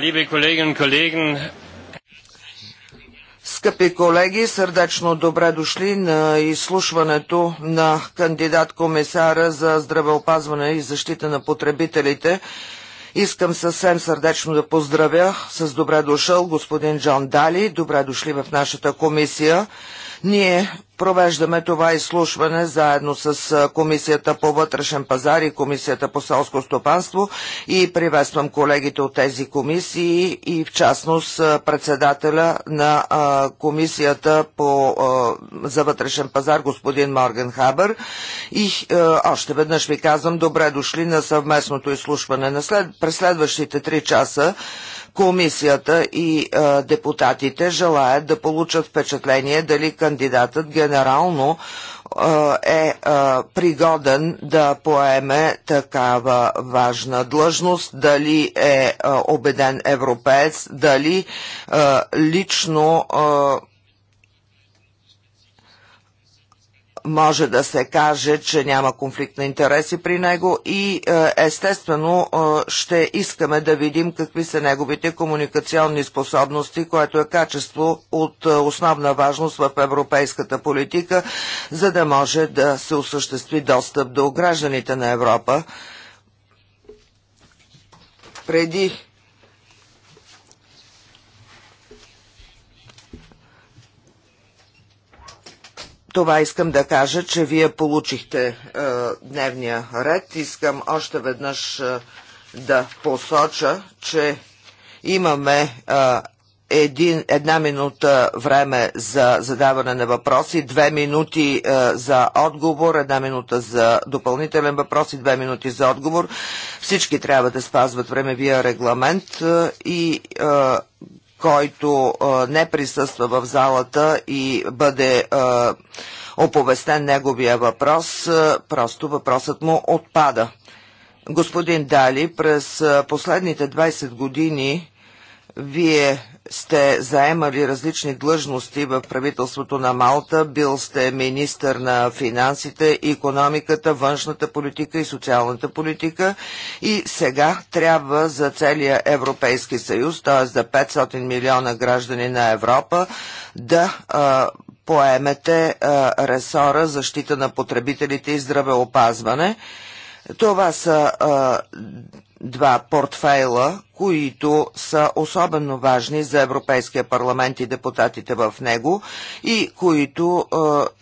liebe Kolleginnen und Kollegen, Скъпи колеги, сърдечно добре дошли на изслушването на кандидат-комисара за здравеопазване и защита на потребителите. Искам съвсем сърдечно да поздравя с добре дошъл господин Джон Дали. Добре дошли в нашата комисия. Ние провеждаме това изслушване заедно с Комисията по вътрешен пазар и Комисията по селско стопанство и приветствам колегите от тези комисии и в частност председателя на Комисията по, за вътрешен пазар господин Морген Хабър и още веднъж ви казвам добре дошли на съвместното изслушване. На след, през следващите три часа комисията и а, депутатите желаят да получат впечатление дали кандидатът генерално а, е а, пригоден да поеме такава важна длъжност, дали е а, убеден европеец, дали а, лично а, може да се каже, че няма конфликт на интереси при него и е, естествено е, ще искаме да видим какви са неговите комуникационни способности, което е качество от е, основна важност в европейската политика, за да може да се осъществи достъп до гражданите на Европа. Преди това искам да кажа, че вие получихте е, дневния ред. Искам още веднъж е, да посоча, че имаме е, един, една минута време за задаване на въпроси, две минути е, за отговор, една минута за допълнителен въпрос и две минути за отговор. Всички трябва да спазват времевия регламент е, и е, който е, не присъства в залата и бъде е, оповестен неговия въпрос, е, просто въпросът му отпада. Господин Дали, през е, последните 20 години вие сте заемали различни длъжности в правителството на Малта, бил сте министър на финансите, економиката, външната политика и социалната политика и сега трябва за целия Европейски съюз, т.е. за 500 милиона граждани на Европа, да а, е, поемете а, е, ресора защита на потребителите и здравеопазване. Това са а, е, два портфейла, които са особено важни за Европейския парламент и депутатите в него и които е,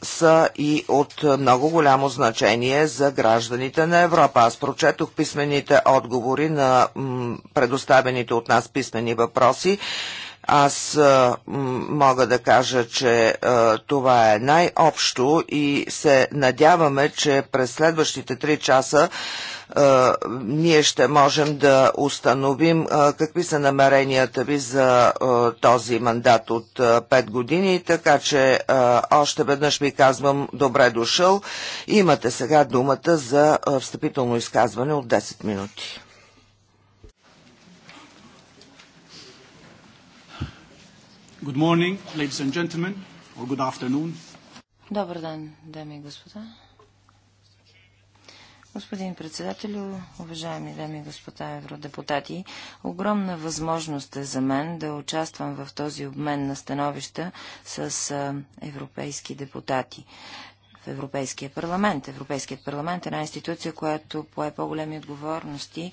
са и от много голямо значение за гражданите на Европа. Аз прочетох писмените отговори на м, предоставените от нас писмени въпроси аз мога да кажа, че това е най-общо и се надяваме, че през следващите три часа ние ще можем да установим какви са намеренията ви за този мандат от 5 години, така че още веднъж ви казвам добре дошъл. Имате сега думата за встъпително изказване от 10 минути. Good morning, ladies and gentlemen, or good afternoon. Добър ден, дами и господа. Господин председател, уважаеми дами и господа евродепутати, огромна възможност е за мен да участвам в този обмен на становища с европейски депутати в Европейския парламент. Европейският парламент е една институция, която пое по-големи отговорности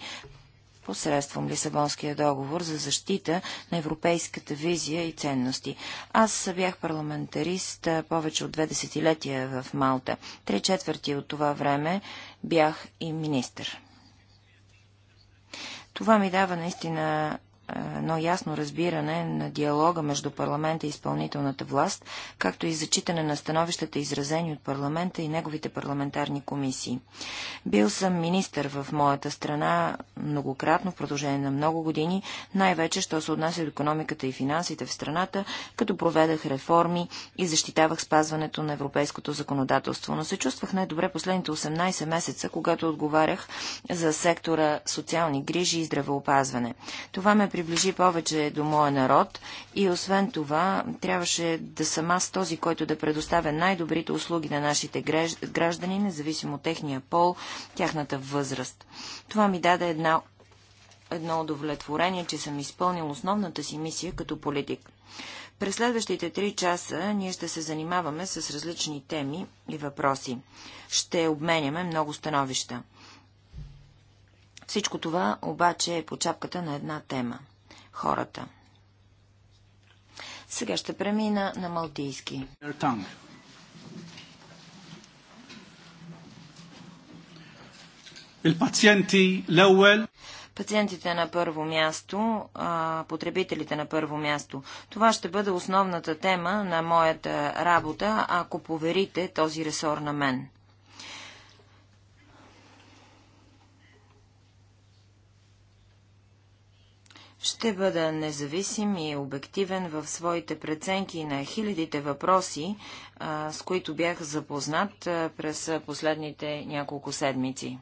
посредством Лисабонския договор за защита на европейската визия и ценности. Аз бях парламентарист повече от две десетилетия в Малта. Три четвърти от това време бях и министър. Това ми дава наистина е, едно ясно разбиране на диалога между парламента и изпълнителната власт, както и зачитане на становищата, изразени от парламента и неговите парламентарни комисии. Бил съм министър в моята страна многократно в продължение на много години, най-вече, що се отнася до економиката и финансите в страната, като проведах реформи и защитавах спазването на европейското законодателство. Но се чувствах най-добре последните 18 месеца, когато отговарях за сектора социални грижи и здравеопазване. Това ме приближи повече до моя народ и освен това трябваше да съм аз този, който да предоставя най-добрите услуги на нашите граждани, независимо от техния пол, тяхната възраст. Това ми даде една, едно удовлетворение, че съм изпълнил основната си мисия като политик. През следващите три часа ние ще се занимаваме с различни теми и въпроси. Ще обменяме много становища. Всичко това обаче е по чапката на една тема хората. Сега ще премина на малтийски. Пациентите на първо място, потребителите на първо място. Това ще бъде основната тема на моята работа, ако поверите този ресор на мен. Ще бъда независим и обективен в своите преценки на хилядите въпроси, с които бях запознат през последните няколко седмици.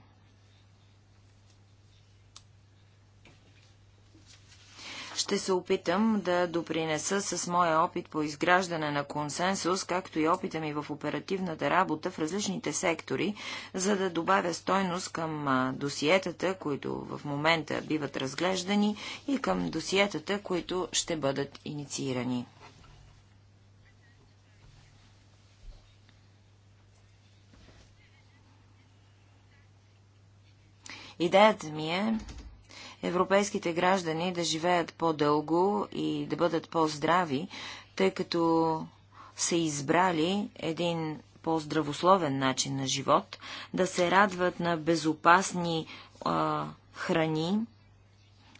Ще се опитам да допринеса с моя опит по изграждане на консенсус, както и опита ми в оперативната работа в различните сектори, за да добавя стойност към досиетата, които в момента биват разглеждани и към досиетата, които ще бъдат инициирани. Идеята ми е европейските граждани да живеят по-дълго и да бъдат по-здрави, тъй като са избрали един по-здравословен начин на живот, да се радват на безопасни а, храни,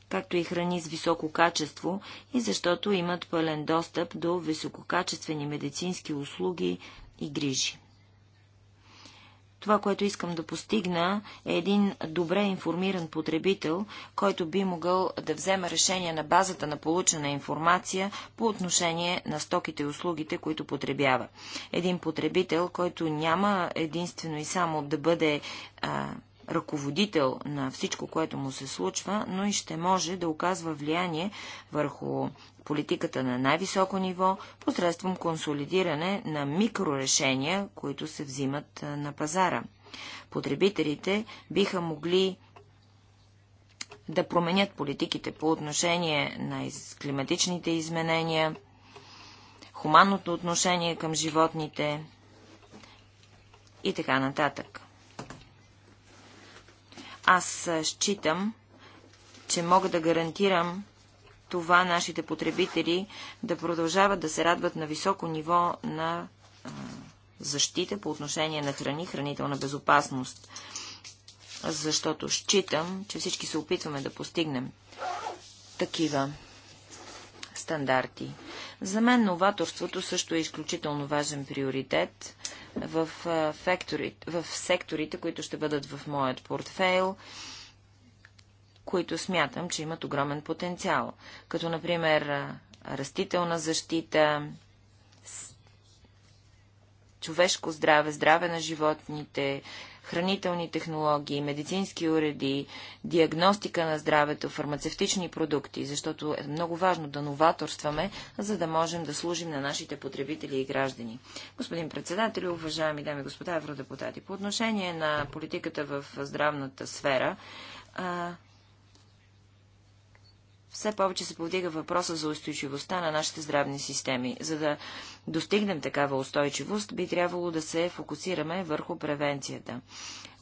както и храни с високо качество, и защото имат пълен достъп до висококачествени медицински услуги и грижи. Това, което искам да постигна е един добре информиран потребител, който би могъл да вземе решение на базата на получена информация по отношение на стоките и услугите, които потребява. Един потребител, който няма единствено и само да бъде а, ръководител на всичко, което му се случва, но и ще може да оказва влияние върху политиката на най-високо ниво посредством консолидиране на микрорешения, които се взимат на пазара. Потребителите биха могли да променят политиките по отношение на климатичните изменения, хуманното отношение към животните и така нататък. Аз считам, че мога да гарантирам това нашите потребители да продължават да се радват на високо ниво на защита по отношение на храни, хранителна безопасност. Защото считам, че всички се опитваме да постигнем такива стандарти. За мен новаторството също е изключително важен приоритет в, в секторите, които ще бъдат в моят портфейл които смятам, че имат огромен потенциал, като например растителна защита, човешко здраве, здраве на животните, хранителни технологии, медицински уреди, диагностика на здравето, фармацевтични продукти, защото е много важно да новаторстваме, за да можем да служим на нашите потребители и граждани. Господин председател, уважаеми дами и господа евродепутати, по отношение на политиката в здравната сфера, все повече се повдига въпроса за устойчивостта на нашите здравни системи. За да достигнем такава устойчивост, би трябвало да се фокусираме върху превенцията.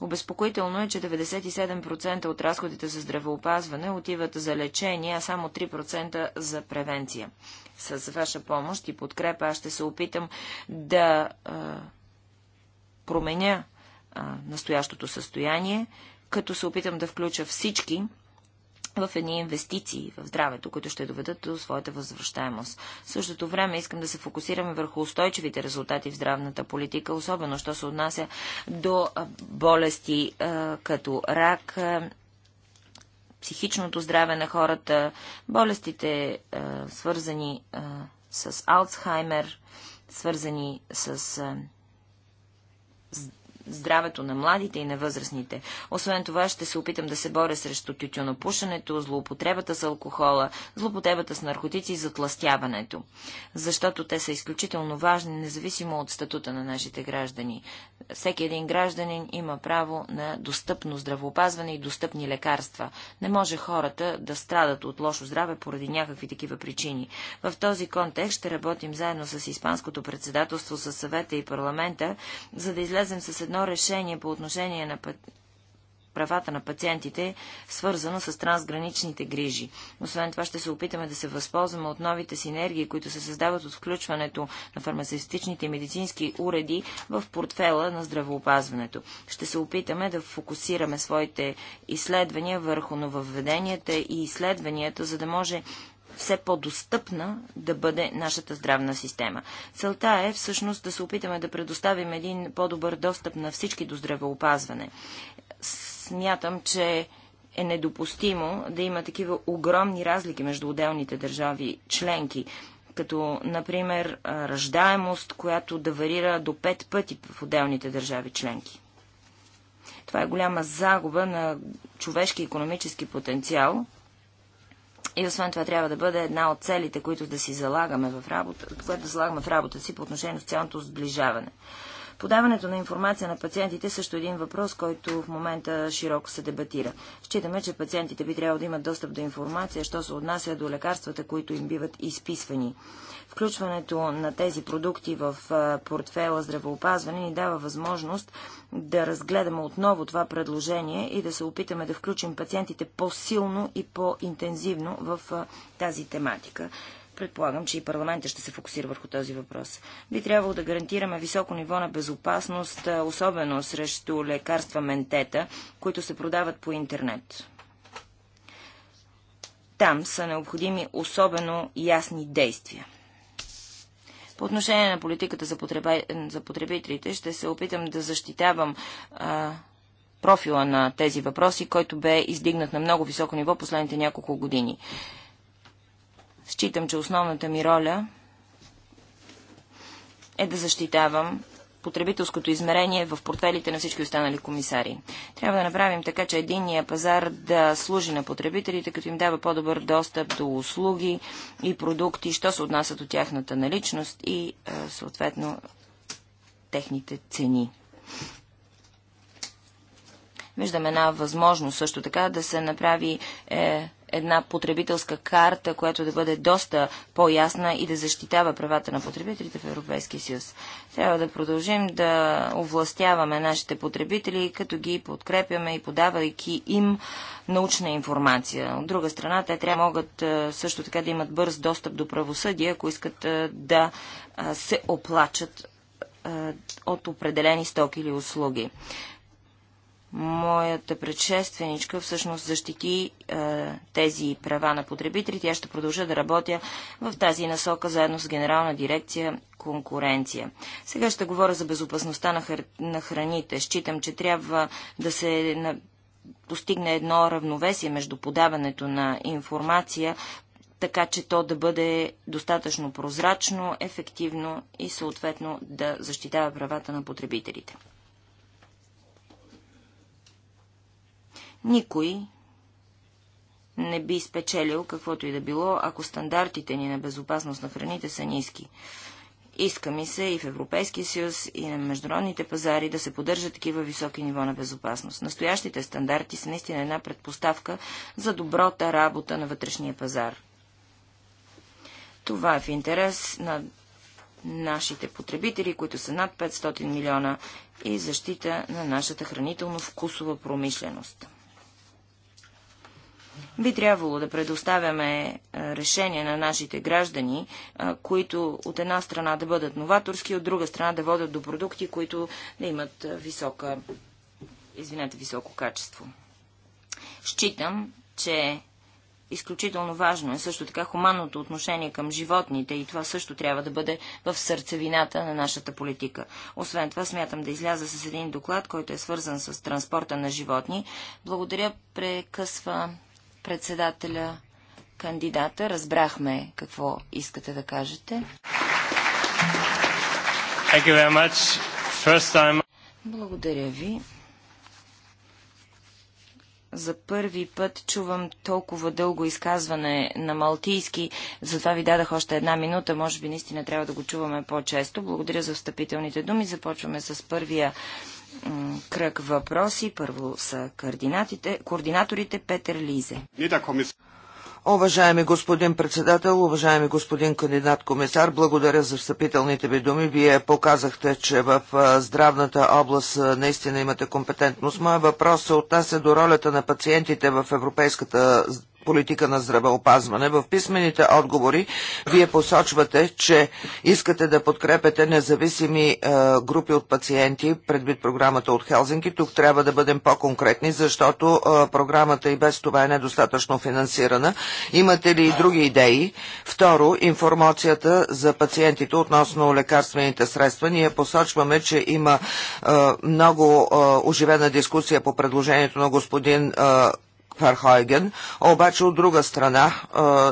Обезпокоително е, че 97% от разходите за здравеопазване отиват за лечение, а само 3% за превенция. С ваша помощ и подкрепа аз ще се опитам да променя настоящото състояние, като се опитам да включа всички в едни инвестиции в здравето, които ще доведат до своята възвръщаемост. В същото време искам да се фокусираме върху устойчивите резултати в здравната политика, особено що се отнася до болести като рак, психичното здраве на хората, болестите свързани с Алцхаймер, свързани с здравето на младите и на възрастните. Освен това, ще се опитам да се боря срещу тютюнопушенето, злоупотребата с алкохола, злоупотребата с наркотици и затластяването. Защото те са изключително важни, независимо от статута на нашите граждани. Всеки един гражданин има право на достъпно здравоопазване и достъпни лекарства. Не може хората да страдат от лошо здраве поради някакви такива причини. В този контекст ще работим заедно с Испанското председателство, с съвета и парламента, за да излезем с едно едно решение по отношение на път... правата на пациентите, свързано с трансграничните грижи. Освен това ще се опитаме да се възползваме от новите синергии, които се създават от включването на фармацевтичните и медицински уреди в портфела на здравеопазването. Ще се опитаме да фокусираме своите изследвания върху нововведенията и изследванията, за да може все по-достъпна да бъде нашата здравна система. Целта е всъщност да се опитаме да предоставим един по-добър достъп на всички до здравеопазване. Смятам, че е недопустимо да има такива огромни разлики между отделните държави членки като, например, ръждаемост, която да варира до пет пъти в отделните държави членки. Това е голяма загуба на човешки економически потенциал и освен това трябва да бъде една от целите, които да си залагаме в работа, което да залагаме в работа си по отношение на социалното сближаване. Подаването на информация на пациентите е също е един въпрос, който в момента широко се дебатира. Считаме, че пациентите би трябвало да имат достъп до информация, що се отнася до лекарствата, които им биват изписвани. Включването на тези продукти в портфела здравеопазване ни дава възможност да разгледаме отново това предложение и да се опитаме да включим пациентите по-силно и по-интензивно в тази тематика. Предполагам, че и парламента ще се фокусира върху този въпрос. Би трябвало да гарантираме високо ниво на безопасност, особено срещу лекарства ментета, които се продават по интернет. Там са необходими особено ясни действия. По отношение на политиката за, потреба... за потребителите ще се опитам да защитавам а, профила на тези въпроси, който бе издигнат на много високо ниво последните няколко години. Считам, че основната ми роля е да защитавам потребителското измерение в портфелите на всички останали комисари. Трябва да направим така, че единния пазар да служи на потребителите, като им дава по-добър достъп до услуги и продукти, що се отнасят от тяхната наличност и е, съответно техните цени. Виждаме една възможност също така да се направи е, една потребителска карта, която да бъде доста по-ясна и да защитава правата на потребителите в Европейския съюз. Трябва да продължим да овластяваме нашите потребители, като ги подкрепяме и подавайки им научна информация. От друга страна, те трябва могат също така да имат бърз достъп до правосъдие, ако искат да се оплачат от определени стоки или услуги. Моята предшественичка всъщност защити е, тези права на потребителите. Тя ще продължа да работя в тази насока заедно с Генерална дирекция конкуренция. Сега ще говоря за безопасността на, хр... на храните. Считам, че трябва да се на... постигне едно равновесие между подаването на информация, така че то да бъде достатъчно прозрачно, ефективно и съответно да защитава правата на потребителите. Никой не би спечелил каквото и да било, ако стандартите ни на безопасност на храните са ниски. Иска ми се и в Европейския съюз, и на международните пазари да се поддържат такива високи ниво на безопасност. Настоящите стандарти са наистина една предпоставка за доброта работа на вътрешния пазар. Това е в интерес на нашите потребители, които са над 500 милиона и защита на нашата хранително-вкусова промишленост. Би трябвало да предоставяме е, решения на нашите граждани, е, които от една страна да бъдат новаторски, от друга страна да водят до продукти, които да имат е, висока, извинете, високо качество. Считам, че изключително важно е също така хуманното отношение към животните и това също трябва да бъде в сърцевината на нашата политика. Освен това, смятам да изляза с един доклад, който е свързан с транспорта на животни. Благодаря, прекъсва председателя кандидата. Разбрахме какво искате да кажете. Time... Благодаря ви. За първи път чувам толкова дълго изказване на малтийски, затова ви дадах още една минута. Може би наистина трябва да го чуваме по-често. Благодаря за встъпителните думи. Започваме с първия кръг въпроси. Първо са координаторите Петър Лизе. Уважаеми господин председател, уважаеми господин кандидат комисар, благодаря за встъпителните ви думи. Вие показахте, че в здравната област наистина имате компетентност. Моя въпрос се отнася до ролята на пациентите в европейската политика на здравеопазване. В писмените отговори вие посочвате, че искате да подкрепете независими е, групи от пациенти предвид програмата от Хелзинки. Тук трябва да бъдем по-конкретни, защото е, програмата и без това е недостатъчно финансирана. Имате ли и други идеи? Второ, информацията за пациентите относно лекарствените средства. Ние посочваме, че има е, много оживена дискусия по предложението на господин Ферхойген, обаче от друга страна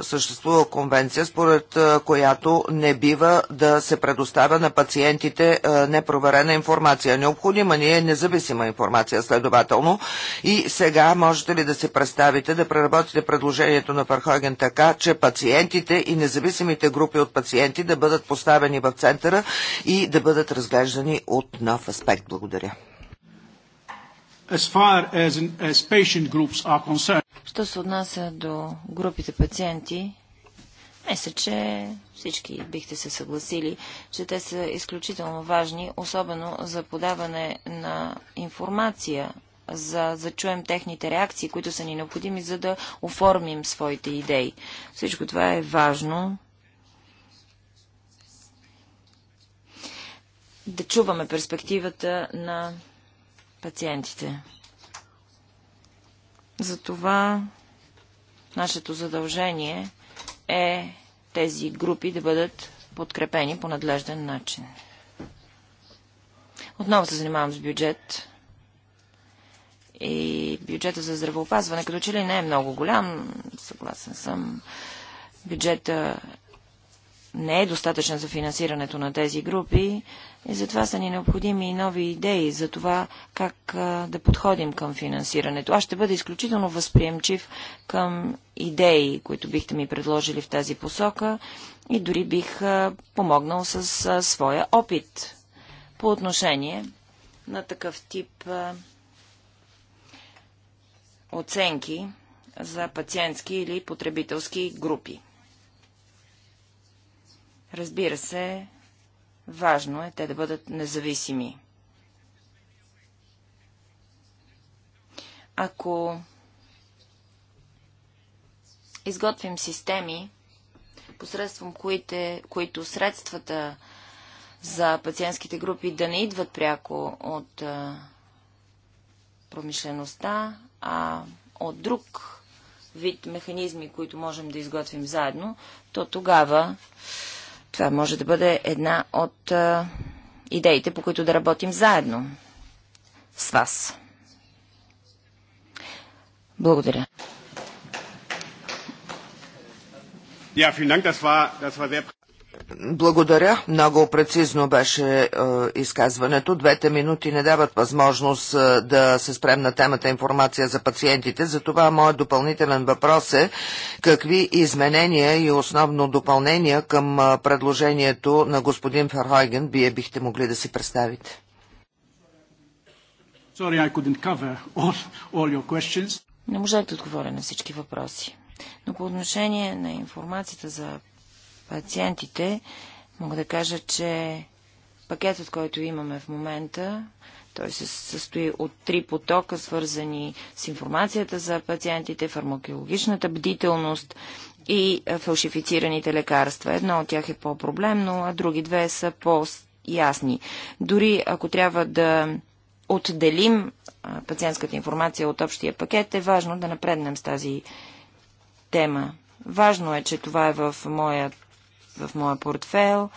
съществува конвенция, според която не бива да се предоставя на пациентите непроверена информация. Необходима ни е независима информация, следователно. И сега можете ли да се представите да преработите предложението на Ферхойген така, че пациентите и независимите групи от пациенти да бъдат поставени в центъра и да бъдат разглеждани от нов аспект. Благодаря as far as, as patient groups are concerned. Що се отнася до групите пациенти, мисля, че всички бихте се съгласили, че те са изключително важни, особено за подаване на информация, за да чуем техните реакции, които са ни необходими, за да оформим своите идеи. Всичко това е важно. Да чуваме перспективата на пациентите. Затова нашето задължение е тези групи да бъдат подкрепени по надлежден начин. Отново се занимавам с бюджет. И бюджета за здравеопазване, като че ли не е много голям, съгласен съм. Бюджета не е достатъчен за финансирането на тези групи, и затова са ни необходими и нови идеи за това как да подходим към финансирането. Аз ще бъда изключително възприемчив към идеи, които бихте ми предложили в тази посока и дори бих помогнал с своя опит по отношение на такъв тип оценки за пациентски или потребителски групи. Разбира се, Важно е те да бъдат независими. Ако изготвим системи, посредством които, които средствата за пациентските групи да не идват пряко от промишлеността, а от друг вид механизми, които можем да изготвим заедно, то тогава това може да бъде една от а, идеите, по които да работим заедно с вас. Благодаря. Ja, vielen Dank. Das war, das war sehr... Благодаря. Много прецизно беше е, изказването. Двете минути не дават възможност е, да се спрем на темата информация за пациентите. Затова моят допълнителен въпрос е какви изменения и основно допълнения към е, предложението на господин Ферхойген вие бихте могли да си представите? Sorry, I couldn't cover all, all your questions. Не можах да отговоря на всички въпроси. Но по отношение на информацията за пациентите, мога да кажа, че пакетът, който имаме в момента, той се състои от три потока, свързани с информацията за пациентите, фармакологичната бдителност и фалшифицираните лекарства. Едно от тях е по-проблемно, а други две са по-ясни. Дори ако трябва да отделим пациентската информация от общия пакет, е важно да напреднем с тази тема. Важно е, че това е в моя в моя портфел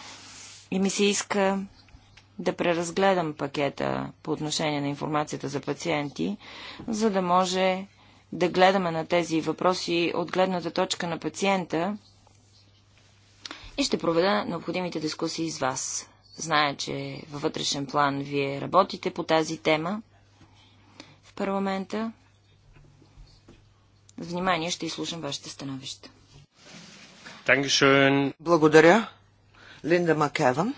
и ми се иска да преразгледам пакета по отношение на информацията за пациенти, за да може да гледаме на тези въпроси от гледната точка на пациента и ще проведа необходимите дискусии с вас. Зная, че във вътрешен план вие работите по тази тема в парламента. С внимание ще изслушам вашите становища. Благодаря. Линда Макеван.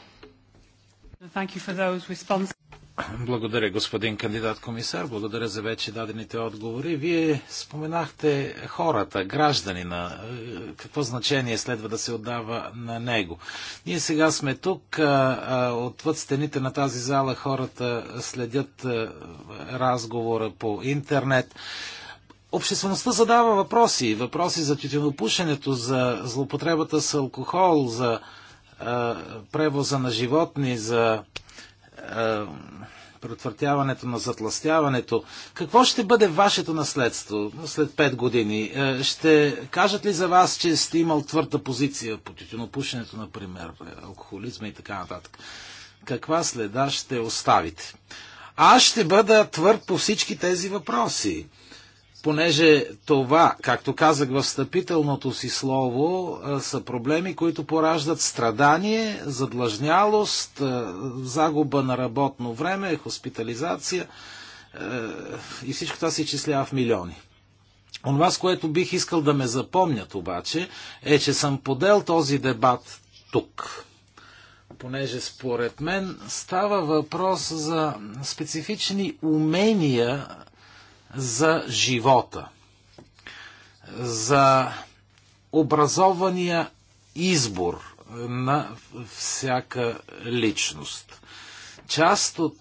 Благодаря, господин кандидат комисар. Благодаря за вече дадените отговори. Вие споменахте хората, гражданина. Е, какво значение следва да се отдава на него? Ние сега сме тук. Отвъд стените на тази зала хората следят е, разговора по интернет обществеността задава въпроси. Въпроси за тютюнопушенето, за злоупотребата с алкохол, за а, е, превоза на животни, за е, предотвратяването на затластяването. Какво ще бъде вашето наследство след 5 години? Е, ще кажат ли за вас, че сте имал твърда позиция по тютюнопушенето, например, алкохолизма и така нататък? Каква следа ще оставите? Аз ще бъда твърд по всички тези въпроси понеже това, както казах в встъпителното си слово, са проблеми, които пораждат страдание, задлъжнялост, загуба на работно време, хоспитализация и всичко това се изчислява в милиони. Онова, с което бих искал да ме запомнят обаче, е, че съм подел този дебат тук. Понеже според мен става въпрос за специфични умения за живота, за образования избор на всяка личност. Част от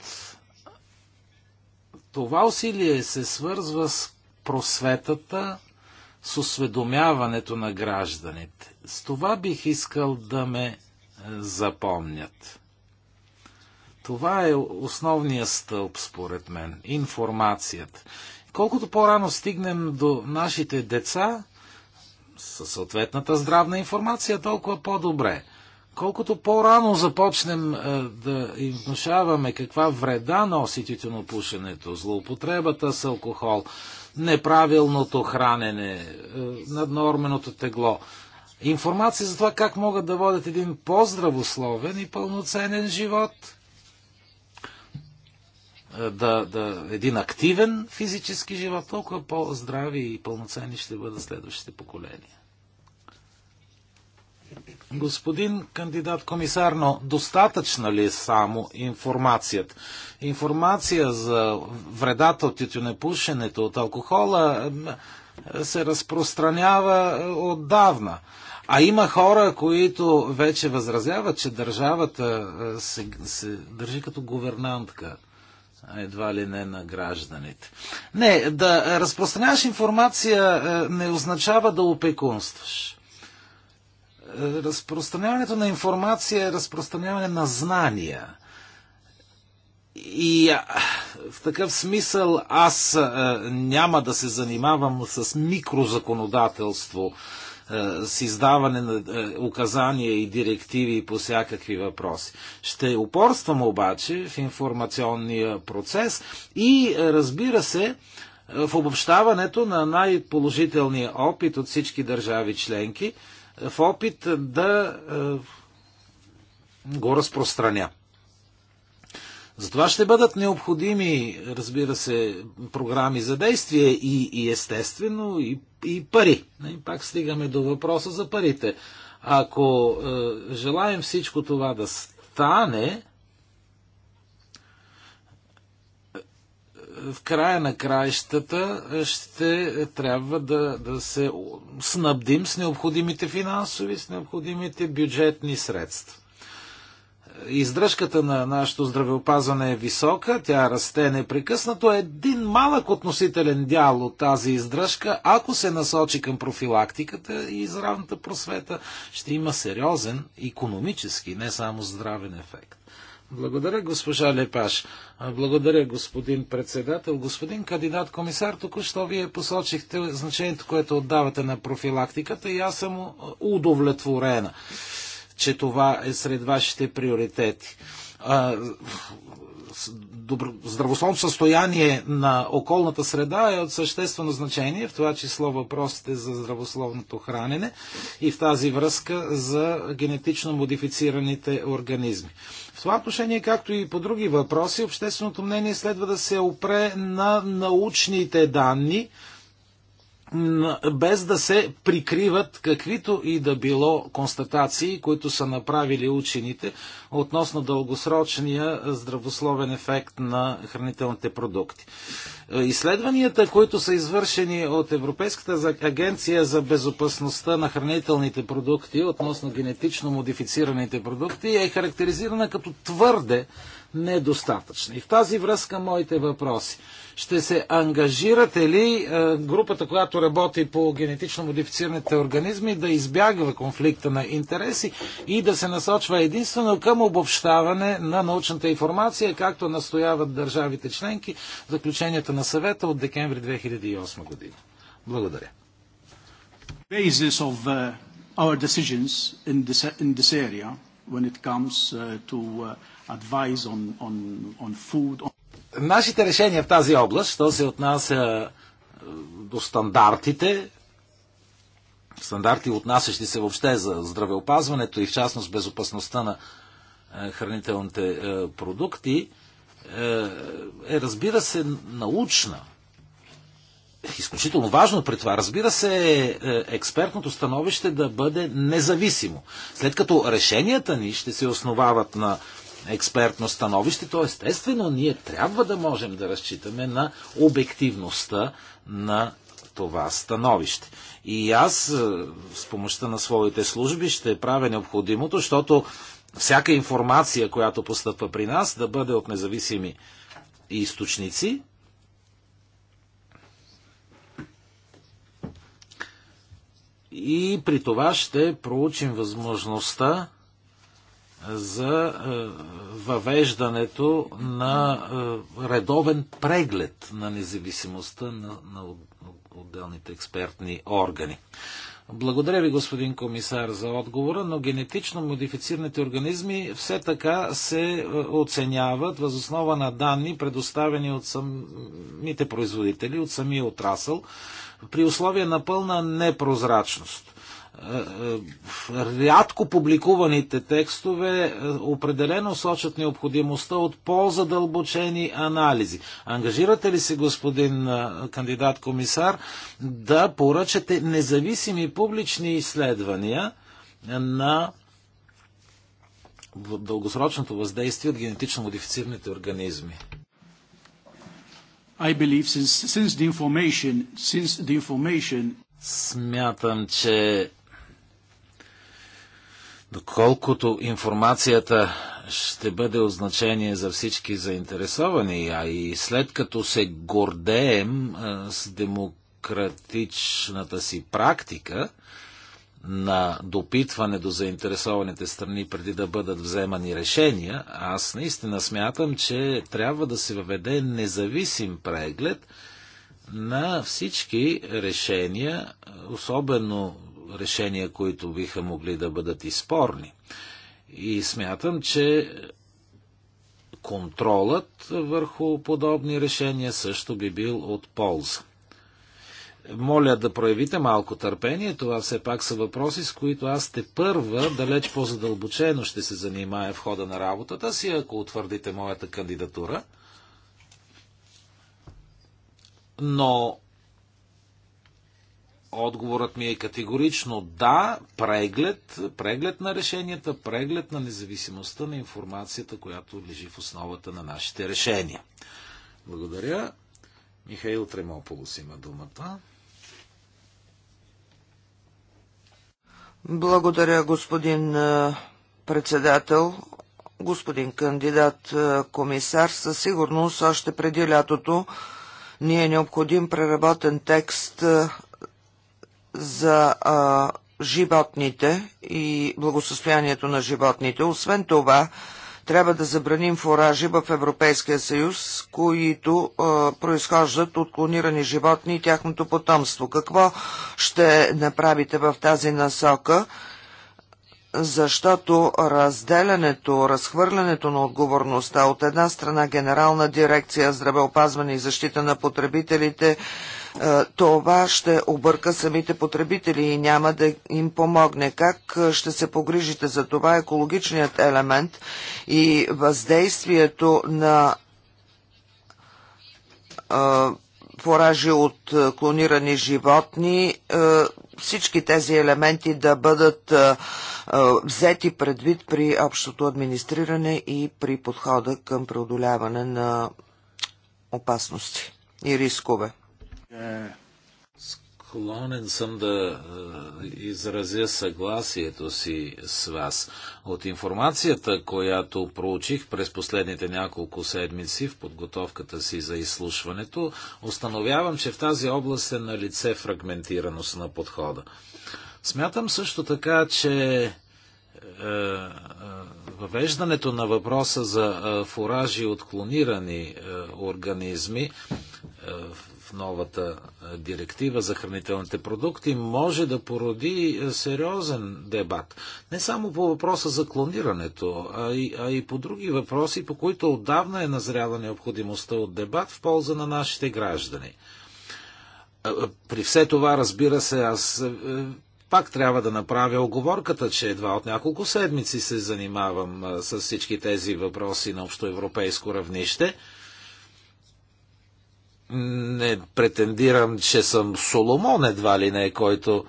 това усилие се свързва с просветата, с осведомяването на гражданите. С това бих искал да ме е, запомнят. Това е основният стълб, според мен, информацията. Колкото по-рано стигнем до нашите деца, със съответната здравна информация, толкова по-добре. Колкото по-рано започнем е, да им внушаваме каква вреда носи тютюнопушенето, злоупотребата с алкохол, неправилното хранене, е, наднорменото тегло, информация за това как могат да водят един по-здравословен и пълноценен живот – да, да, един активен физически живот, толкова по-здрави и пълноценни ще бъдат следващите поколения. Господин кандидат комисар, но достатъчна ли е само информацията? Информация за вредата от тютюнепушенето, от алкохола се разпространява е, отдавна. А има хора, които вече възразяват, че държавата е, се, се държи като гувернантка едва ли не на гражданите. Не, да разпространяваш информация е, не означава да опекунстваш. Е, разпространяването на информация е разпространяване на знания. И в такъв смисъл аз е, няма да се занимавам с микрозаконодателство е, с издаване на е, указания и директиви по всякакви въпроси. Ще упорствам обаче в информационния процес и е, разбира се, в обобщаването на най-положителния опит от всички държави членки, в опит да го разпространя. Затова ще бъдат необходими, разбира се, програми за действие и, и естествено, и и пари. И пак стигаме до въпроса за парите. Ако е, желаем всичко това да стане, е, в края на краищата ще трябва да, да се снабдим с необходимите финансови, с необходимите бюджетни средства издръжката на нашето здравеопазване е висока, тя расте непрекъснато. Един малък относителен дял от тази издръжка, ако се насочи към профилактиката и здравната просвета, ще има сериозен економически, не само здравен ефект. Благодаря, госпожа Лепаш. Благодаря, господин председател. Господин кандидат комисар, току-що вие посочихте значението, което отдавате на профилактиката и аз съм удовлетворена че това е сред вашите приоритети. Здравословното състояние на околната среда е от съществено значение, в това число въпросите за здравословното хранене и в тази връзка за генетично модифицираните организми. В това отношение, както и по други въпроси, общественото мнение следва да се опре на научните данни, без да се прикриват каквито и да било констатации, които са направили учените относно дългосрочния здравословен ефект на хранителните продукти. Е, изследванията, които са извършени от Европейската агенция за безопасността на хранителните продукти относно генетично модифицираните продукти, е характеризирана като твърде недостатъчна. И в тази връзка моите въпроси. Ще се ангажирате ли е, групата, която работи по генетично модифицираните организми, да избягва конфликта на интереси и да се насочва единствено към обобщаване на научната информация, както настояват държавите членки в заключенията на съвета от декември 2008 година? Благодаря. Basis of uh, our decisions in this, in this area when it comes uh, to uh, advice on, on, on food. Нашите решения в тази област, що се отнася е, до стандартите, стандарти, отнасящи се въобще за здравеопазването и в частност безопасността на е, хранителните е, продукти, е, разбира се, научна. Изключително важно при това, разбира се, е експертното становище да бъде независимо. След като решенията ни ще се основават на експертно становище, то естествено ние трябва да можем да разчитаме на обективността на това становище. И аз е, с помощта на своите служби ще правя необходимото, защото всяка информация, която постъпва при нас, да бъде от независими източници. И при това ще проучим възможността за е, въвеждането на е, редовен преглед на независимостта на, на отделните експертни органи. Благодаря ви, господин комисар, за отговора, но генетично модифицираните организми все така се е, оценяват възоснова на данни, предоставени от самите производители, от самия отрасъл, при условие на пълна непрозрачност. Е, е, е, рядко публикуваните текстове определено сочат необходимостта от по-задълбочени анализи. Ангажирате ли се, господин кандидат комисар, да поръчате независими публични изследвания на дългосрочното въздействие от генетично модифицираните организми? I believe since, since the information, since the information... Смятам, че Доколкото информацията ще бъде означение за всички заинтересовани, а и след като се гордеем с демократичната си практика на допитване до заинтересованите страни преди да бъдат вземани решения, аз наистина смятам, че трябва да се въведе независим преглед на всички решения, особено решения, които биха могли да бъдат и спорни. И смятам, че контролът върху подобни решения също би бил от полза. Моля да проявите малко търпение. Това все пак са въпроси, с които аз те първа далеч по-задълбочено ще се занимая в хода на работата си, ако утвърдите моята кандидатура. Но Отговорът ми е категорично да, преглед, преглед на решенията, преглед на независимостта на информацията, която лежи в основата на нашите решения. Благодаря. Михаил Тремополос има думата. Благодаря, господин председател. Господин кандидат комисар, със сигурност още преди лятото ни е необходим преработен текст за а, животните и благосостоянието на животните. Освен това, трябва да забраним фуражи в Европейския съюз, които а, произхождат от клонирани животни и тяхното потомство. Какво ще направите в тази насока? защото разделянето, разхвърлянето на отговорността от една страна Генерална дирекция здравеопазване и защита на потребителите е, това ще обърка самите потребители и няма да им помогне. Как е, ще се погрижите за това екологичният елемент и въздействието на поражи е, от клонирани животни, всички тези елементи да бъдат взети предвид при общото администриране и при подхода към преодоляване на опасности и рискове. Склонен съм да е, изразя съгласието си с вас. От информацията, която проучих през последните няколко седмици в подготовката си за изслушването, установявам, че в тази област е на лице фрагментираност на подхода. Смятам също така, че е, е, въвеждането на въпроса за фуражи от клонирани организми е, в новата е, директива за хранителните продукти може да породи е, сериозен дебат. Не само по въпроса за клонирането, а и, а и по други въпроси, по които отдавна е назряла необходимостта от дебат в полза на нашите граждани. При все това, разбира се, аз пак трябва да направя оговорката, че едва от няколко седмици се занимавам с всички тези въпроси на общоевропейско равнище – не претендирам, че съм Соломон едва ли не, който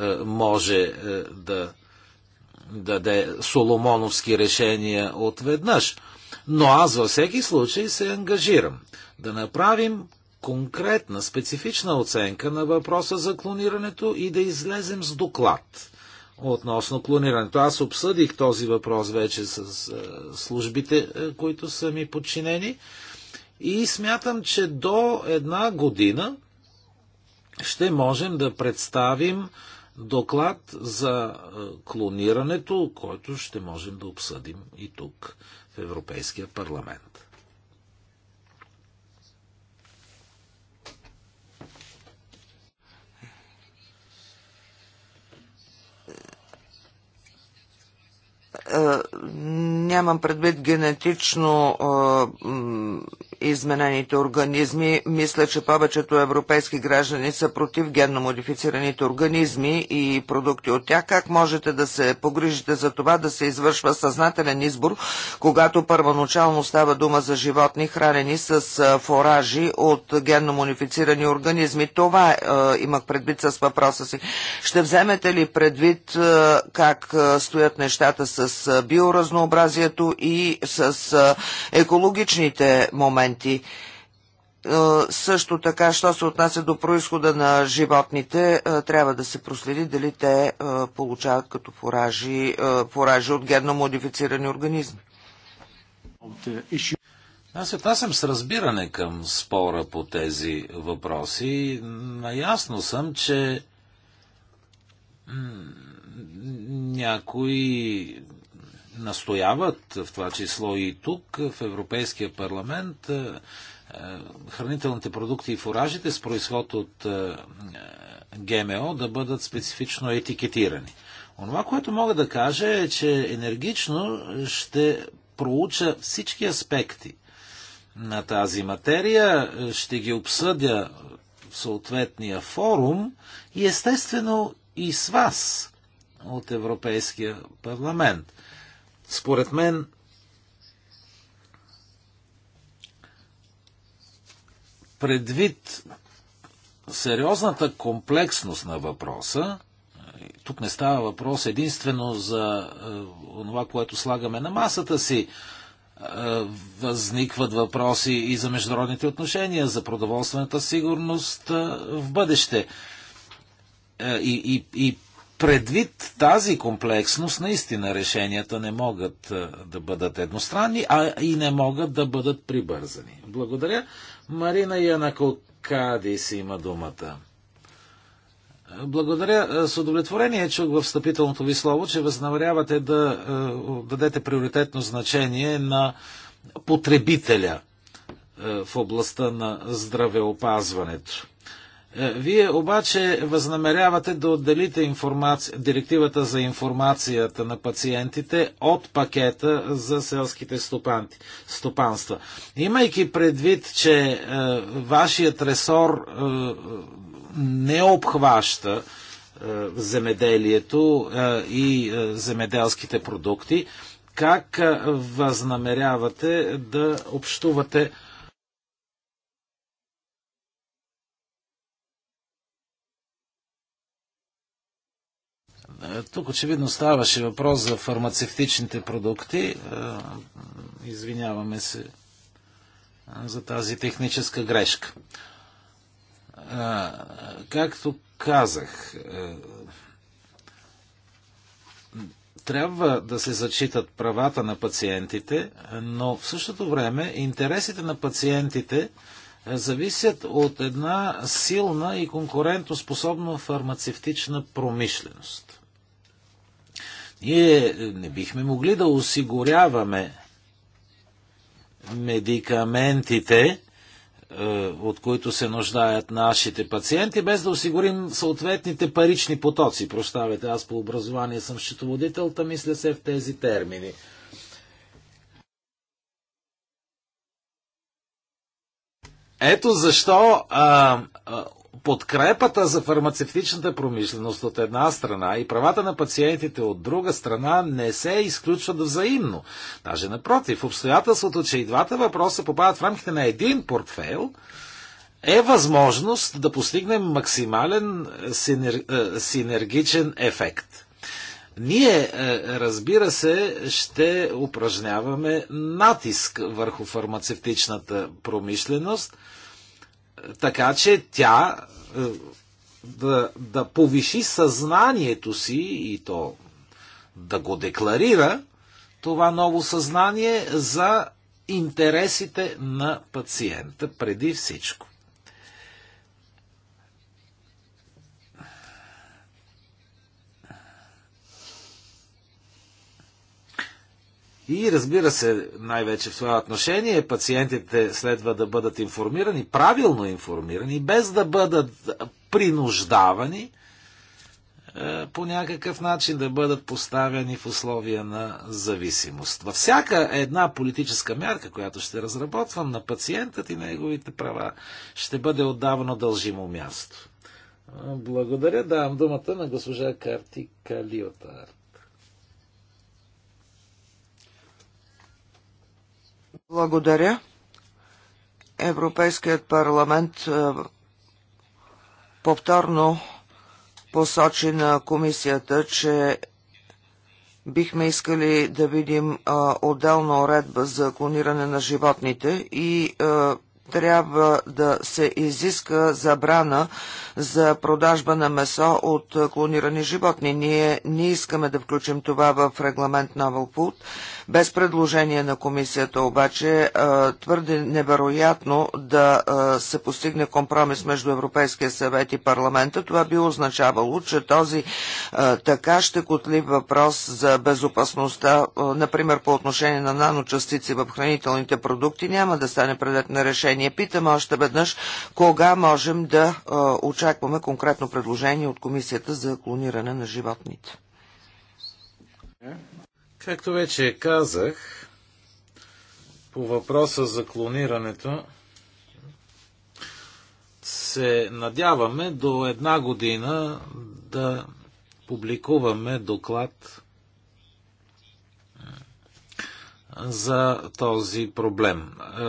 е, може е, да даде соломоновски решения отведнъж. Но аз във всеки случай се ангажирам да направим конкретна, специфична оценка на въпроса за клонирането и да излезем с доклад относно клонирането. Аз обсъдих този въпрос вече с е, службите, е, които са ми подчинени. И смятам, че до една година ще можем да представим доклад за е, клонирането, който ще можем да обсъдим и тук в Европейския парламент. Е, е, нямам предвид генетично изменените организми. Мисля, че повечето европейски граждани са против генно модифицираните организми и продукти от тях. Как можете да се погрижите за това да се извършва съзнателен избор, когато първоначално става дума за животни, хранени с форажи от генно модифицирани организми? Това е, имах предвид с въпроса си. Ще вземете ли предвид как стоят нещата с биоразнообразието и с екологичните моменти? моменти. Е, също така, що се отнася до происхода на животните, е, трябва да се проследи дали те е, получават като поражи, поражи от генно модифицирани организми. Аз се съм с разбиране към спора по тези въпроси. Наясно съм, че някои настояват, в това число и тук, в Европейския парламент, е, е, хранителните продукти и фуражите с происход от е, ГМО да бъдат специфично етикетирани. Онова, което мога да кажа е, че енергично ще проуча всички аспекти на тази материя, ще ги обсъдя в съответния форум и естествено и с вас от Европейския парламент. Според мен, предвид сериозната комплексност на въпроса, тук не става въпрос единствено за това, е, което слагаме на масата си, е, възникват въпроси и за международните отношения, за продоволствената сигурност е, в бъдеще. И, и, и предвид тази комплексност, наистина решенията не могат е, да бъдат едностранни, а и не могат да бъдат прибързани. Благодаря. Марина Янакокадис има думата. Благодаря. Е, с удовлетворение чух в встъпителното ви слово, че възнамерявате да е, дадете приоритетно значение на потребителя в областта на здравеопазването. Е, вие обаче възнамерявате да отделите директивата за информацията на пациентите от пакета за селските стопанти, стопанства. Имайки предвид, че е, вашият ресор е, не обхваща е, земеделието е, и е, земеделските продукти, как е, възнамерявате да общувате Е, тук очевидно ставаше въпрос за фармацевтичните продукти. Е, извиняваме се е, за тази техническа грешка. Както казах, трябва да се зачитат правата на пациентите, но в същото време интересите на пациентите зависят от една силна и конкурентоспособна фармацевтична промишленост. Ние не бихме могли да осигуряваме медикаментите, е, от които се нуждаят нашите пациенти, без да осигурим съответните парични потоци. Прощавайте, аз по образование съм счетоводител, та мисля се в тези термини. Ето защо а, а, подкрепата за фармацевтичната промишленост от една страна и правата на пациентите от друга страна не се изключват взаимно. Даже напротив, обстоятелството, че и двата въпроса попадат в рамките на един портфейл, е възможност да постигнем максимален синер... Е, синергичен ефект. Ние, е, разбира се, ще упражняваме натиск върху фармацевтичната промишленост – така че тя е, да, да повиши съзнанието си и то да го декларира, това ново съзнание за интересите на пациента преди всичко. И разбира се, най-вече в това отношение пациентите следва да бъдат информирани, правилно информирани, без да бъдат принуждавани е, по някакъв начин да бъдат поставени в условия на зависимост. Във всяка една политическа мярка, която ще разработвам на пациентът и неговите права, ще бъде отдавано дължимо място. Благодаря, давам думата на госпожа Карти Калиотар. Благодаря. Европейският парламент е, повторно посочи на комисията, че бихме искали да видим е, отделна уредба за клониране на животните и а, е, трябва да се изиска забрана за продажба на месо от клонирани животни. Ние не искаме да включим това в регламент Novel Food. Без предложение на комисията обаче твърде невероятно да се постигне компромис между Европейския съвет и парламента. Това би означавало, че този така ще котлив въпрос за безопасността, например по отношение на наночастици в хранителните продукти, няма да стане предмет на решение ние питаме още веднъж, кога можем да е, очакваме конкретно предложение от Комисията за клониране на животните? Както вече казах, по въпроса за клонирането, се надяваме до една година да публикуваме доклад за този проблем. Е,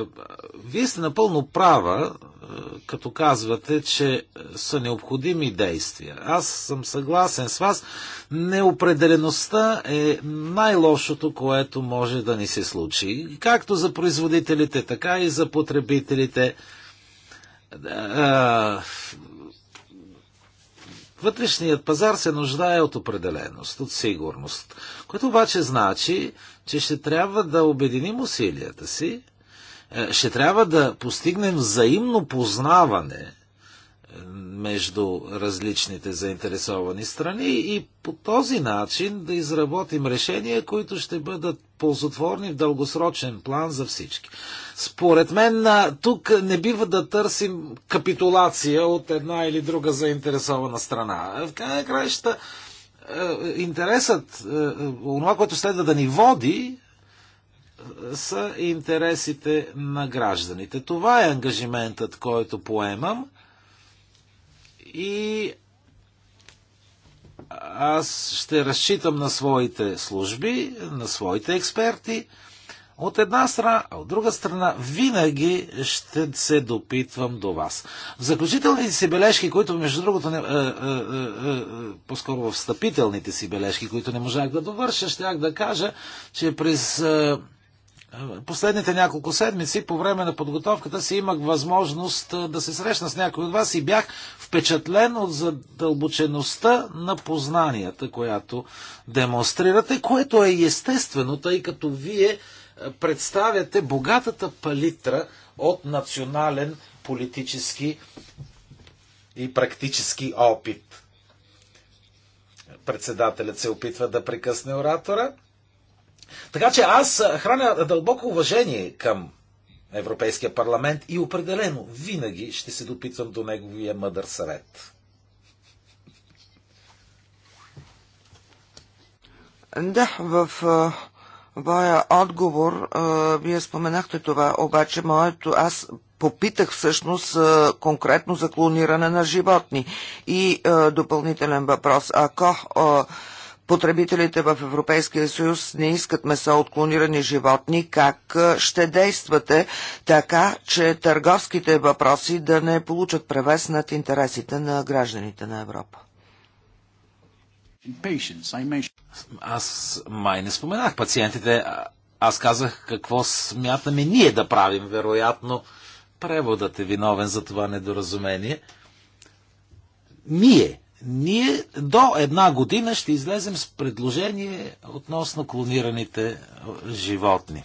вие сте напълно права, е, като казвате, че са необходими действия. Аз съм съгласен с вас. Неопределеността е най-лошото, което може да ни се случи. Както за производителите, така и за потребителите е, Вътрешният пазар се нуждае от определеност, от сигурност, което обаче значи, че ще трябва да обединим усилията си, е, ще трябва да постигнем взаимно познаване е, между различните заинтересовани страни и по този начин да изработим решения, които ще бъдат ползотворни в дългосрочен план за всички. Според мен тук не бива да търсим капитулация от една или друга заинтересована страна. В крайна краища е, интересът, това, е, което следва да ни води, е, са интересите на гражданите. Това е ангажиментът, който поемам и аз ще разчитам на своите служби, на своите експерти, от една страна, а от друга страна, винаги ще се допитвам до вас. В заключителните си бележки, които между другото, не, е, е, е, по-скоро в встъпителните си бележки, които не можах да довърша, щях да кажа, че през е, последните няколко седмици, по време на подготовката си, имах възможност да се срещна с някой от вас и бях впечатлен от задълбочеността на познанията, която демонстрирате, което е естествено, тъй като вие представяте богатата палитра от национален политически и практически опит. Председателят се опитва да прекъсне оратора. Така че аз храня дълбоко уважение към Европейския парламент и определено винаги ще се допитвам до неговия мъдър съвет. Да, в Моя отговор, вие споменахте това, обаче моето, аз попитах всъщност конкретно за клониране на животни. И допълнителен въпрос. Ако потребителите в Европейския съюз не искат месо от клонирани животни, как ще действате така, че търговските въпроси да не получат превес над интересите на гражданите на Европа? Аз май не споменах пациентите. Аз казах какво смятаме ние да правим. Вероятно, преводът е виновен за това недоразумение. Ние, ние до една година ще излезем с предложение относно клонираните животни.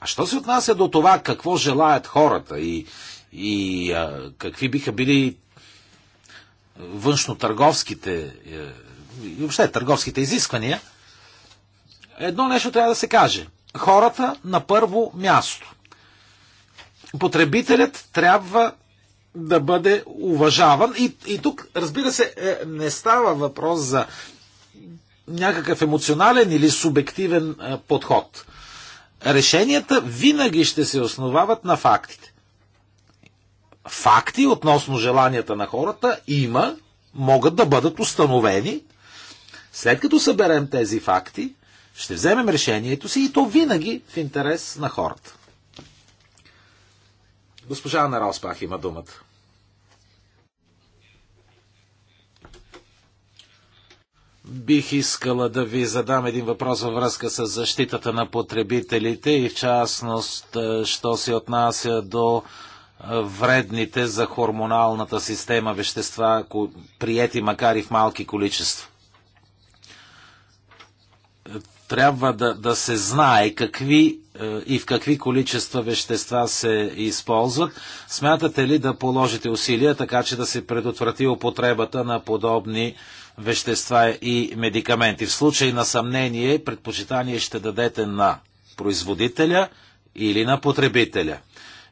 А що се отнася до това какво желаят хората и, и а, какви биха били външно-търговските е, и въобще търговските изисквания, едно нещо трябва да се каже. Хората на първо място. Потребителят трябва да бъде уважаван. И, и тук, разбира се, е, не става въпрос за някакъв емоционален или субективен е, подход. Решенията винаги ще се основават на фактите. Факти относно желанията на хората има, могат да бъдат установени след като съберем тези факти, ще вземем решението си и то винаги в интерес на хората. Госпожа Анна Роспах има думата. Бих искала да ви задам един въпрос във връзка с защитата на потребителите и в частност, е, що се отнася до е, вредните за хормоналната система вещества, приети макар и в малки количества трябва да, да се знае какви е, и в какви количества вещества се използват. Смятате ли да положите усилия така, че да се предотврати употребата на подобни вещества и медикаменти? В случай на съмнение, предпочитание ще дадете на производителя или на потребителя.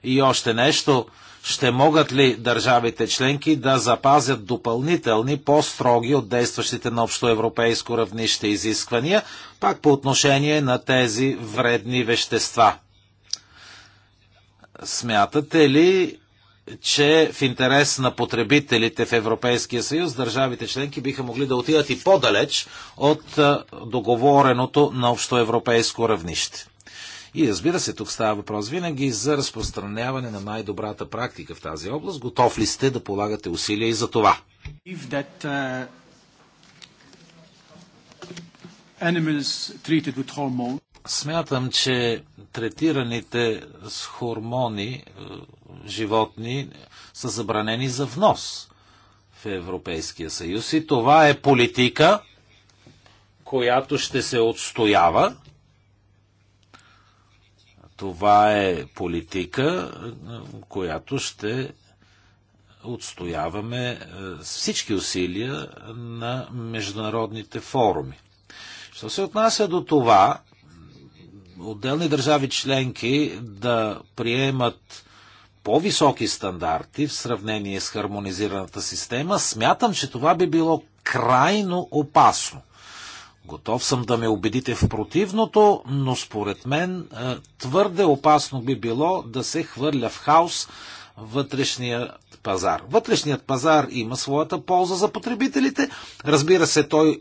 И още нещо, ще могат ли държавите членки да запазят допълнителни, по-строги от действащите на общоевропейско равнище изисквания, пак по отношение на тези вредни вещества? Смятате ли, че в интерес на потребителите в Европейския съюз държавите членки биха могли да отидат и по-далеч от договореното на общоевропейско равнище. И разбира се, тук става въпрос винаги за разпространяване на най-добрата практика в тази област. Готов ли сте да полагате усилия и за това? Uh, Смятам, че третираните с хормони е, животни са забранени за внос в Европейския съюз. И това е политика, която ще се отстоява това е политика, която ще отстояваме с е, всички усилия на международните форуми. Що се отнася до това, отделни държави членки да приемат по-високи стандарти в сравнение с хармонизираната система, смятам, че това би било крайно опасно. Готов съм да ме убедите в противното, но според мен е, твърде опасно би било да се хвърля в хаос вътрешния пазар. Вътрешният пазар има своята полза за потребителите. Разбира се, той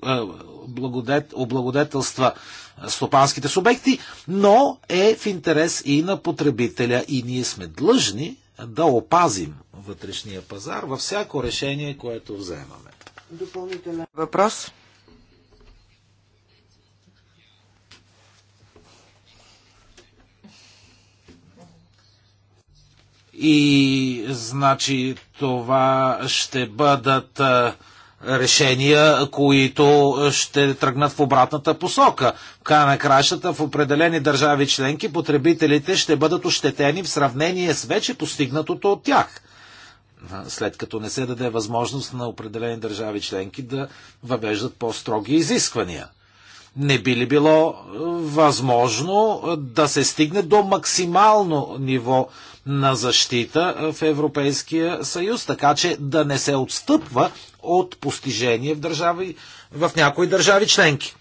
е, облагодетелства е, стопанските субекти, но е в интерес и на потребителя и ние сме длъжни да опазим вътрешния пазар във всяко решение, което вземаме. Допълнителен въпрос. и значи това ще бъдат решения, които ще тръгнат в обратната посока. В края на кращата в определени държави членки потребителите ще бъдат ощетени в сравнение с вече постигнатото от тях. След като не се даде възможност на определени държави членки да въвеждат по-строги изисквания. Не би ли било възможно да се стигне до максимално ниво на защита в Европейския съюз, така че да не се отстъпва от постижение в, държави, в някои държави членки.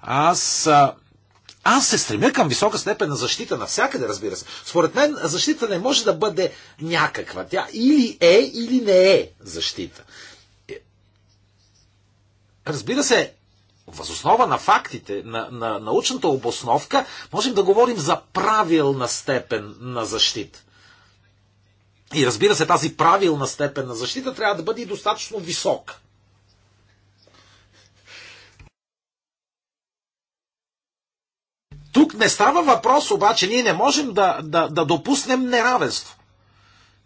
Аз аз се стремя към висока степен на защита навсякъде, разбира се. Според мен защита не може да бъде някаква. Тя или е, или не е защита. Е, разбира се, възоснова на фактите, на, на научната обосновка, можем да говорим за правилна степен на защита. И разбира се, тази правилна степен на защита трябва да бъде и достатъчно висока. Тук не става въпрос, обаче ние не можем да, да, да допуснем неравенство.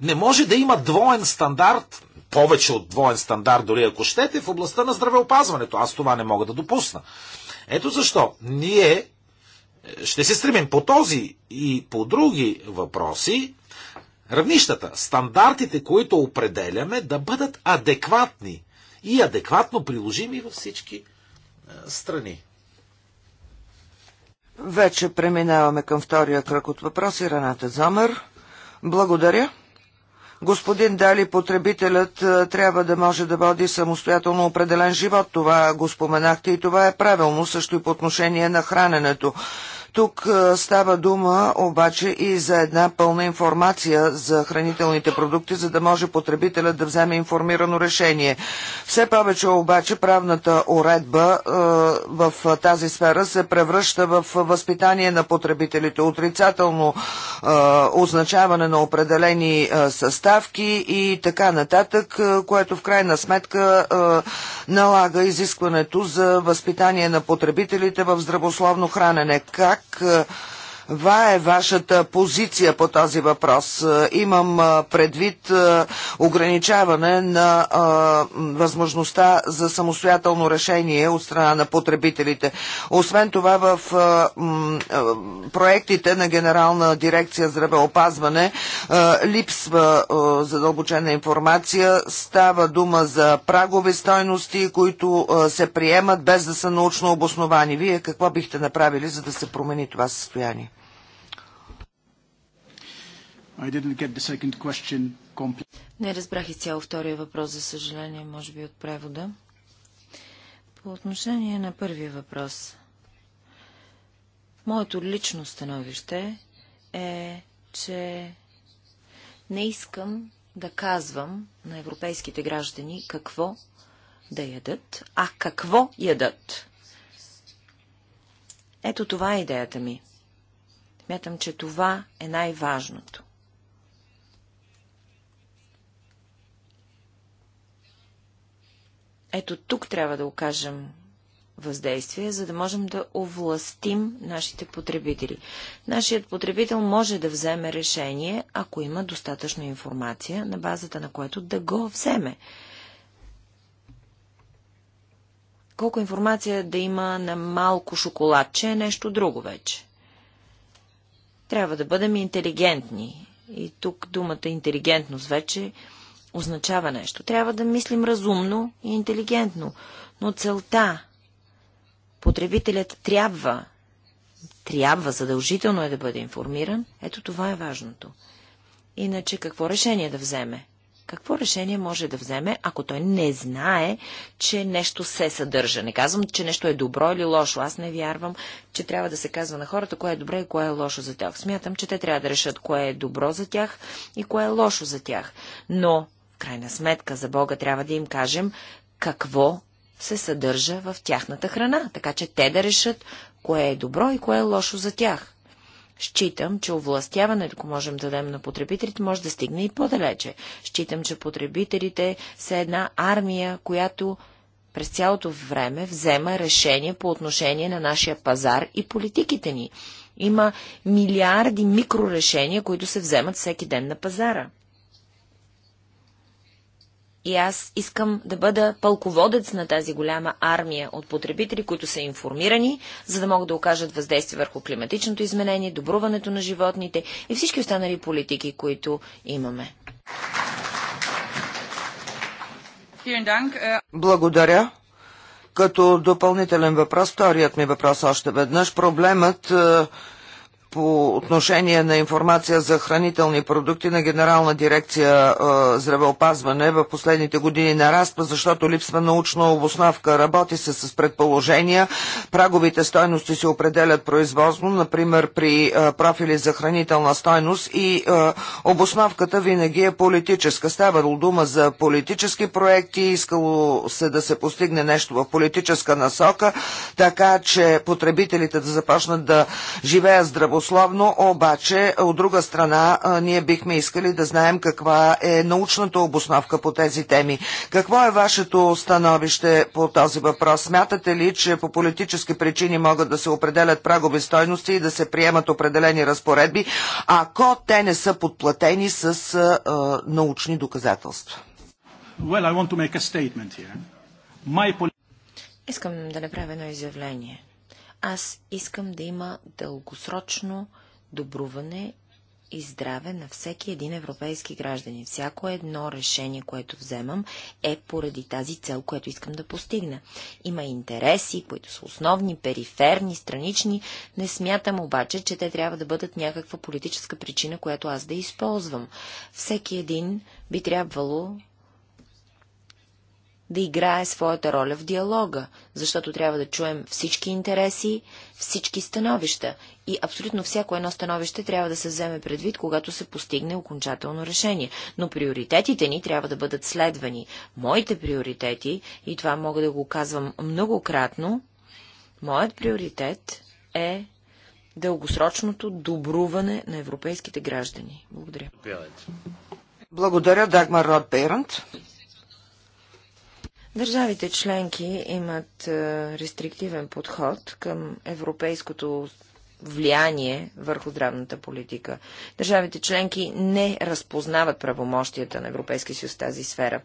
Не може да има двоен стандарт, повече от двоен стандарт, дори ако щете, в областта на здравеопазването. Аз това не мога да допусна. Ето защо ние е, ще се стремим по този и по други въпроси равнищата, стандартите, които определяме, да бъдат адекватни и адекватно приложими във всички е, страни. Вече преминаваме към втория кръг от въпроси. Раната Замър. Благодаря. Господин Дали, потребителят е, трябва да може да води самостоятелно определен живот. Това го споменахте и това е правилно, също и по отношение на храненето. Тук става дума обаче и за една пълна информация за хранителните продукти, за да може потребителят да вземе информирано решение. Все повече обаче правната уредба в тази сфера се превръща в възпитание на потребителите, отрицателно означаване на определени съставки и така нататък, което в крайна сметка налага изискването за възпитание на потребителите в здравословно хранене. Как как каква е вашата позиция по този въпрос? Е, имам е, предвид е, ограничаване на възможността за самостоятелно решение от страна на потребителите. Освен това в проектите на Генерална дирекция здравеопазване липсва задълбочена информация. Става дума за прагови стойности, които се приемат без да са научно обосновани. Вие какво бихте направили, за да се промени това състояние? Не разбрах изцяло втория въпрос, за съжаление, може би от превода. По отношение на първия въпрос. Моето лично становище е, че не искам да казвам на европейските граждани какво да ядат, а какво ядат. Ето това е идеята ми. Смятам, че това е най-важното. Ето тук трябва да окажем въздействие, за да можем да овластим нашите потребители. Нашият потребител може да вземе решение, ако има достатъчно информация, на базата на което да го вземе. Колко информация да има на малко шоколадче е нещо друго вече. Трябва да бъдем интелигентни. И тук думата интелигентност вече означава нещо. Трябва да мислим разумно и интелигентно, но целта потребителят трябва, трябва задължително е да бъде информиран, ето това е важното. Иначе какво решение да вземе? Какво решение може да вземе, ако той не знае, че нещо се съдържа? Не казвам, че нещо е добро или лошо. Аз не вярвам, че трябва да се казва на хората кое е добре и кое е лошо за тях. Смятам, че те трябва да решат кое е добро за тях и кое е лошо за тях. Но крайна сметка, за Бога трябва да им кажем какво се съдържа в тяхната храна, така че те да решат кое е добро и кое е лошо за тях. Считам, че овластяването, ако можем да дадем на потребителите, може да стигне и по-далече. Считам, че потребителите са една армия, която през цялото време взема решение по отношение на нашия пазар и политиките ни. Има милиарди микрорешения, които се вземат всеки ден на пазара. И аз искам да бъда пълководец на тази голяма армия от потребители, които са информирани, за да могат да окажат въздействие върху климатичното изменение, добруването на животните и всички останали политики, които имаме. Благодаря. Като допълнителен въпрос, вторият ми въпрос още веднъж. Проблемът е, по отношение на информация за хранителни продукти на Генерална дирекция е, здравеопазване в последните години нараства, защото липсва научна обосновка. Работи се с предположения, праговите стойности се определят произволно, например при е, профили за хранителна стойност и е, обосновката винаги е политическа. Става дума за политически проекти, искало се да се постигне нещо в политическа насока, така че потребителите да започнат да живеят здраво здравословно, обаче от друга страна ние бихме искали да знаем каква е научната обосновка по тези теми. Какво е вашето становище по този въпрос? Смятате ли, че по политически причини могат да се определят прагови стойности и да се приемат определени разпоредби, ако те не са подплатени с а, научни доказателства? Well, I want to make a statement here. My... Искам да направя едно изявление. Аз искам да има дългосрочно добруване и здраве на всеки един европейски гражданин. Всяко едно решение, което вземам, е поради тази цел, което искам да постигна. Има интереси, които са основни, периферни, странични. Не смятам обаче, че те трябва да бъдат някаква политическа причина, която аз да използвам. Всеки един би трябвало да играе своята роля в диалога, защото трябва да чуем всички интереси, всички становища и абсолютно всяко едно становище трябва да се вземе предвид, когато се постигне окончателно решение. Но приоритетите ни трябва да бъдат следвани. Моите приоритети, и това мога да го казвам многократно, моят приоритет е дългосрочното добруване на европейските граждани. Благодаря. Благодаря, Дагмар Род Държавите членки имат е, рестриктивен подход към европейското влияние върху здравната политика. Държавите членки не разпознават правомощията на Европейския съюз в тази сфера.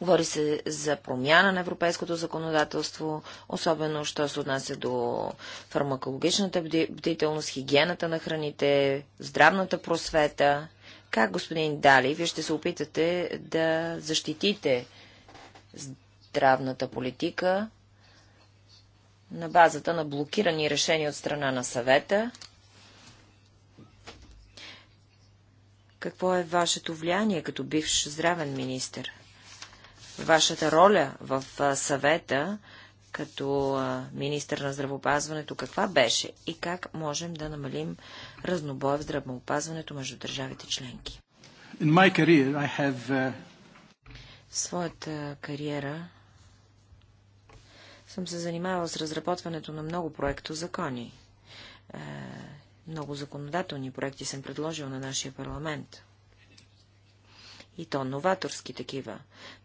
Говори се за промяна на европейското законодателство, особено, що се отнася до фармакологичната бдителност, хигиената на храните, здравната просвета. Как, господин Дали, вие ще се опитате да защитите здравната политика на базата на блокирани решения от страна на съвета. Какво е вашето влияние като бивш здравен министр? Вашата роля в съвета като министър на здравопазването каква беше и как можем да намалим разнобой в здравоопазването между държавите членки? In my career I have uh, в своята кариера съм се занимавала с разработването на много проекто закони. Е, много законодателни проекти съм предложил на нашия парламент. И то новаторски такива.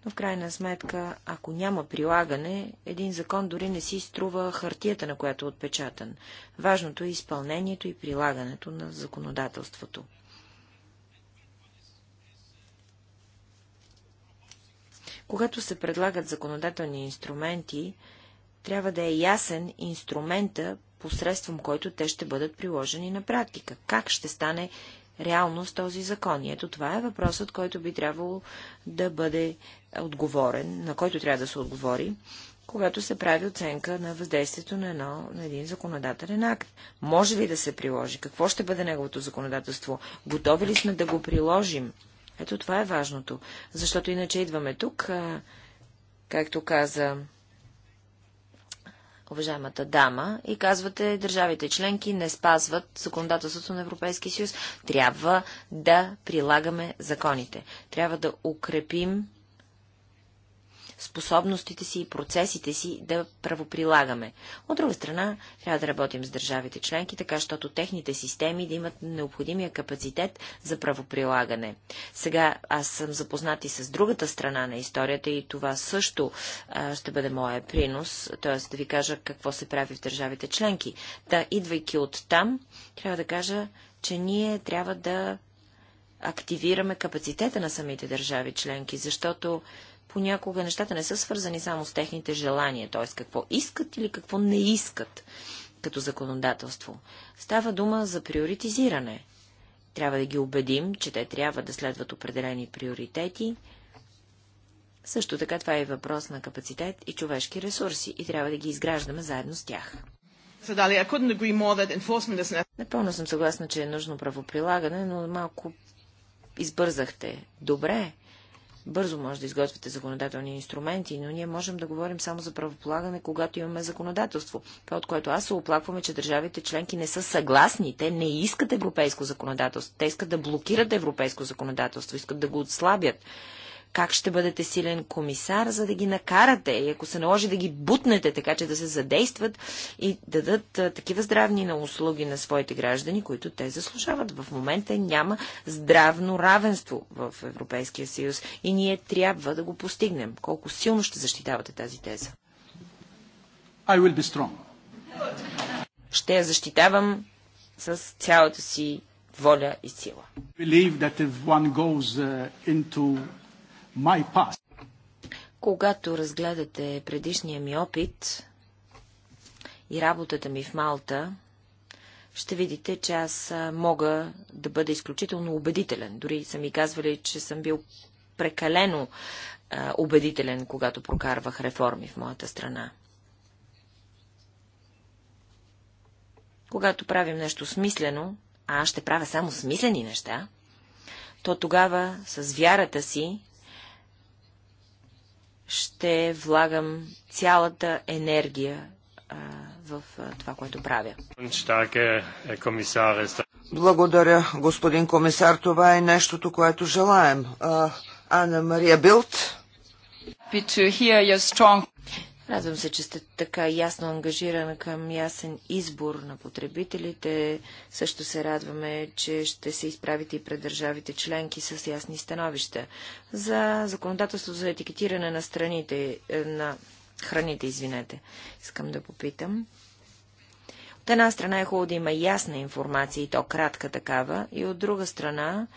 Но в крайна сметка, ако няма прилагане, един закон дори не си струва хартията, на която е отпечатан. Важното е изпълнението и прилагането на законодателството. Когато се предлагат законодателни инструменти, трябва да е ясен инструмента, посредством който те ще бъдат приложени на практика. Как ще стане реалност този закон? И ето това е въпросът, който би трябвало да бъде отговорен, на който трябва да се отговори, когато се прави оценка на въздействието на, едно, на един законодателен акт. Може ли да се приложи? Какво ще бъде неговото законодателство? Готови ли сме да го приложим? Ето това е важното, защото иначе идваме тук, както каза уважаемата дама, и казвате, държавите членки не спазват законодателството на Европейския съюз. Трябва да прилагаме законите. Трябва да укрепим способностите си и процесите си да правоприлагаме. От друга страна, трябва да работим с държавите членки, така защото техните системи да имат необходимия капацитет за правоприлагане. Сега аз съм запознат и с другата страна на историята и това също а, ще бъде моя принос, т.е. да ви кажа какво се прави в държавите членки. Та, да, идвайки от там, трябва да кажа, че ние трябва да активираме капацитета на самите държави членки, защото понякога нещата не са свързани само с техните желания, т.е. какво искат или какво не искат като законодателство. Става дума за приоритизиране. Трябва да ги убедим, че те трябва да следват определени приоритети. Също така това е въпрос на капацитет и човешки ресурси и трябва да ги изграждаме заедно с тях. Напълно съм съгласна, че е нужно правоприлагане, но малко избързахте. Добре, бързо може да изготвяте законодателни инструменти, но ние можем да говорим само за правополагане, когато имаме законодателство. Това, от което аз се оплакваме, че държавите членки не са съгласни, те не искат европейско законодателство, те искат да блокират европейско законодателство, искат да го отслабят как ще бъдете силен комисар, за да ги накарате и ако се наложи да ги бутнете, така че да се задействат и дадат такива здравни на услуги на своите граждани, които те заслужават. В момента няма здравно равенство в Европейския съюз и ние трябва да го постигнем. Колко силно ще защитавате тази теза? I will be strong. Ще я защитавам с цялата си воля и сила my past. Когато разгледате предишния ми опит и работата ми в Малта, ще видите, че аз мога да бъда изключително убедителен. Дори са ми казвали, че съм бил прекалено а, убедителен, когато прокарвах реформи в моята страна. Когато правим нещо смислено, а аз ще правя само смислени неща, то тогава с вярата си ще влагам цялата енергия а, в а, това, което правя. Благодаря, господин комисар. Това е нещото, което желаем. Анна Мария Билт. Радвам се, че сте така ясно ангажирана към ясен избор на потребителите. Също се радваме, че ще се изправите и пред държавите членки с ясни становища. За законодателство за етикетиране на страните, е, на храните, извинете, искам да попитам. От една страна е хубаво да има ясна информация и то кратка такава, и от друга страна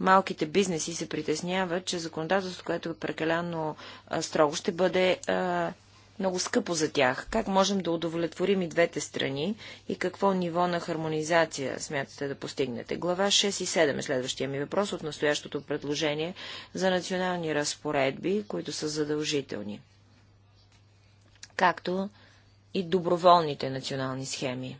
малките бизнеси се притесняват, че законодателството, което е прекалено а, строго, ще бъде а, много скъпо за тях. Как можем да удовлетворим и двете страни и какво ниво на хармонизация смятате да постигнете? Глава 6 и 7 е следващия ми въпрос от настоящото предложение за национални разпоредби, които са задължителни, както и доброволните национални схеми.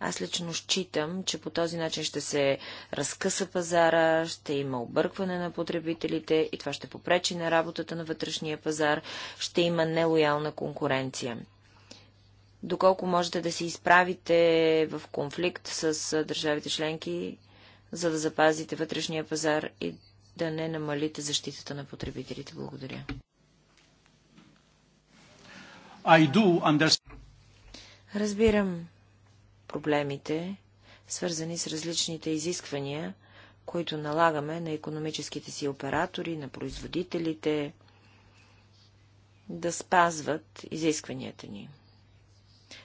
Аз лично считам, че по този начин ще се разкъса пазара, ще има объркване на потребителите и това ще попречи на работата на вътрешния пазар, ще има нелоялна конкуренция. Доколко можете да се изправите в конфликт с държавите членки, за да запазите вътрешния пазар и да не намалите защитата на потребителите. Благодаря. Разбирам проблемите, свързани с различните изисквания, които налагаме на економическите си оператори, на производителите, да спазват изискванията ни,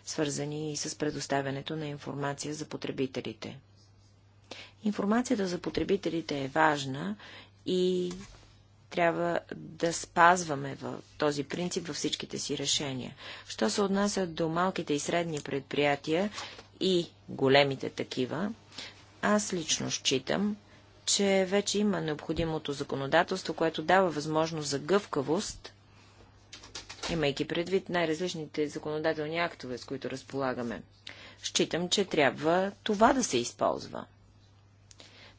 свързани и с предоставянето на информация за потребителите. Информацията за потребителите е важна и трябва да спазваме в този принцип във всичките си решения. Що се отнася до малките и средни предприятия и големите такива, аз лично считам, че вече има необходимото законодателство, което дава възможност за гъвкавост, имайки предвид най-различните законодателни актове, с които разполагаме. Считам, че трябва това да се използва.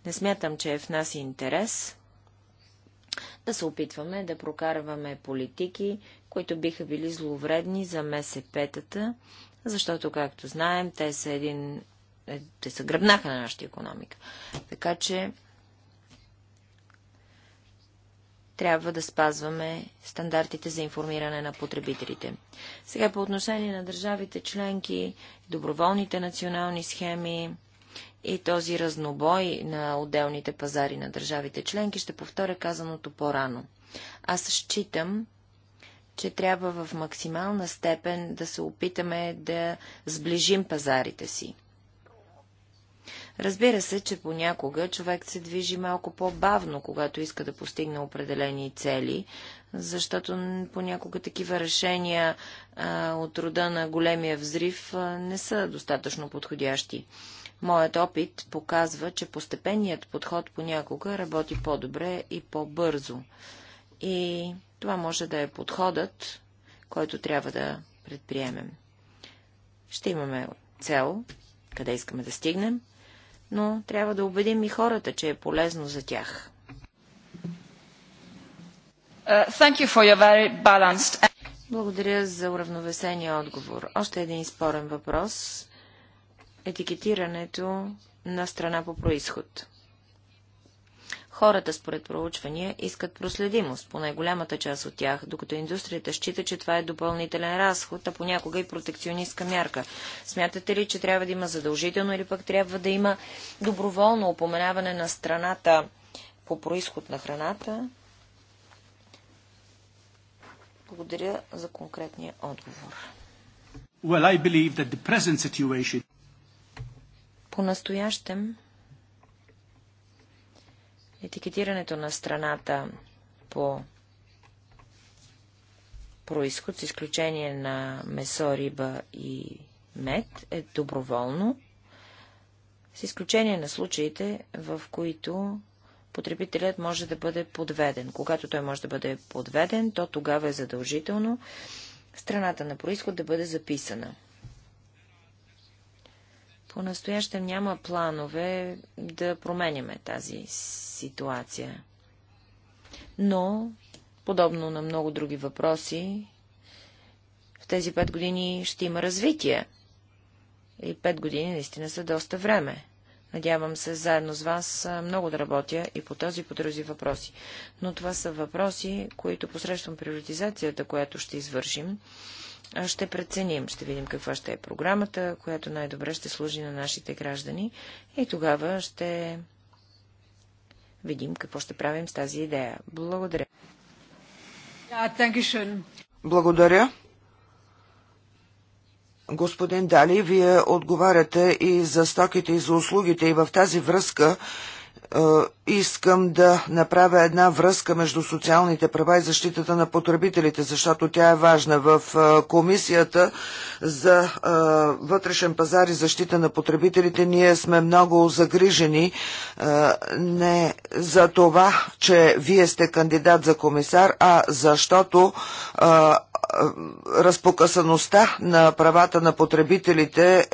Не смятам, че е в нас интерес да се опитваме да прокарваме политики, които биха били зловредни за МСП-тата, защото, както знаем, те са един... Е, те са гръбнаха на нашата економика. Така че трябва да спазваме стандартите за информиране на потребителите. Сега по отношение на държавите членки, доброволните национални схеми, и този разнобой на отделните пазари на държавите членки. Ще повторя казаното по-рано. Аз считам, че трябва в максимална степен да се опитаме да сближим пазарите си. Разбира се, че понякога човек се движи малко по-бавно, когато иска да постигне определени цели, защото понякога такива решения а, от рода на големия взрив а, не са достатъчно подходящи. Моят опит показва, че постепенният подход понякога работи по-добре и по-бързо. И това може да е подходът, който трябва да предприемем. Ще имаме цел, къде искаме да стигнем, но трябва да убедим и хората, че е полезно за тях. Uh, Благодаря за уравновесения отговор. Още един спорен въпрос етикетирането на страна по происход. Хората, според проучвания, искат проследимост, по най голямата част от тях, докато индустрията счита, че това е допълнителен разход, а понякога и протекционистка мярка. Смятате ли, че трябва да има задължително или пък трябва да има доброволно упоменаване на страната по происход на храната? Благодаря за конкретния отговор. Well, I believe that the present situation по-настоящем етикетирането на страната по происход, с изключение на месо, риба и мед, е доброволно, с изключение на случаите, в които потребителят може да бъде подведен. Когато той може да бъде подведен, то тогава е задължително страната на происход да бъде записана. По-настоящем няма планове да променяме тази ситуация. Но, подобно на много други въпроси, в тези пет години ще има развитие. И пет години наистина са доста време. Надявам се заедно с вас много да работя и по този и по други въпроси. Но това са въпроси, които посрещам приоритизацията, която ще извършим ще преценим. Ще видим каква ще е програмата, която най-добре ще служи на нашите граждани и тогава ще видим какво ще правим с тази идея. Благодаря. Благодаря. Господин Дали, вие отговаряте и за стоките и за услугите и в тази връзка е, искам да направя една връзка между социалните права и защитата на потребителите, защото тя е важна. В е, Комисията за е, вътрешен пазар и защита на потребителите ние сме много загрижени не за това, че вие сте кандидат за комисар, а защото разпокъсаността на правата на потребителите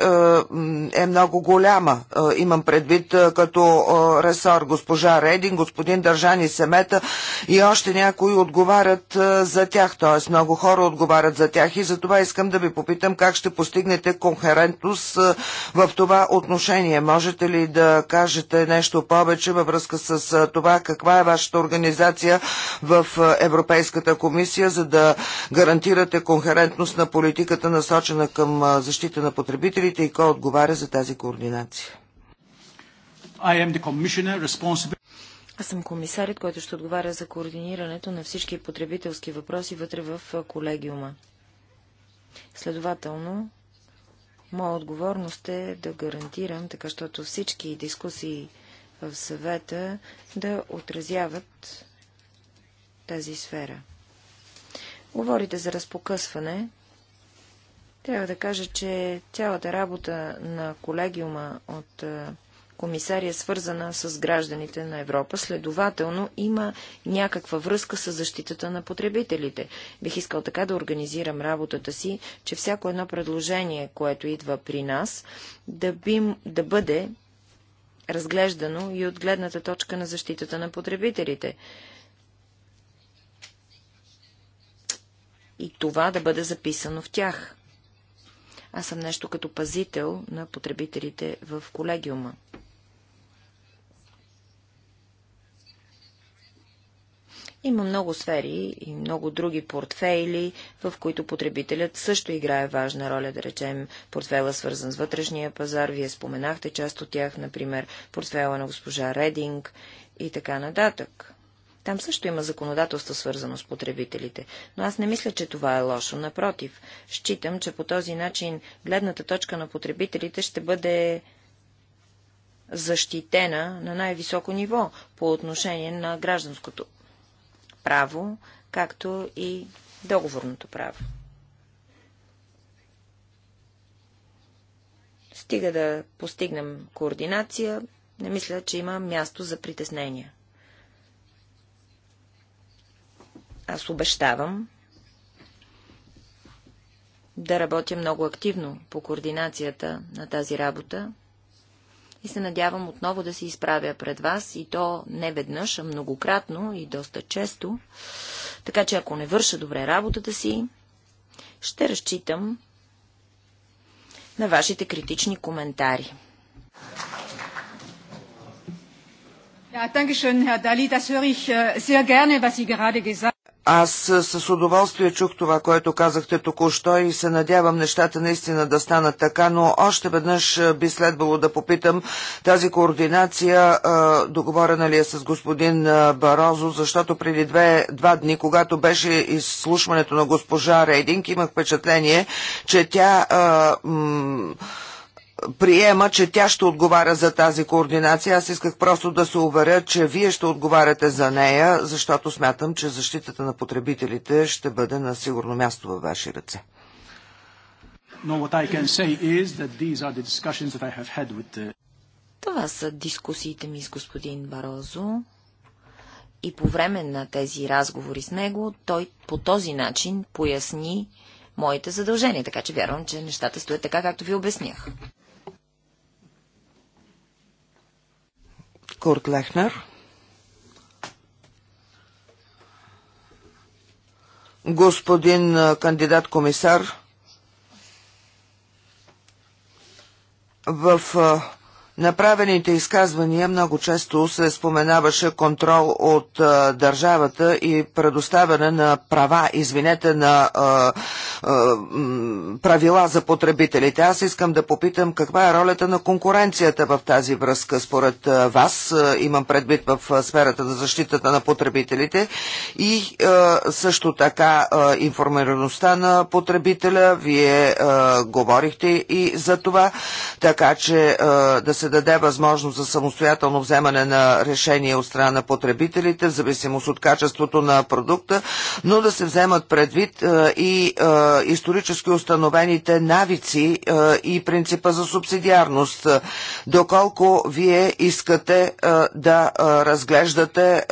е много голяма. Имам предвид като ресор. Госпожа Редин, господин Държани Семета и още някои отговарят за тях, т.е. много хора отговарят за тях и за това искам да ви попитам как ще постигнете конхерентност в това отношение. Можете ли да кажете нещо повече във връзка с това каква е вашата организация в Европейската комисия, за да гарантирате конхерентност на политиката насочена към защита на потребителите и кой отговаря за тази координация? Аз съм комисарят, който ще отговаря за координирането на всички потребителски въпроси вътре в колегиума. Следователно, моя отговорност е да гарантирам, така защото всички дискусии в съвета да отразяват тази сфера. Говорите за разпокъсване. Трябва да кажа, че цялата работа на колегиума от комисар е свързана с гражданите на Европа, следователно има някаква връзка с защитата на потребителите. Бих искал така да организирам работата си, че всяко едно предложение, което идва при нас, да, бим, да бъде разглеждано и от гледната точка на защитата на потребителите. И това да бъде записано в тях. Аз съм нещо като пазител на потребителите в колегиума. Има много сфери и много други портфейли, в които потребителят също играе важна роля, да речем портфела свързан с вътрешния пазар. Вие споменахте част от тях, например портфела на госпожа Рединг и така нататък. Там също има законодателство, свързано с потребителите, но аз не мисля, че това е лошо. Напротив, считам, че по този начин гледната точка на потребителите ще бъде защитена на най-високо ниво по отношение на гражданското право, както и договорното право. Стига да постигнем координация, не мисля, че има място за притеснения. Аз обещавам да работя много активно по координацията на тази работа и се надявам отново да се изправя пред вас и то не веднъж, а многократно и доста често. Така че ако не върша добре работата си, ще разчитам на вашите критични коментари. Ja, danke schön, Herr Dali. Das höre ich äh, sehr gerne, was Sie gerade gesagt аз с удоволствие чух това, което казахте току-що и се надявам нещата наистина да станат така, но още веднъж би следвало да попитам тази координация, договорена ли е с господин Барозо, защото преди две, два дни, когато беше изслушването на госпожа Рейдинг, имах впечатление, че тя... А, приема, че тя ще отговаря за тази координация. Аз исках просто да се уверя, че вие ще отговаряте за нея, защото смятам, че защитата на потребителите ще бъде на сигурно място във ваши ръце. Това са дискусиите ми с господин Барозо. И по време на тези разговори с него, той по този начин поясни моите задължения, така че вярвам, че нещата стоят така, както ви обяснях. Курт Лехнер. Господин кандидат комисар, в направените изказвания много често се споменаваше контрол от а, държавата и предоставяне на права, извинете, на а, а, правила за потребителите. Аз искам да попитам каква е ролята на конкуренцията в тази връзка според а, вас, а, имам предвид в а, сферата на защитата на потребителите и а, също така а, информираността на потребителя. Вие а, говорихте и за това, така че а, да се даде възможност за самостоятелно вземане на решение от страна на потребителите, в зависимост от качеството на продукта, но да се вземат предвид е, и е, исторически установените навици е, и принципа за субсидиарност. Доколко вие искате да разглеждате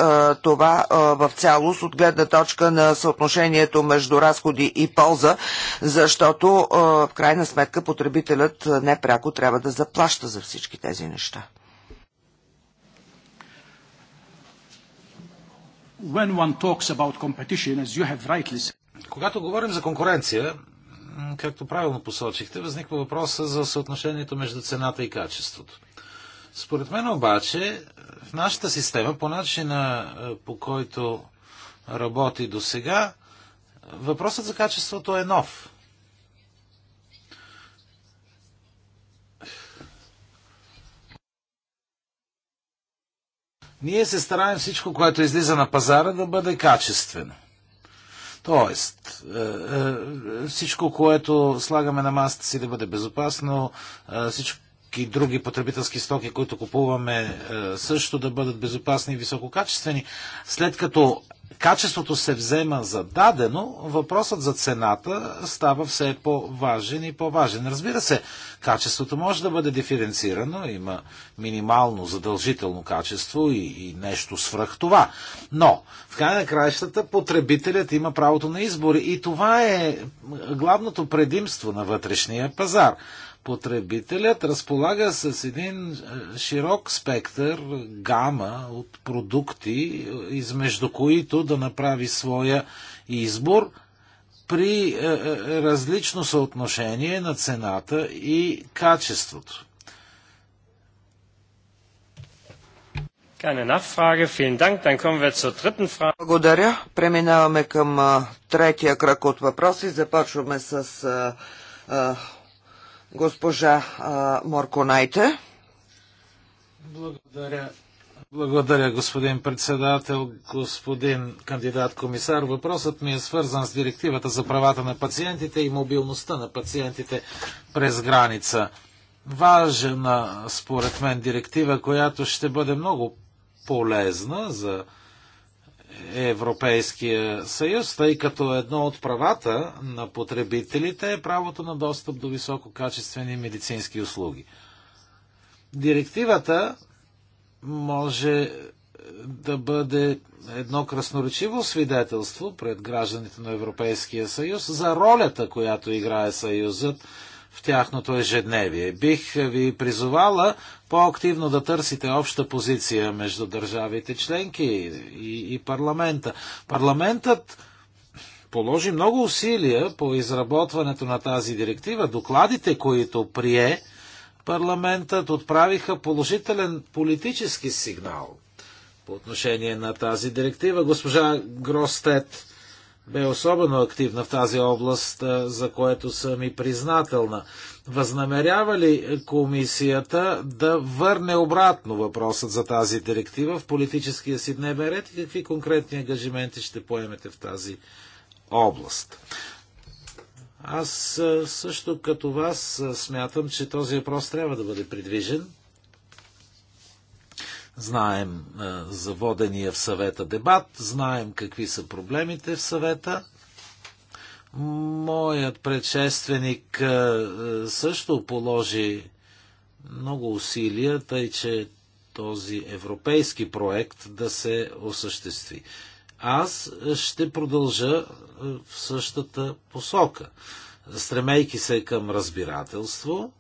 това в цялост от гледна точка на съотношението между разходи и полза, защото в крайна сметка потребителят непряко трябва да заплаща за всички тези неща. Когато говорим за конкуренция, както правилно посочихте, възниква въпроса за съотношението между цената и качеството. Според мен обаче, в нашата система, по начина е, по който работи до сега, въпросът за качеството е нов. Ние се стараем всичко, което излиза на пазара, да бъде качествено. Тоест, е, е, всичко, което слагаме на масата си да бъде безопасно, е, всички други потребителски стоки, които купуваме, също да бъдат безопасни и висококачествени. След като качеството се взема за дадено, въпросът за цената става все по-важен и по-важен. Разбира се, качеството може да бъде диференцирано, има минимално задължително качество и, и нещо свръх това. Но, в край на краищата, потребителят има правото на избори и това е главното предимство на вътрешния пазар потребителят разполага с един е, широк спектър, гама от продукти, е, измежду които да направи своя избор при е, различно съотношение на цената и качеството. Благодаря. Преминаваме към третия кръг от въпроси. Започваме с госпожа Морконайте. Благодаря. Благодаря, господин председател, господин кандидат комисар. Въпросът ми е свързан с директивата за правата на пациентите и мобилността на пациентите през граница. Важна, според мен, директива, която ще бъде много полезна за Европейския съюз, тъй като едно от правата на потребителите е правото на достъп до висококачествени медицински услуги. Директивата може да бъде едно красноречиво свидетелство пред гражданите на Европейския съюз за ролята, която играе съюзът в тяхното ежедневие. Бих ви призовала по-активно да търсите обща позиция между държавите членки и, и парламента. Парламентът положи много усилия по изработването на тази директива. Докладите, които прие парламентът, отправиха положителен политически сигнал по отношение на тази директива. Госпожа Гростет бе особено активна в тази област, за което съм и признателна. Възнамерява ли комисията да върне обратно въпросът за тази директива в политическия си дневен ред и какви конкретни ангажименти ще поемете в тази област? Аз също като вас смятам, че този въпрос трябва да бъде придвижен Знаем за водения в съвета дебат, знаем какви са проблемите в съвета. Моят предшественик също положи много усилия, тъй че този европейски проект да се осъществи. Аз ще продължа в същата посока, стремейки се към разбирателство,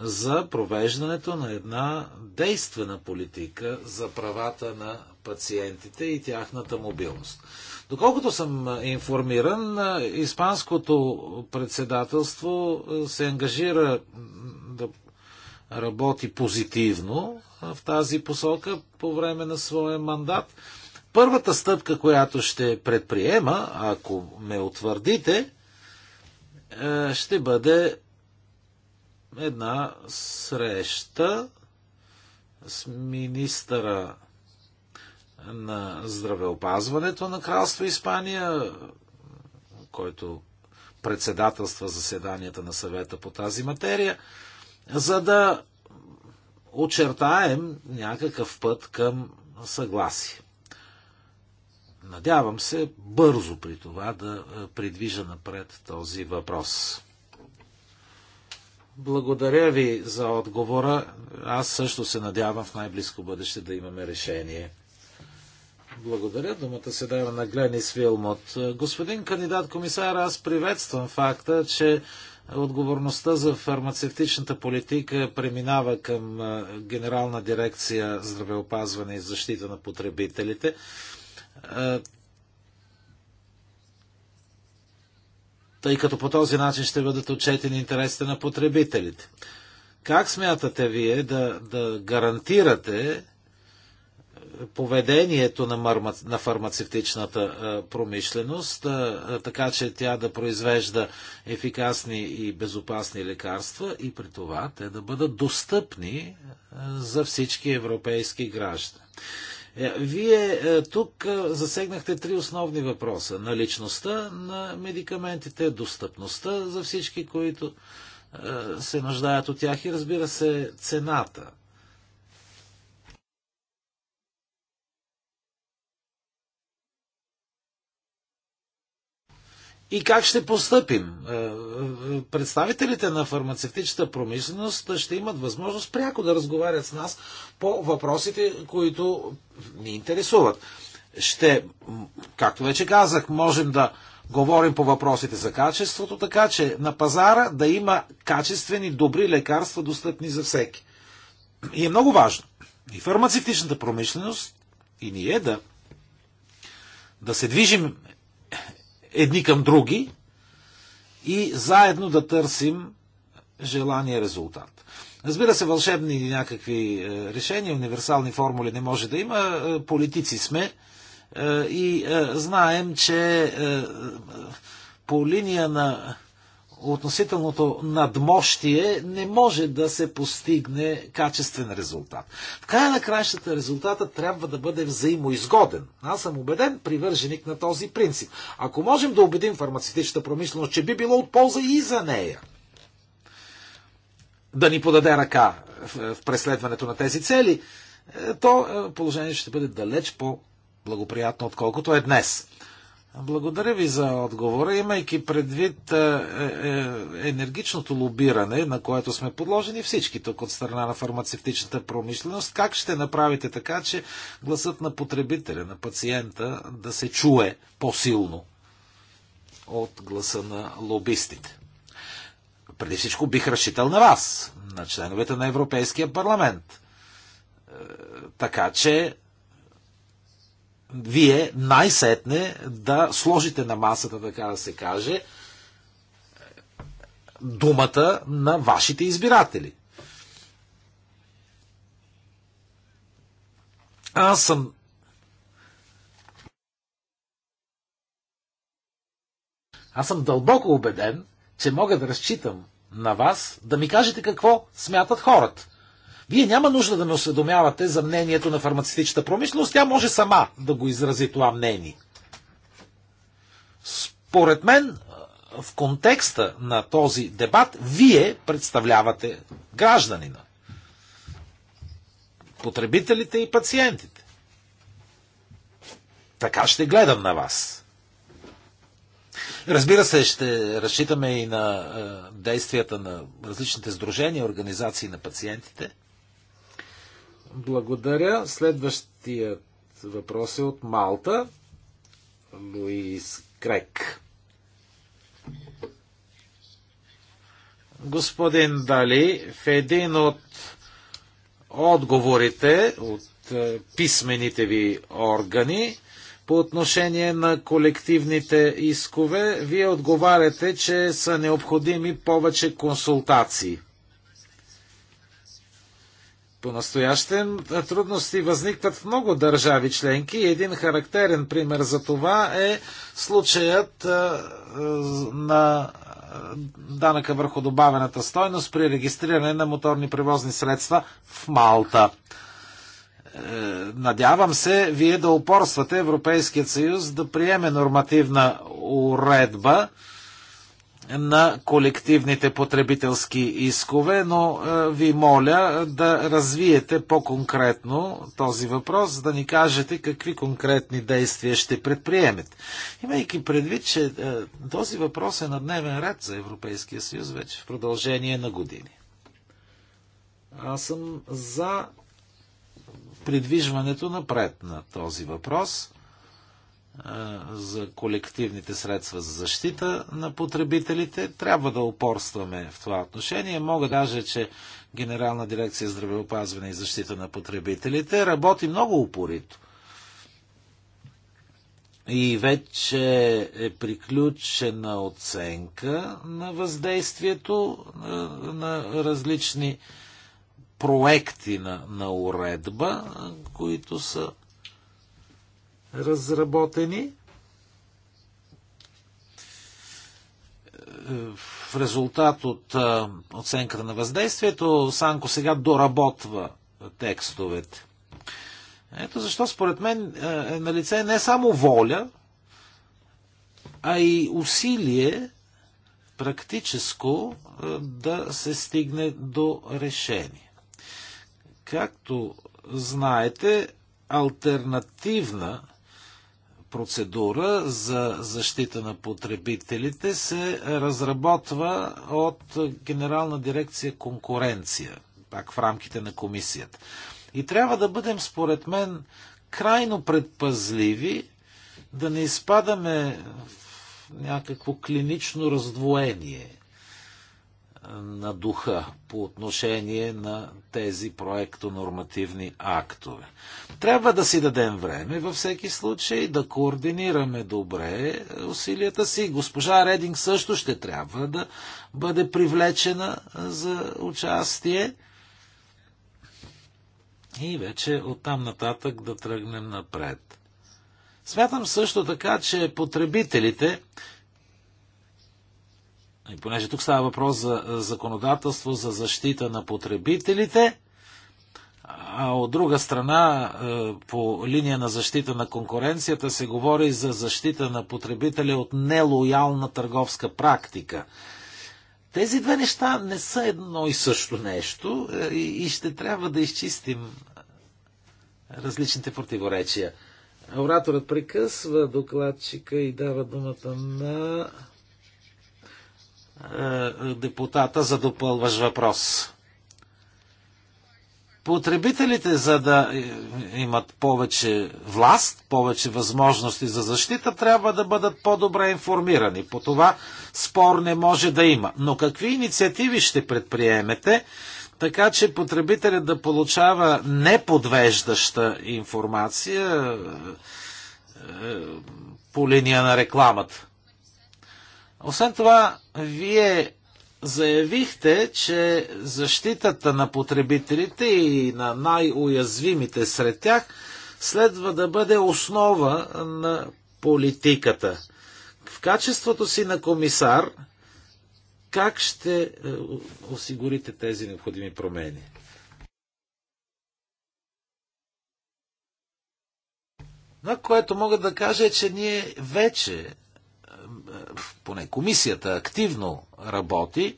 за провеждането на една действена политика за правата на пациентите и тяхната мобилност. Доколкото съм информиран, Испанското председателство се ангажира да работи позитивно в тази посока по време на своя мандат. Първата стъпка, която ще предприема, ако ме утвърдите, е, ще бъде една среща с министъра на здравеопазването на Кралство Испания, който председателства заседанията на съвета по тази материя, за да очертаем някакъв път към съгласие. Надявам се бързо при това да е, придвижа напред този въпрос. Благодаря ви за отговора. Аз също се надявам в най-близко бъдеще да имаме решение. Благодаря. Думата се дава на Гленис Вилмот. Господин кандидат комисар, аз приветствам факта, че отговорността за фармацевтичната политика преминава към Генерална дирекция здравеопазване и защита на потребителите. тъй като по този начин ще бъдат отчетени интересите на потребителите. Как смятате вие да, да гарантирате е, поведението на, марма, на фармацевтичната е, промишленост, е, така че тя да произвежда ефикасни и безопасни лекарства и при това те да бъдат достъпни за всички европейски граждани? Е, вие е, тук е, засегнахте три основни въпроса. Наличността на медикаментите, достъпността за всички, които се нуждаят от тях и разбира се цената и как ще постъпим? Е, е, представителите на фармацевтичната промишленост ще имат възможност пряко да разговарят с нас по въпросите, които ни интересуват. Ще, както вече казах, можем да говорим по въпросите за качеството, така че на пазара да има качествени, добри лекарства, достъпни за всеки. И е много важно и фармацевтичната промишленост, и ние да, да се движим едни към други и заедно да търсим желания резултат. Разбира се, вълшебни някакви е, решения, универсални формули не може да има. Е, политици сме е, и знаем, че по линия на относителното надмощие не може да се постигне качествен резултат. В края на краищата резултата трябва да бъде взаимоизгоден. Аз съм убеден привърженик на този принцип. Ако можем да убедим фармацевтичната промишленост, че би било от полза и за нея да ни подаде ръка в преследването на тези цели, е, то е, положението ще бъде далеч по-благоприятно, отколкото е днес. Благодаря ви за отговора. Имайки предвид е, е, е, енергичното лобиране, на което сме подложени всички тук от страна на фармацевтичната промишленост, как ще направите така, че гласът на потребителя, на пациента да се чуе по-силно от гласа на лобистите? Преди всичко бих разчитал на вас, на членовете на Европейския парламент. Така че вие най-сетне да сложите на масата, така да се каже, думата на вашите избиратели. Аз съм Аз съм дълбоко убеден, че мога да разчитам на вас да ми кажете какво смятат хората. Вие няма нужда да ме осведомявате за мнението на фармацевтичната промишленост, тя може сама да го изрази това мнение. Според мен, в контекста на този дебат, вие представлявате гражданина, потребителите и пациентите. Така ще гледам на вас. Разбира се, ще разчитаме и на е, действията на различните сдружения, организации на пациентите. Благодаря. Следващият въпрос е от Малта. Луис Крек. Господин Дали, в един от отговорите от е, писмените ви органи по отношение на колективните искове, вие отговаряте, че са необходими повече консултации – по-настоящем трудности възникват в много държави членки и един характерен пример за това е случаят на данъка върху добавената стойност при регистриране на моторни превозни средства в Малта. Е, надявам се, вие да упорствате Европейският съюз да приеме нормативна уредба, на колективните потребителски искове, но е, ви моля да развиете по-конкретно този въпрос, да ни кажете какви конкретни действия ще предприемете. Имайки предвид, че е, този въпрос е на дневен ред за Европейския съюз вече в продължение на години. Аз съм за придвижването напред на този въпрос – за колективните средства за защита на потребителите. Трябва да упорстваме в това отношение. Мога да кажа, че Генерална дирекция здравеопазване и защита на потребителите работи много упорито. И вече е приключена оценка на въздействието на различни проекти на, на уредба, които са разработени. Е, в резултат от е, оценката на въздействието, Санко сега доработва текстовете. Ето защо според мен е, е на лице не само воля, а и усилие практическо да се стигне до решение. Както знаете, альтернативна процедура за защита на потребителите се разработва от Генерална дирекция конкуренция, пак в рамките на комисията. И трябва да бъдем, според мен, крайно предпазливи да не изпадаме в някакво клинично раздвоение – на духа по отношение на тези проектонормативни актове. Трябва да си дадем време във всеки случай, да координираме добре усилията си. Госпожа Рединг също ще трябва да бъде привлечена за участие. И вече оттам нататък да тръгнем напред. Смятам също така, че потребителите и ами, понеже тук става въпрос за законодателство за защита на потребителите, а от друга страна, по линия на защита на конкуренцията се говори за защита на потребителя от нелоялна търговска практика. Тези две неща не са едно и също нещо е, и ще трябва да изчистим различните противоречия. Ораторът прекъсва докладчика и дава думата на е, депутата за допълваш въпрос. Потребителите, за да е, имат повече власт, повече възможности за защита, трябва да бъдат по-добре информирани. По това спор не може да има. Но какви инициативи ще предприемете, така че потребителят да получава неподвеждаща информация е, по линия на рекламата? Освен това, вие заявихте, че защитата на потребителите и на най-уязвимите сред тях следва да бъде основа на политиката. В качеството си на комисар, как ще е, осигурите тези необходими промени? Това, което мога да кажа е, че ние вече поне комисията активно работи, е,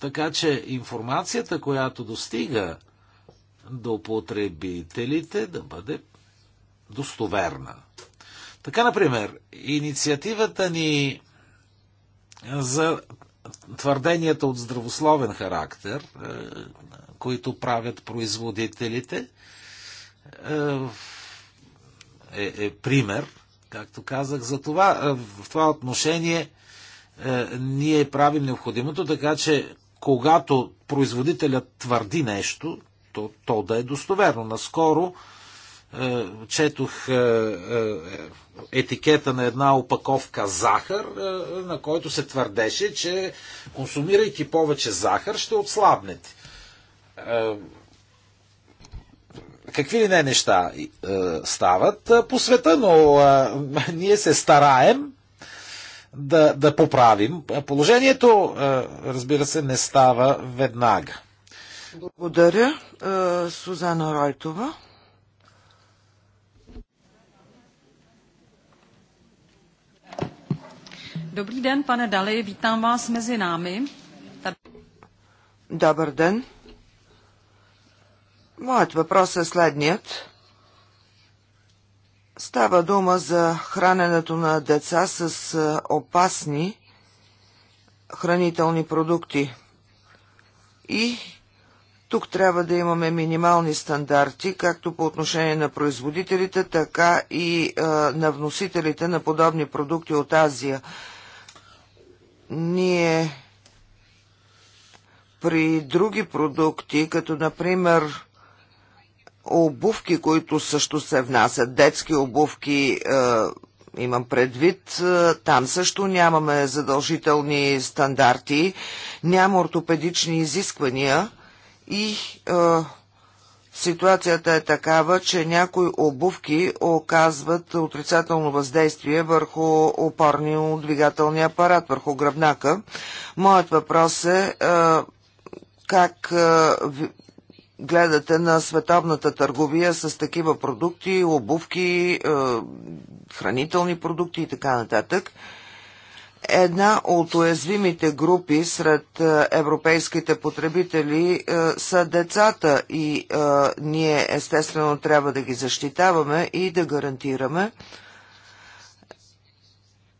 така че информацията, която достига до потребителите, да бъде достоверна. Така, например, инициативата ни за твърденията от здравословен характер, е, които правят производителите, е, е, е пример – Както казах, за това, е, в това отношение е, ние правим необходимото, така че когато производителят твърди нещо, то, то да е достоверно. Наскоро е, четох етикета на една опаковка захар, на който се твърдеше, че консумирайки повече захар, ще отслабнете какви ли не неща е, стават е, по света, но е, ние се стараем да, да поправим. Положението, е, разбира се, не става веднага. Благодаря, е, Сузана Ройтова. Dobrý den, pane Dali, vítám vás mezi námi. Добър ден. Моят въпрос е следният. Става дума за храненето на деца с опасни хранителни продукти. И тук трябва да имаме минимални стандарти, както по отношение на производителите, така и е, на вносителите на подобни продукти от Азия. Ние при други продукти, като например обувки, които също се внасят, детски обувки, е, имам предвид, е, там също нямаме задължителни стандарти, няма ортопедични изисквания и е, ситуацията е такава, че някои обувки оказват отрицателно въздействие върху опорни-двигателния апарат, върху гръбнака. Моят въпрос е, е как е, гледате на световната търговия с такива продукти, обувки, е, хранителни продукти и така нататък. Една от уязвимите групи сред е, европейските потребители е, са децата и ние естествено трябва да ги защитаваме и да гарантираме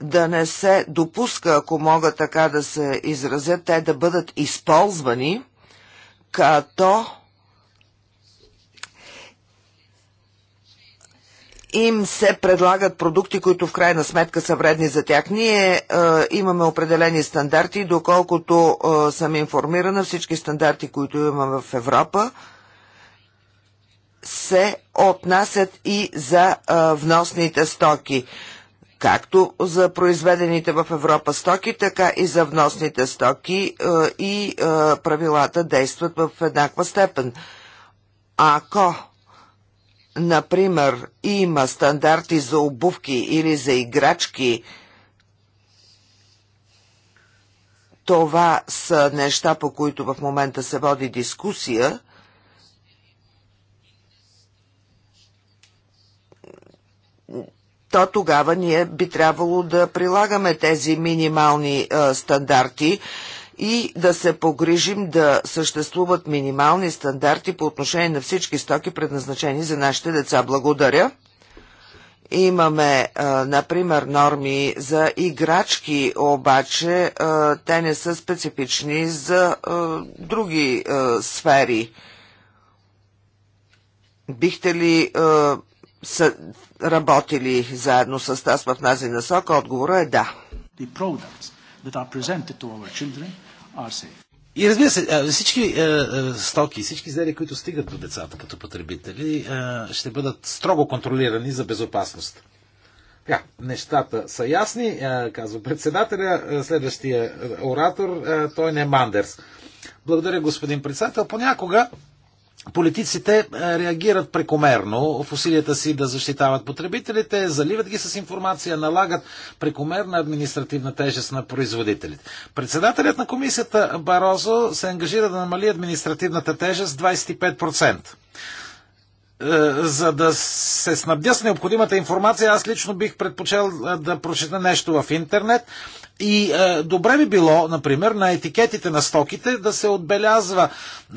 да не се допуска, ако мога така да се изразят, те да бъдат използвани като им се предлагат продукти, които в крайна сметка са вредни за тях. Ние е, имаме определени стандарти, доколкото е, съм информирана, всички стандарти, които имаме в Европа, се отнасят и за е, вносните стоки както за произведените в Европа стоки, така и за вносните стоки е, и е, правилата действат в еднаква степен. Ако например, има стандарти за обувки или за играчки, това са неща, по които в момента се води дискусия. то тогава ние би трябвало да прилагаме тези минимални а, стандарти и да се погрижим да съществуват минимални стандарти по отношение на всички стоки, предназначени за нашите деца. Благодаря. Имаме, например, норми за играчки, обаче те не са специфични за други сфери. Бихте ли са работили заедно с тази в тази насока? Отговора е да. The products that are presented to our children и разбира се, всички стоки, всички изделия, които стигат до децата като потребители, ще бъдат строго контролирани за безопасност. Така, нещата са ясни, казва председателя. Следващия оратор, той не е Мандерс. Благодаря, господин председател. Понякога политиците е, реагират прекомерно в усилията си да защитават потребителите, заливат ги с информация, налагат прекомерна административна тежест на производителите. Председателят на комисията Барозо се ангажира да намали административната тежест 25%. Е, за да се снабдя с необходимата информация, аз лично бих предпочел е, да прочета нещо в интернет. И е, добре би било, например, на етикетите на стоките да се отбелязва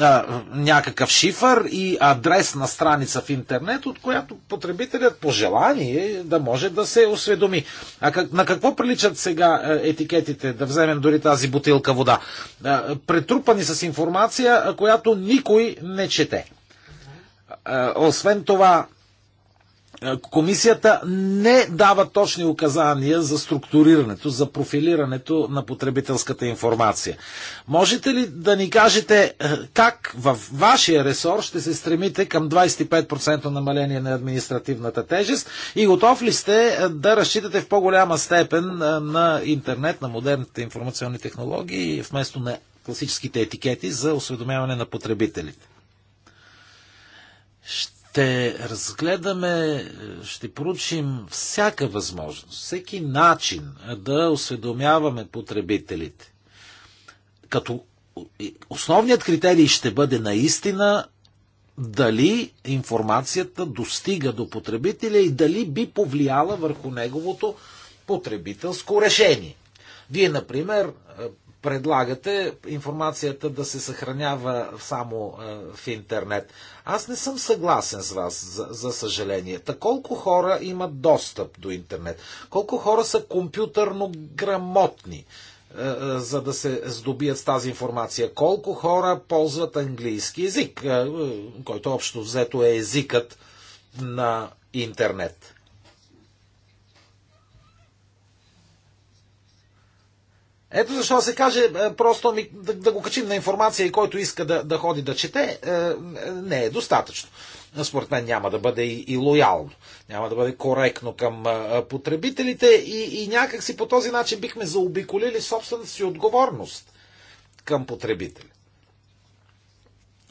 е, някакъв шифър и адрес на страница в интернет, от която потребителят по желание да може да се осведоми. А как, на какво приличат сега е, етикетите, да вземем дори тази бутилка вода? Е, претрупани с информация, която никой не чете. Е, освен това, е, комисията не дава точни указания за структурирането, за профилирането на потребителската информация. Можете ли да ни кажете е, как в вашия ресор ще се стремите към 25% намаление на административната тежест и готов ли сте да разчитате в по-голяма степен на интернет, на модерните информационни технологии вместо на класическите етикети за осведомяване на потребителите? Ще разгледаме, ще поручим всяка възможност, всеки начин да осведомяваме потребителите. Като основният критерий ще бъде наистина дали информацията достига до потребителя и дали би повлияла върху неговото потребителско решение. Вие, например, предлагате информацията да се съхранява само е, в интернет. Аз не съм съгласен с вас, за, за съжаление. Та колко хора имат достъп до интернет? Колко хора са компютърно грамотни, е, е, за да се здобият с тази информация? Колко хора ползват английски език, който общо взето е езикът на интернет? Ето защо се каже, е, просто ми, да, да го качим на информация и който иска да, да ходи да чете, е, не е достатъчно. Според мен няма да бъде и, и лоялно, няма да бъде коректно към е, потребителите и, и някак си по този начин бихме заобиколили собствената си отговорност към потребителите.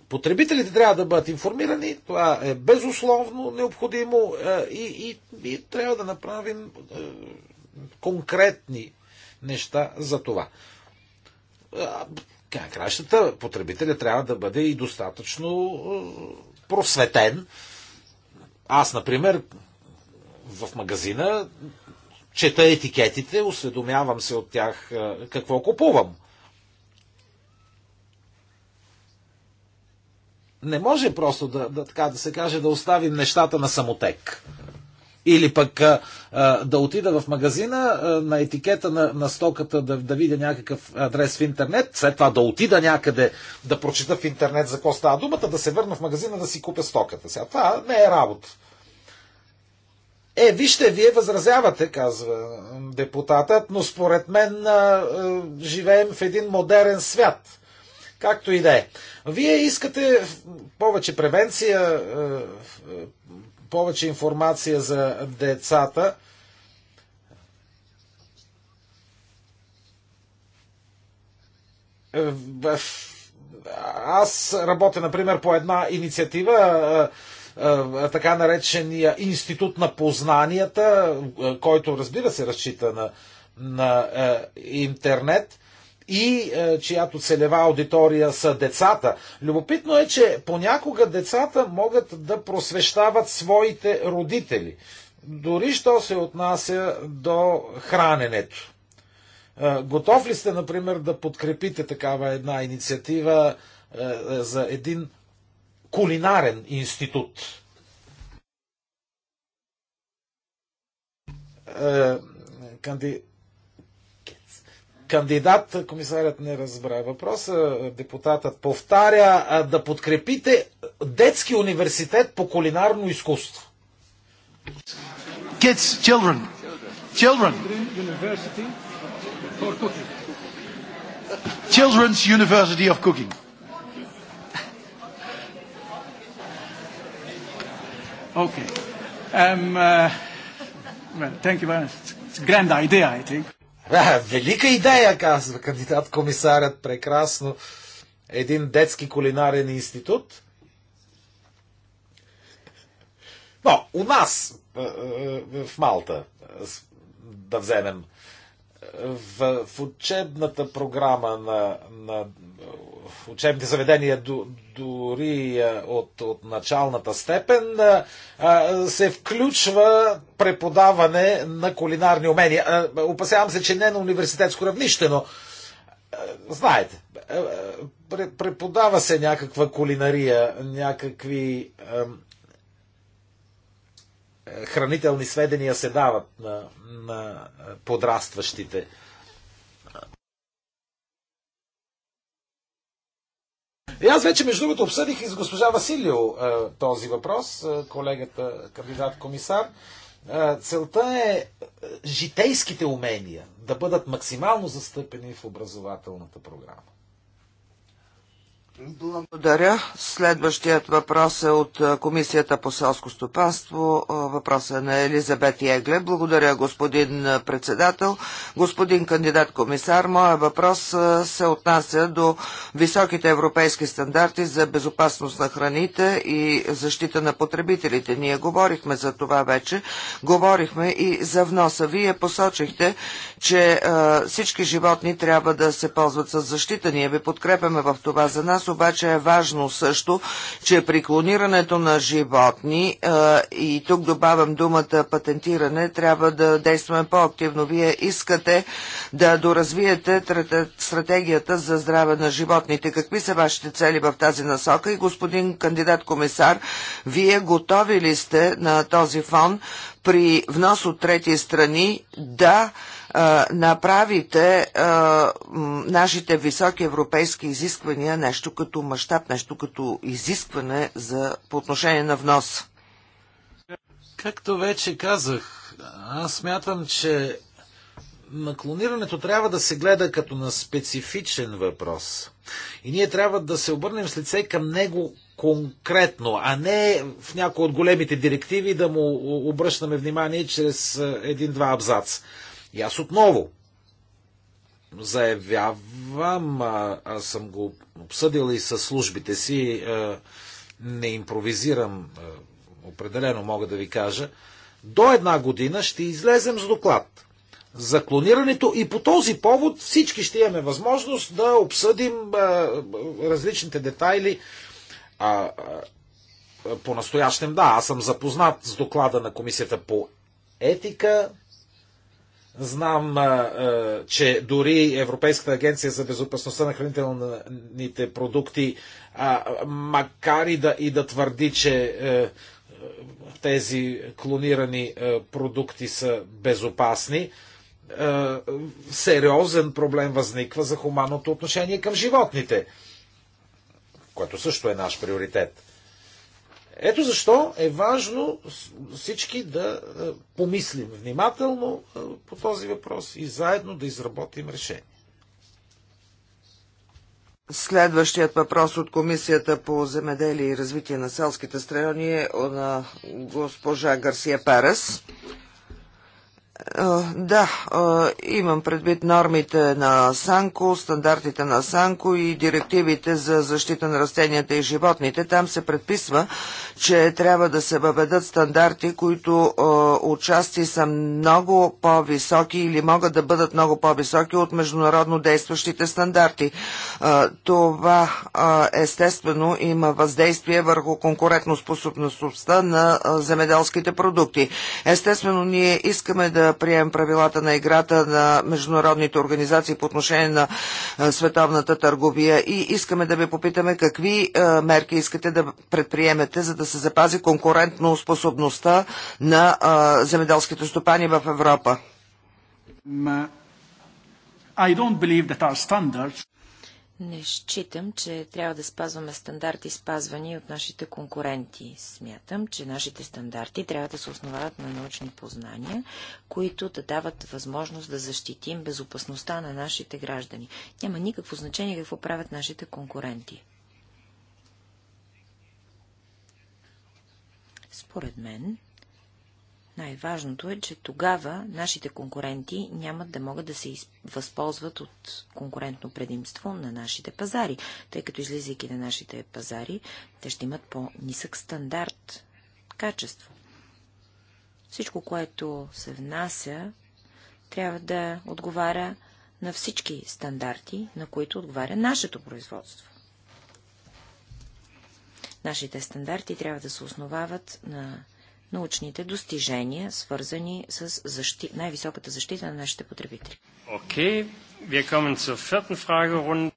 Потребителите трябва да бъдат информирани, това е безусловно необходимо и, и, и трябва да направим конкретни неща за това. кращата, потребителя трябва да бъде и достатъчно просветен. Аз, например, в магазина чета етикетите, осведомявам се от тях какво купувам. Не може просто да, да, така да се каже да оставим нещата на самотек. Или пък а, да отида в магазина, а, на етикета на, на стоката да, да видя някакъв адрес в интернет, след това да отида някъде, да прочита в интернет за какво става думата, да се върна в магазина да си купя стоката. Сега това не е работа. Е, вижте, вие възразявате, казва депутатът, но според мен а, а, живеем в един модерен свят. Както и да е. Вие искате повече превенция, повече информация за децата. Е, аз работя, например, по една инициатива, е, е, така наречения Институт на познанията, който, разбира се, разчита на, на интернет и е, чиято целева аудитория са децата. Любопитно е, че понякога децата могат да просвещават своите родители, дори що се отнася до храненето. Е, готов ли сте, например, да подкрепите такава една инициатива е, е за един кулинарен институт? Е, канди кандидат, комисарят не разбра въпроса, депутатът повтаря, да подкрепите детски университет по кулинарно изкуство. Kids, children. Children. Children's University of Cooking. Okay. Um, uh, well, thank you very much. It's a grand idea, I think. А, велика идея, казва кандидат комисарят, прекрасно. Един детски кулинарен институт. Но у нас, в Малта, да вземем, в, в учебната програма на, на учебните заведения до, дори от, от началната степен, се включва преподаване на кулинарни умения. Опасявам се, че не на университетско равнище, но знаете, преподава се някаква кулинария, някакви хранителни сведения се дават на, на подрастващите. И е, аз вече, между другото, обсъдих и с госпожа Василио е, този въпрос, е, колегата кандидат-комисар. Целта е житейските умения да бъдат максимално застъпени в образователната програма. Благодаря. Следващият въпрос е от Комисията по селско стопанство. Въпроса е на Елизабет Егле. Благодаря, господин председател. Господин кандидат комисар, моя въпрос се отнася до високите европейски стандарти за безопасност на храните и защита на потребителите. Ние говорихме за това вече. Говорихме и за вноса. Вие посочихте, че всички животни трябва да се ползват с защита. Ние ви подкрепяме в това за нас обаче е важно също, че при клонирането на животни и тук добавям думата патентиране, трябва да действаме по-активно. Вие искате да доразвиете стратегията за здраве на животните. Какви са вашите цели в тази насока? И господин кандидат комисар, вие готови ли сте на този фон при внос от трети страни да направите нашите високи европейски изисквания нещо като мащаб, нещо като изискване за, по отношение на внос? Както вече казах, аз смятам, че наклонирането трябва да се гледа като на специфичен въпрос. И ние трябва да се обърнем с лице към него конкретно, а не в някои от големите директиви да му обръщаме внимание чрез един-два абзац. И аз отново заявявам, аз съм го обсъдил и с службите си, не импровизирам, определено мога да ви кажа, до една година ще излезем с доклад за клонирането и по този повод всички ще имаме възможност да обсъдим различните детайли. По-настоящем, да, аз съм запознат с доклада на Комисията по етика, Знам, че дори Европейската агенция за безопасността на хранителните продукти, макар и да, и да твърди, че е, е, тези клонирани е, продукти са безопасни, сериозен проблем възниква за хуманното отношение към животните, което също е наш приоритет. Ето защо е важно всички да е, помислим внимателно е, по този въпрос и заедно да изработим решение. Следващият въпрос от Комисията по земеделие и развитие на селските страни е на госпожа Гарсия Перес. Е, да, е, имам предвид нормите на Санко, стандартите на Санко и директивите за защита на растенията и животните. Там се предписва, че трябва да се въведат стандарти, които е, отчасти са много по-високи или могат да бъдат много по-високи от международно действащите стандарти. Това естествено има въздействие върху способността на земеделските продукти. Естествено, ние искаме да да приемем правилата на играта на международните организации по отношение на световната търговия и искаме да ви попитаме какви мерки искате да предприемете, за да се запази конкурентно способността на земеделските стопани в Европа. I don't believe that our standards не считам, че трябва да спазваме стандарти, спазвани от нашите конкуренти. Смятам, че нашите стандарти трябва да се основават на научни познания, които да дават възможност да защитим безопасността на нашите граждани. Няма никакво значение какво правят нашите конкуренти. Според мен, най-важното е, че тогава нашите конкуренти нямат да могат да се възползват от конкурентно предимство на нашите пазари, тъй като излизайки на нашите пазари, те ще имат по-нисък стандарт качество. Всичко, което се внася, трябва да отговаря на всички стандарти, на които отговаря нашето производство. Нашите стандарти трябва да се основават на научните достижения, свързани с защи... най-високата защита на нашите потребители. Okay. Frage,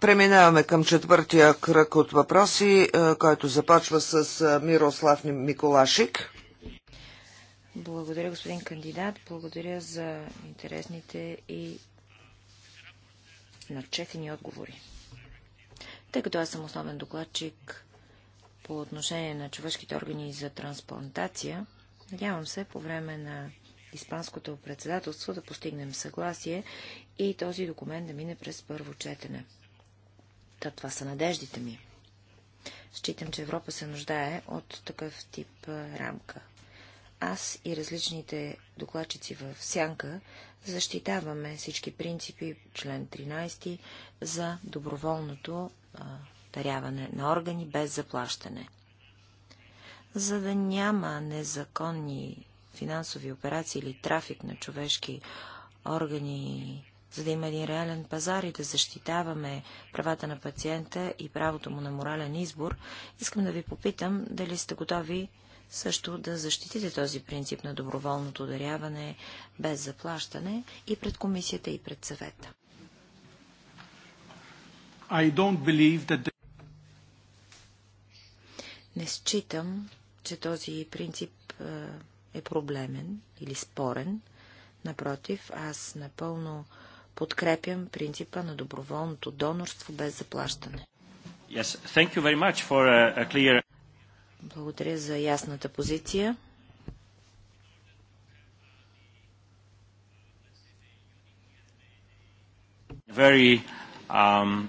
Преминаваме към четвъртия кръг от въпроси, е, който започва с е, Мирослав Миколашик. Благодаря, господин кандидат. Благодаря за интересните и начетени отговори. Тъй като аз съм основен докладчик по отношение на човешките органи за трансплантация. Надявам се по време на Испанското председателство да постигнем съгласие и този документ да мине през първо четене. Та това са надеждите ми. Считам, че Европа се нуждае от такъв тип рамка. Аз и различните докладчици в Сянка защитаваме всички принципи, член 13, за доброволното а, даряване на органи без заплащане. За да няма незаконни финансови операции или трафик на човешки органи, за да има един реален пазар и да защитаваме правата на пациента и правото му на морален избор, искам да ви попитам дали сте готови също да защитите този принцип на доброволното даряване без заплащане и пред комисията и пред съвета. I don't believe that не считам, че този принцип е, е проблемен или спорен. Напротив, аз напълно подкрепям принципа на доброволното донорство без заплащане. Yes, thank you very much for a a clear... Благодаря за ясната позиция. Very um,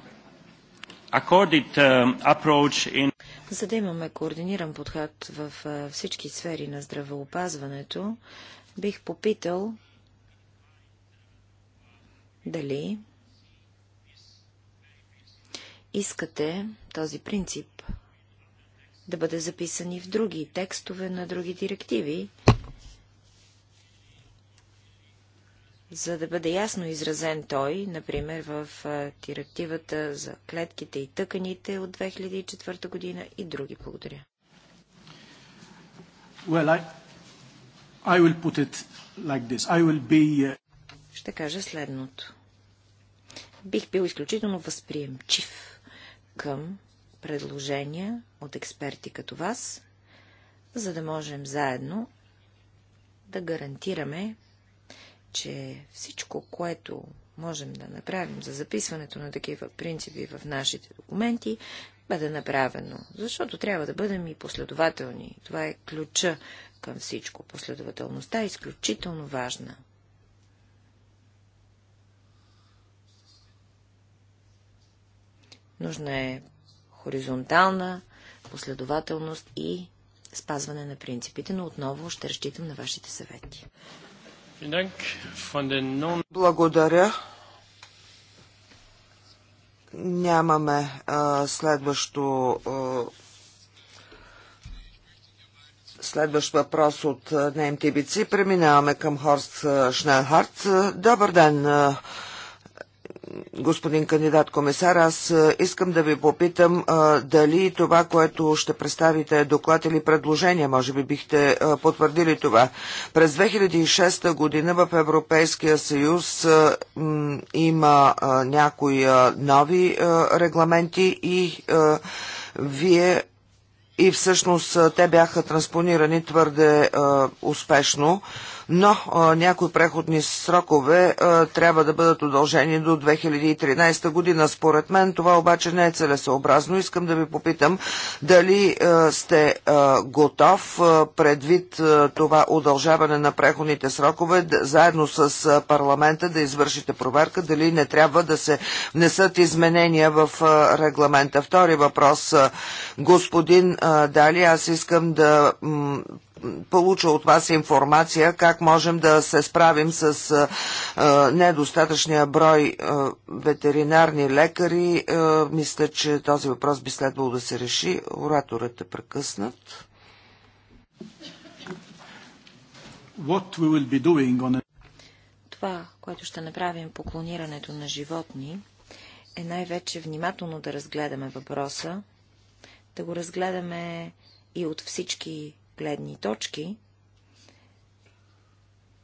accorded um, approach in за да имаме координиран подход в всички сфери на здравеопазването, бих попитал дали искате този принцип да бъде записан и в други текстове на други директиви, за да бъде ясно изразен той, например в директивата за клетките и тъканите от 2004 година и други. Благодаря. Well, I, I will put it like this. I will be... Uh, Ще кажа следното. Бих бил изключително възприемчив към предложения от експерти като вас, за да можем заедно да гарантираме че всичко, което можем да направим за записването на такива принципи в нашите документи, бъде направено, защото трябва да бъдем и последователни. Това е ключа към всичко. Последователността е изключително важна. Нужна е хоризонтална последователност и спазване на принципите, но отново ще разчитам на вашите съвети. Благодаря. Нямаме а, следващо а, Следващ въпрос от НМТБЦ. Преминаваме към Хорст Шнелхарт. Добър ден, господин кандидат комисар. Аз искам да ви попитам дали това, което ще представите е доклад или предложение. Може би бихте потвърдили това. През 2006 година в Европейския съюз има някои нови регламенти и вие и всъщност те бяха транспонирани твърде успешно но а, някои преходни срокове а, трябва да бъдат удължени до 2013 година. Според мен това обаче не е целесообразно. Искам да ви попитам дали а, сте а, готов а, предвид а, това удължаване на преходните срокове да, заедно с а, парламента да извършите проверка, дали не трябва да се внесат изменения в а, регламента. Втори въпрос, а, господин а, Дали, аз искам да получа от вас информация как можем да се справим с недостатъчния брой ветеринарни лекари. Мисля, че този въпрос би следвало да се реши. Ораторът е прекъснат. On... Това, което ще направим по клонирането на животни, е най-вече внимателно да разгледаме въпроса, да го разгледаме и от всички гледни точки,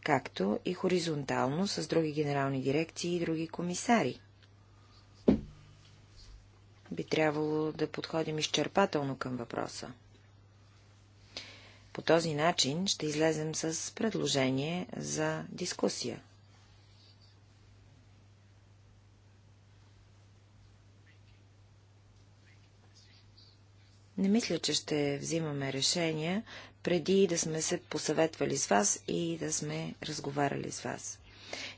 както и хоризонтално с други генерални дирекции и други комисари. Би трябвало да подходим изчерпателно към въпроса. По този начин ще излезем с предложение за дискусия. Не мисля, че ще взимаме решения преди да сме се посъветвали с вас и да сме разговаряли с вас.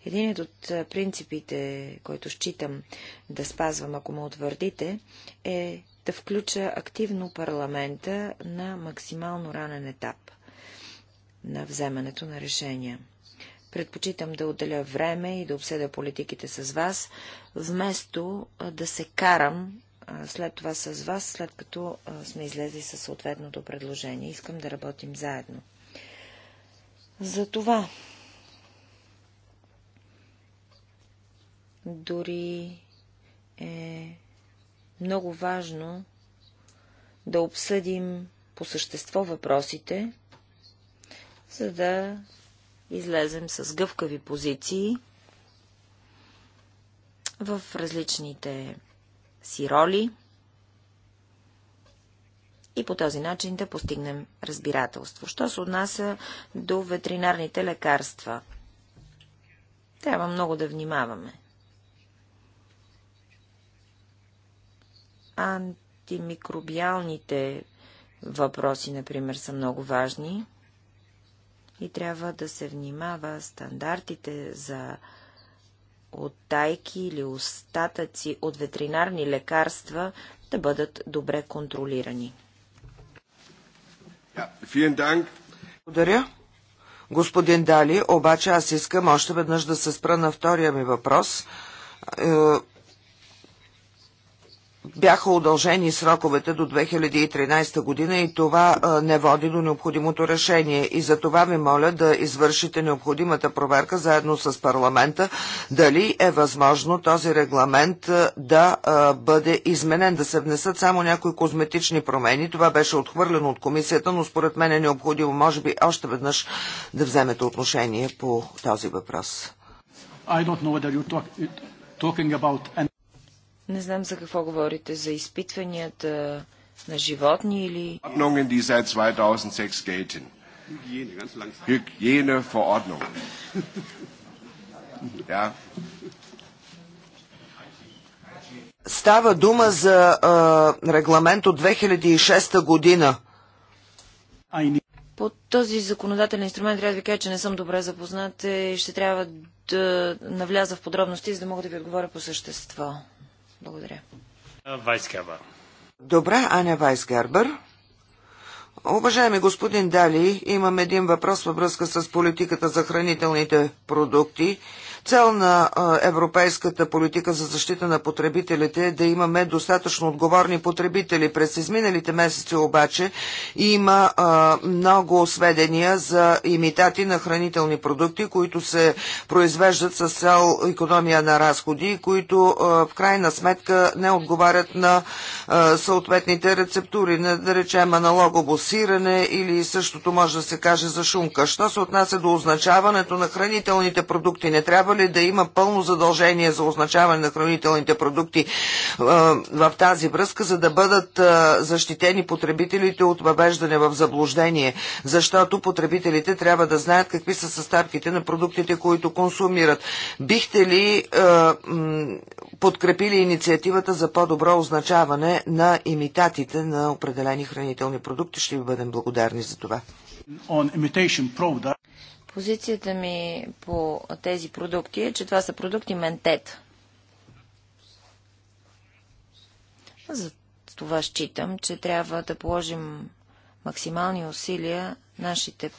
Един от принципите, който считам да спазвам, ако му утвърдите, е да включа активно парламента на максимално ранен етап на вземането на решения. Предпочитам да отделя време и да обседя политиките с вас, вместо да се карам след това с вас, след като сме излезли със съответното предложение. Искам да работим заедно. За това дори е много важно да обсъдим по същество въпросите, за да излезем с гъвкави позиции в различните си роли и по този начин да постигнем разбирателство. Що се отнася до ветеринарните лекарства? Трябва много да внимаваме. Антимикробиалните въпроси, например, са много важни и трябва да се внимава стандартите за оттайки или остатъци от ветеринарни лекарства да бъдат добре контролирани. Благодаря. Господин Дали, обаче аз искам още веднъж да се спра на втория ми въпрос е, бяха удължени сроковете до 2013 година и това не води до необходимото решение. И за това ви моля да извършите необходимата проверка заедно с парламента, дали е възможно този регламент да бъде изменен, да се внесат само някои козметични промени. Това беше отхвърлено от комисията, но според мен е необходимо, може би, още веднъж да вземете отношение по този въпрос. I don't know whether you're talk, talking about не знам за какво говорите, за изпитванията на животни или... Става дума за а, регламент от 2006 година. По този законодателен инструмент трябва да ви кажа, че не съм добре запознат и ще трябва да навляза в подробности, за да мога да ви отговоря по същество. Благодаря. Вайсгербър. Добре, Аня Вайсгербър. Уважаеми господин Дали, имам един въпрос във връзка с политиката за хранителните продукти Цел на европейската политика за защита на потребителите е да имаме достатъчно отговорни потребители. През изминалите месеци обаче има много сведения за имитати на хранителни продукти, които се произвеждат с цел економия на разходи, които в крайна сметка не отговарят на съответните рецептури, да речем аналогово сиране или същото може да се каже за шунка. Що се отнася до означаването на хранителните продукти, не трябва ли да има пълно задължение за означаване на хранителните продукти е, в тази връзка, за да бъдат е, защитени потребителите от въвеждане в заблуждение, защото потребителите трябва да знаят какви са съставките на продуктите, които консумират. Бихте ли е, подкрепили инициативата за по-добро означаване на имитатите на определени хранителни продукти? Ще ви бъдем благодарни за това. Позицията ми по тези продукти е, че това са продукти ментет. За това считам, че трябва да положим максимални усилия нашите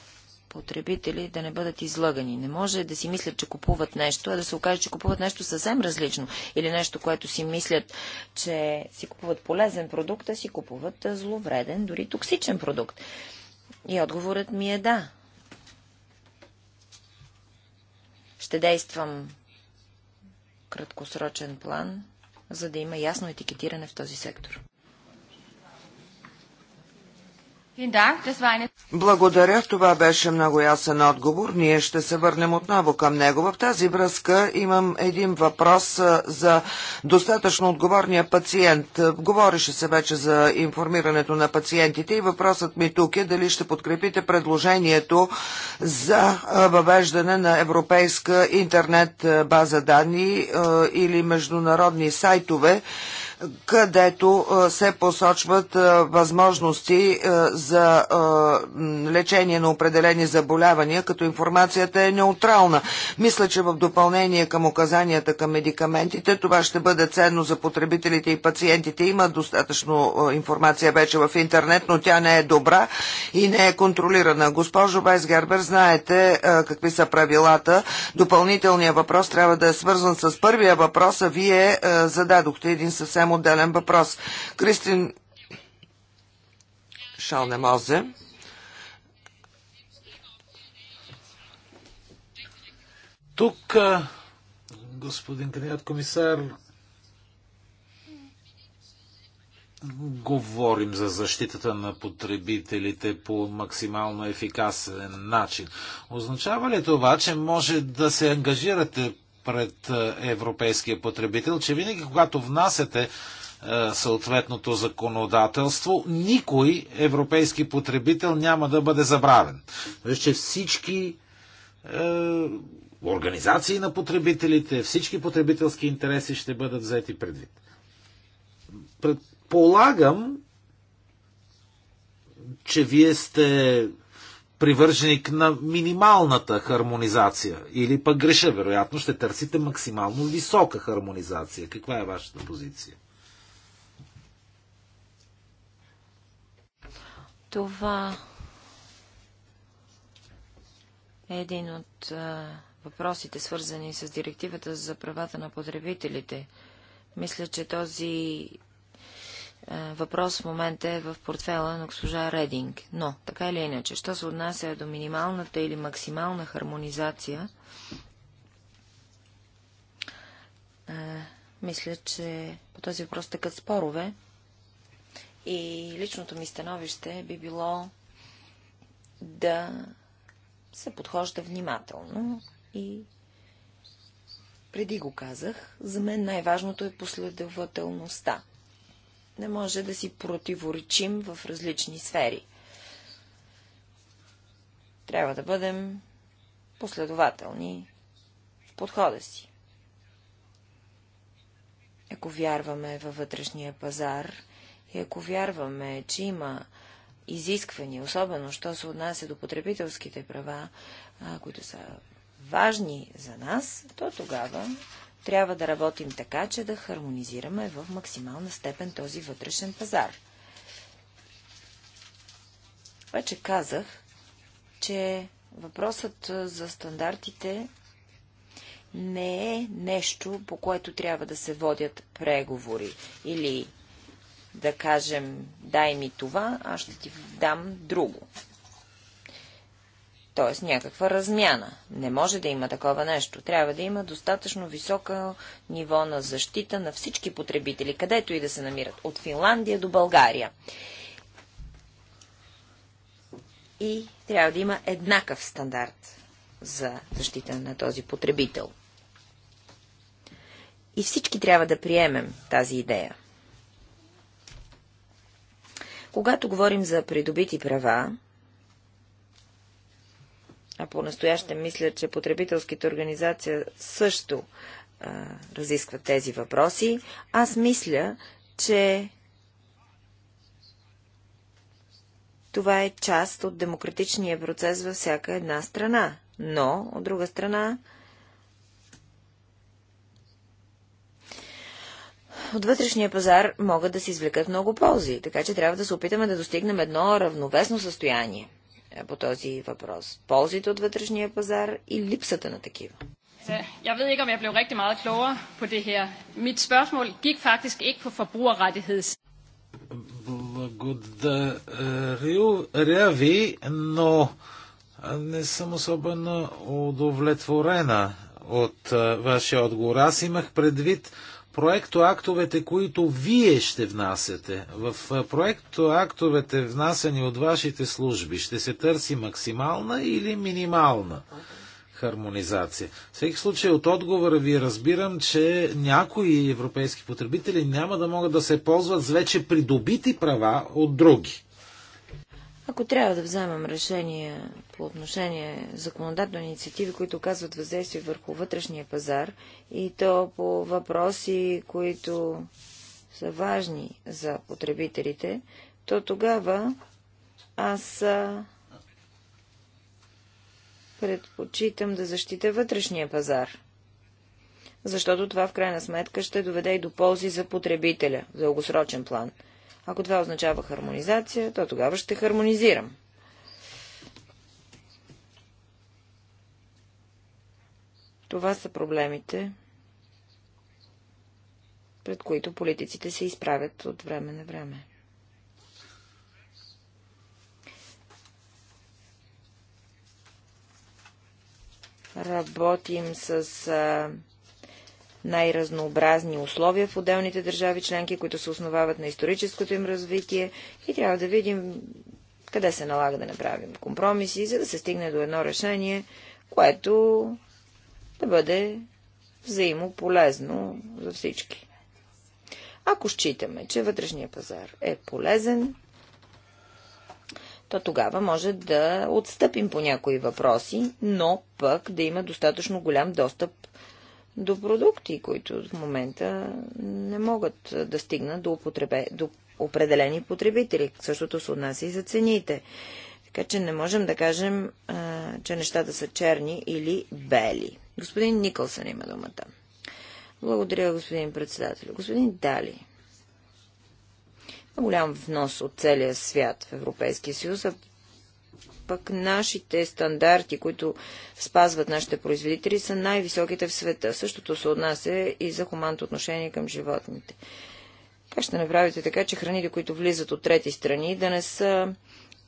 потребители да не бъдат излъгани. Не може да си мислят, че купуват нещо, а да се окаже, че купуват нещо съвсем различно. Или нещо, което си мислят, че си купуват полезен продукт, а си купуват зловреден, дори токсичен продукт. И отговорът ми е да. Ще действам краткосрочен план, за да има ясно етикетиране в този сектор. Благодаря, това беше много ясен отговор. Ние ще се върнем отново към него. В тази връзка имам един въпрос за достатъчно отговорния пациент. Говореше се вече за информирането на пациентите и въпросът ми тук е дали ще подкрепите предложението за въвеждане на европейска интернет база данни или международни сайтове, където е, се посочват е, възможности е, за лечение на определени заболявания, като информацията е неутрална. Мисля, че в допълнение към указанията към медикаментите, това ще бъде ценно за потребителите и пациентите. Има достатъчно информация вече в интернет, но тя не е добра и не е контролирана. Госпожо Гербер, знаете какви са правилата. Допълнителният въпрос трябва да е свързан с първия въпрос, а вие зададохте един съвсем съвсем отделен въпрос. Кристин Шалнемозе. Тук, господин кандидат комисар, говорим за защитата на потребителите по максимално ефикасен начин. Означава ли това, че може да се ангажирате пред е, европейския потребител, че винаги когато внасяте е, съответното законодателство, никой европейски потребител няма да бъде забравен. Тоест, че всички е, организации на потребителите, всички потребителски интереси ще бъдат взети предвид. Предполагам, че вие сте привърженик на минималната хармонизация? Или пък греша, вероятно, ще търсите максимално висока хармонизация. Каква е вашата позиция? Това е един от а, въпросите, свързани с директивата за правата на потребителите. Мисля, че този е, въпрос в момента е в портфела на госпожа Рединг. Но, така или иначе, що се отнася до минималната или максимална хармонизация, е, мисля, че по този въпрос тъкат спорове и личното ми становище би било да се подхожда внимателно и преди го казах, за мен най-важното е последователността не може да си противоречим в различни сфери. Трябва да бъдем последователни в подхода си. Ако вярваме във вътрешния пазар и ако вярваме, че има изисквания, особено, що се отнася до потребителските права, които са важни за нас, то тогава трябва да работим така, че да хармонизираме в максимална степен този вътрешен пазар. Вече казах, че въпросът за стандартите не е нещо, по което трябва да се водят преговори или да кажем, дай ми това, аз ще ти дам друго т.е. някаква размяна. Не може да има такова нещо. Трябва да има достатъчно високо ниво на защита на всички потребители, където и да се намират, от Финландия до България. И трябва да има еднакъв стандарт за защита на този потребител. И всички трябва да приемем тази идея. Когато говорим за придобити права, а по-настояще мисля, че потребителските организации също а, разискват тези въпроси. Аз мисля, че това е част от демократичния процес във всяка една страна. Но, от друга страна, от вътрешния пазар могат да се извлекат много ползи, така че трябва да се опитаме да достигнем едно равновесно състояние. Е, по този въпрос. Ползите от вътрешния пазар и липсата на такива. Е, я ved ikke, om jeg blev rigtig meget klogere på det her. Mit spørgsmål gik faktisk ikke på forbrugerrettigheds. Благодаря ви, но не съм особено удовлетворена от е, вашия отговор. Аз имах предвид проектоактовете, които вие ще внасяте. В проектоактовете, внасяни от вашите служби, ще се търси максимална или минимална хармонизация. В всеки случай от отговора ви разбирам, че някои европейски потребители няма да могат да се ползват с вече придобити права от други. Ако трябва да вземем решение по отношение законодателни инициативи, които оказват въздействие върху вътрешния пазар и то по въпроси, които са важни за потребителите, то тогава аз предпочитам да защита вътрешния пазар. Защото това в крайна сметка ще доведе и до ползи за потребителя в дългосрочен план – ако това означава хармонизация, то тогава ще хармонизирам. Това са проблемите, пред които политиците се изправят от време на време. Работим с най-разнообразни условия в отделните държави членки, които се основават на историческото им развитие и трябва да видим къде се налага да направим компромиси, за да се стигне до едно решение, което да бъде взаимополезно за всички. Ако считаме, че вътрешния пазар е полезен, то тогава може да отстъпим по някои въпроси, но пък да има достатъчно голям достъп до продукти, които в момента не могат да стигнат до, употребе, до определени потребители. Същото се отнася и за цените. Така че не можем да кажем, че нещата са черни или бели. Господин Николсън, има думата. Благодаря, господин председател. Господин Дали. Голям внос от целия свят в Европейския съюз, а пък нашите стандарти, които спазват нашите производители, са най-високите в света. Същото се отнася и за хуманното отношение към животните. Как ще направите така, че храните, които влизат от трети страни, да не, са,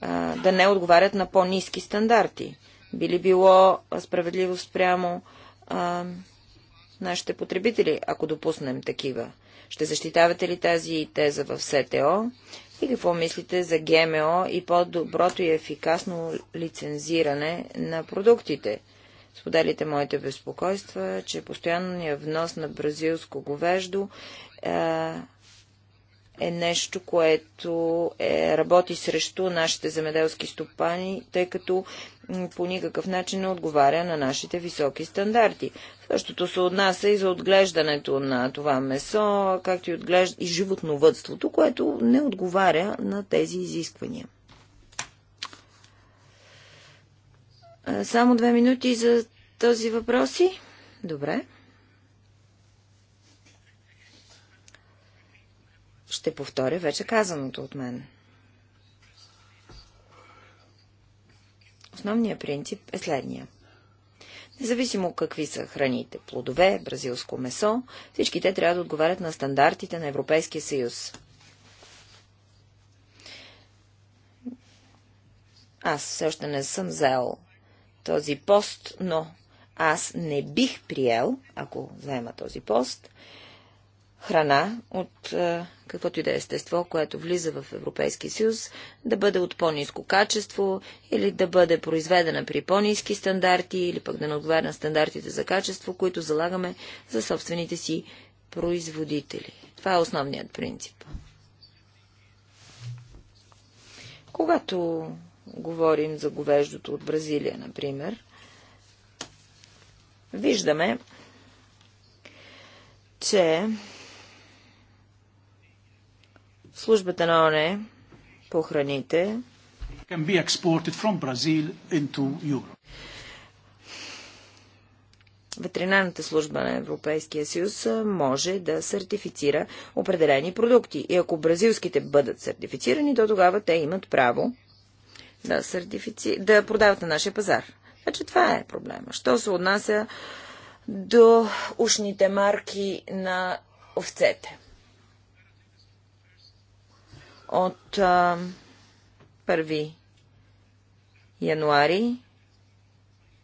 а, да не отговарят на по-низки стандарти? Били било справедливо спрямо а, нашите потребители, ако допуснем такива? Ще защитавате ли тази теза в СТО? И какво мислите за ГМО и по-доброто и ефикасно лицензиране на продуктите? Споделите моите безпокойства, че постоянният внос на бразилско говеждо е, е нещо, което е, работи срещу нашите земеделски стопани, тъй като по никакъв начин не отговаря на нашите високи стандарти. Същото се отнася и за отглеждането на това месо, както и, отглежд... и животновътството, което не отговаря на тези изисквания. Само две минути за този въпроси. Добре. Ще повторя вече казаното от мен. Основният принцип е следния. Независимо какви са храните, плодове, бразилско месо, всички те трябва да отговарят на стандартите на Европейския съюз. Аз все още не съм взел този пост, но аз не бих приел, ако заема този пост, храна от каквото и да е естество, което влиза в Европейския съюз, да бъде от по-низко качество или да бъде произведена при по-низки стандарти или пък да не отговаря на стандартите за качество, които залагаме за собствените си производители. Това е основният принцип. Когато говорим за говеждото от Бразилия, например, виждаме, че Службата на ОНЕ по храните can be exported from Brazil into Europe. Ветеринарната служба на Европейския съюз може да сертифицира определени продукти. И ако бразилските бъдат сертифицирани, то тогава те имат право да, сертифици... да продават на нашия пазар. Така значи че това е проблема. Що се отнася до ушните марки на овцете? от 1 януари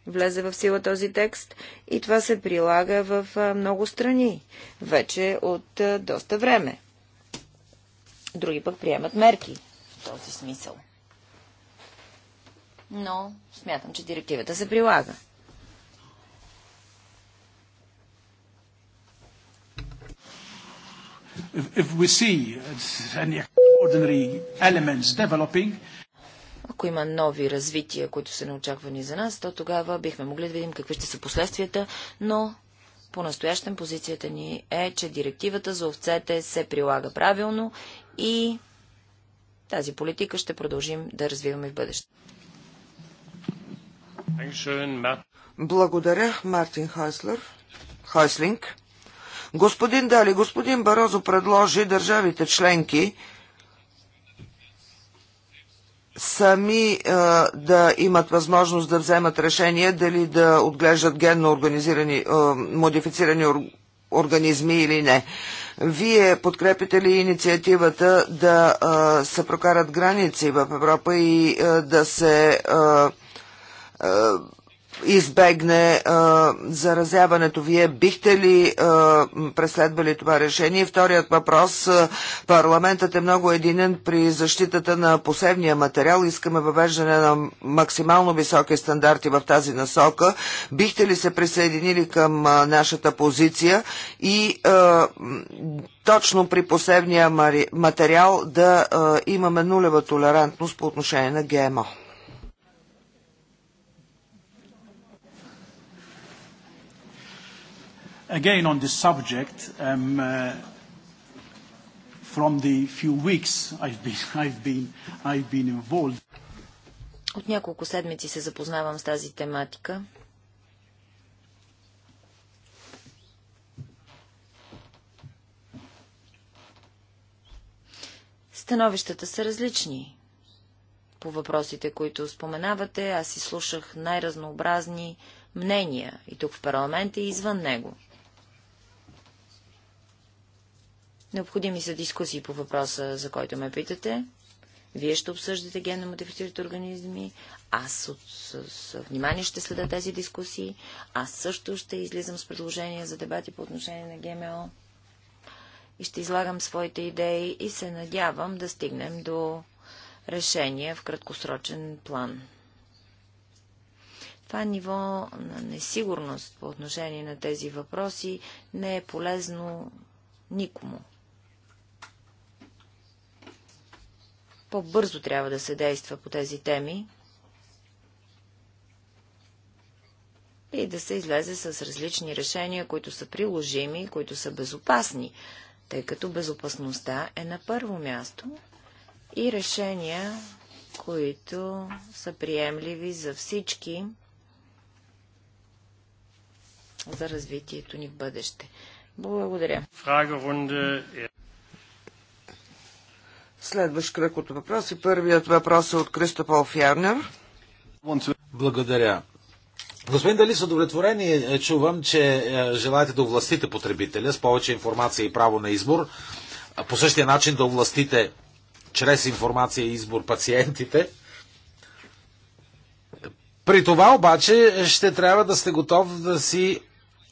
влезе в сила този текст и това се прилага в много страни вече от доста време. Други пък приемат мерки в този смисъл. Но смятам, че директивата се прилага. if we see uh, any elements developing, ако има нови развития, които са неочаквани за нас, то тогава бихме могли да видим какви ще са последствията, но по-настоящен позицията ни е, че директивата за овцете се прилага правилно и тази политика ще продължим да развиваме в бъдеще. Благодаря, Мартин Хойслер. Хойслинг. Господин Дали, господин Барозо предложи държавите членки сами а, е, да имат възможност да вземат решение дали да отглеждат генно организирани, а, е, модифицирани ор, организми или не. Вие подкрепите ли инициативата да а, е, се прокарат граници в Европа и а, да се а, избегне а, заразяването. Вие бихте ли а, преследвали това решение? Вторият въпрос. парламентът е много единен при защитата на посевния материал. Искаме въвеждане на максимално високи стандарти в тази насока. Бихте ли се присъединили към а, нашата позиция и а, точно при посевния материал да а, имаме нулева толерантност по отношение на ГМО? Again, on this subject, um, uh, from the few weeks I've been, I've been, I've been involved. От няколко седмици се запознавам с тази тематика. Становищата са различни. По въпросите, които споменавате, аз изслушах най-разнообразни мнения и тук в парламента и извън него. Необходими са дискусии по въпроса, за който ме питате. Вие ще обсъждате генно модифицираните организми. Аз с, с внимание ще следа тези дискусии. Аз също ще излизам с предложения за дебати по отношение на ГМО. И ще излагам своите идеи и се надявам да стигнем до решение в краткосрочен план. Това ниво на несигурност по отношение на тези въпроси не е полезно никому. По-бързо трябва да се действа по тези теми и да се излезе с различни решения, които са приложими, които са безопасни, тъй като безопасността е на първо място и решения, които са приемливи за всички за развитието ни в бъдеще. Благодаря. Следващ кръг от въпроси. Първият въпрос е от Кристопол Фярнер. Благодаря. Господин Дали, с удовлетворение е, чувам, че е, желаете да овластите потребителя с повече информация и право на избор. По същия начин да овластите чрез информация и избор пациентите. При това обаче ще трябва да сте готов да си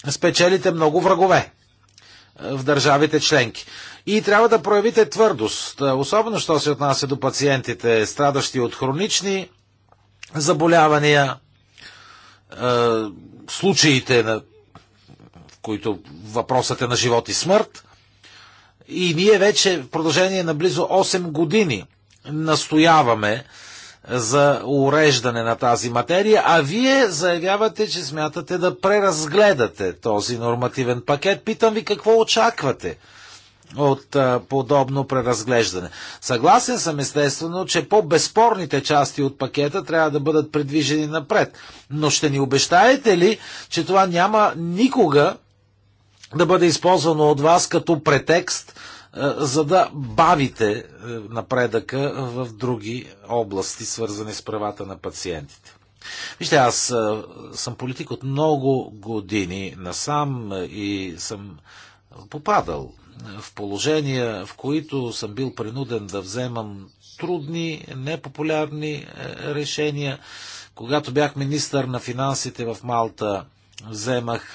спечелите много врагове в държавите членки. И трябва да проявите твърдост, особено що се отнася до пациентите, страдащи от хронични заболявания, случаите, на, в които въпросът е на живот и смърт. И ние вече в продължение на близо 8 години настояваме за уреждане на тази материя, а вие заявявате, че смятате да преразгледате този нормативен пакет. Питам ви какво очаквате от а, подобно преразглеждане. Съгласен съм естествено, че по-безспорните части от пакета трябва да бъдат предвижени напред. Но ще ни обещаете ли, че това няма никога да бъде използвано от вас като претекст е, за да бавите е, напредъка в други области, свързани с правата на пациентите. Вижте, аз е, съм политик от много години насам и съм попадал в положения, в които съм бил принуден да вземам трудни, непопулярни решения. Когато бях министър на финансите в Малта, вземах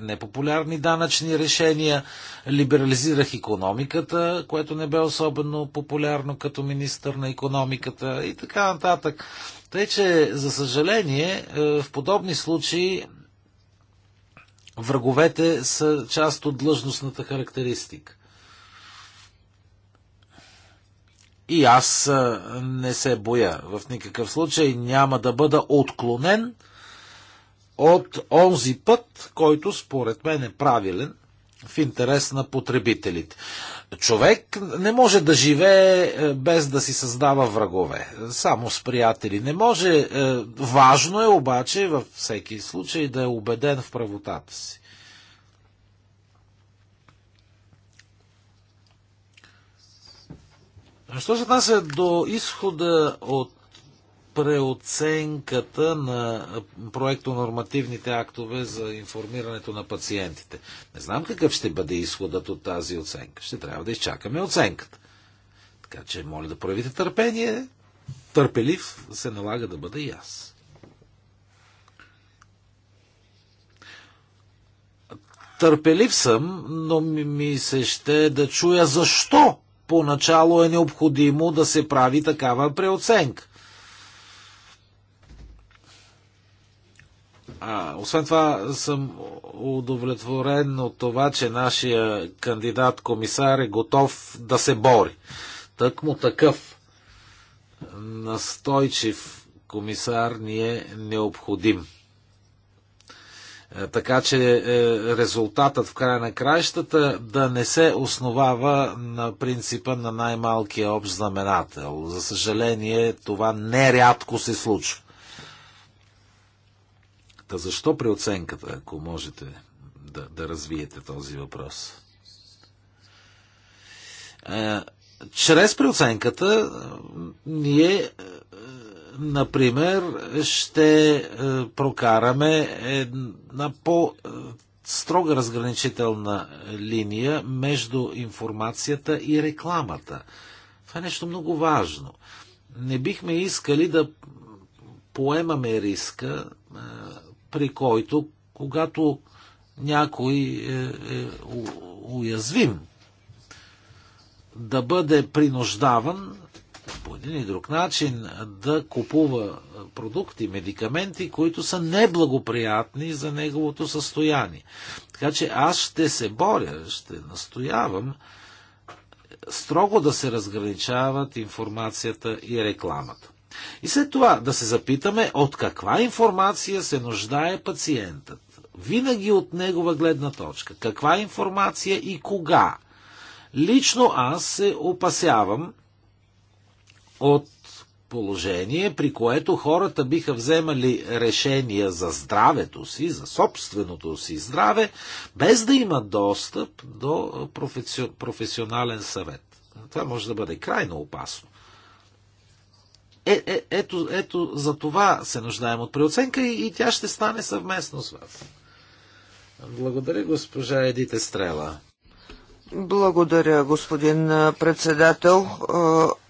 непопулярни данъчни решения, либерализирах економиката, което не бе особено популярно като министър на економиката и така нататък. Тъй, че, за съжаление, е, в подобни случаи враговете са част от длъжностната характеристика. И аз не се боя в никакъв случай, няма да бъда отклонен – от онзи път, който според мен е правилен в интерес на потребителите. Човек не може да живее е, без да си създава врагове, само с приятели. Не може. Е, важно е обаче във всеки случай да е убеден в правотата си. Що се отнася до изхода от преоценката на проекто нормативните актове за информирането на пациентите. Не знам какъв ще бъде изходът от тази оценка. Ще трябва да изчакаме оценката. Така че, моля да проявите търпение. Търпелив се налага да бъда и аз. Търпелив съм, но ми се ще да чуя защо поначало е необходимо да се прави такава преоценка. А, освен това съм удовлетворен от това, че нашия кандидат-комисар е готов да се бори. Тък му такъв настойчив комисар ни е необходим. Е, така че е, резултатът в края на краищата да не се основава на принципа на най-малкия общ знаменател. За съжаление, това нерядко се случва. Та защо преоценката, ако можете да, да развиете този въпрос? Е, чрез преоценката ние, е, например, ще е, прокараме една по- строга разграничителна линия между информацията и рекламата. Това е нещо много важно. Не бихме искали да поемаме риска е, при който, когато някой е, е уязвим, да бъде принуждаван по един и друг начин да купува продукти, медикаменти, които са неблагоприятни за неговото състояние. Така че аз ще се боря, ще настоявам строго да се разграничават информацията и рекламата. И след това да се запитаме от каква информация се нуждае пациентът. Винаги от негова гледна точка. Каква информация и кога. Лично аз се опасявам от положение, при което хората биха вземали решения за здравето си, за собственото си здраве, без да имат достъп до професионален съвет. Това може да бъде крайно опасно. Е, е, ето, ето за това се нуждаем от преоценка и, и тя ще стане съвместно с вас. Благодаря, госпожа Едите Стрела. Благодаря, господин председател.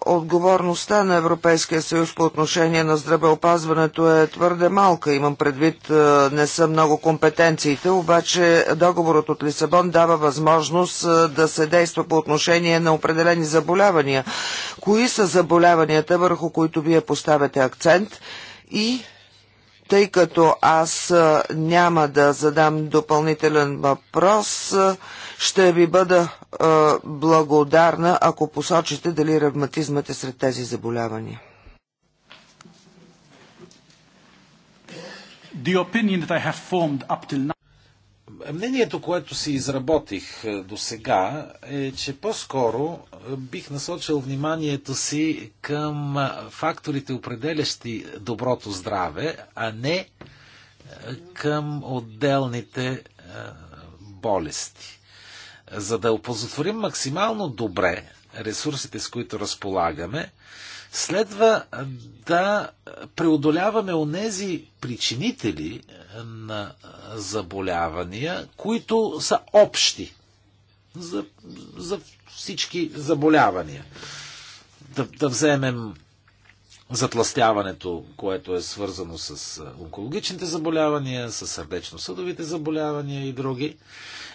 Отговорността на Европейския съюз по отношение на здравеопазването е твърде малка. Имам предвид, не са много компетенциите, обаче договорът от Лисабон дава възможност да се действа по отношение на определени заболявания. Кои са заболяванията, върху които вие поставяте акцент и тъй като аз няма да задам допълнителен въпрос, ще ви бъда а, благодарна, ако посочите дали ревматизмът е сред тези заболявания. Мнението, което си изработих е, до сега, е, че по-скоро е, бих насочил вниманието си към е, факторите, определящи доброто здраве, а не към отделните болести за да опозотворим максимално добре ресурсите, с които разполагаме, следва да преодоляваме онези причинители на заболявания, които са общи за, за всички заболявания. Да, да вземем затластяването, което е свързано с онкологичните заболявания, с сърдечно-съдовите заболявания и други.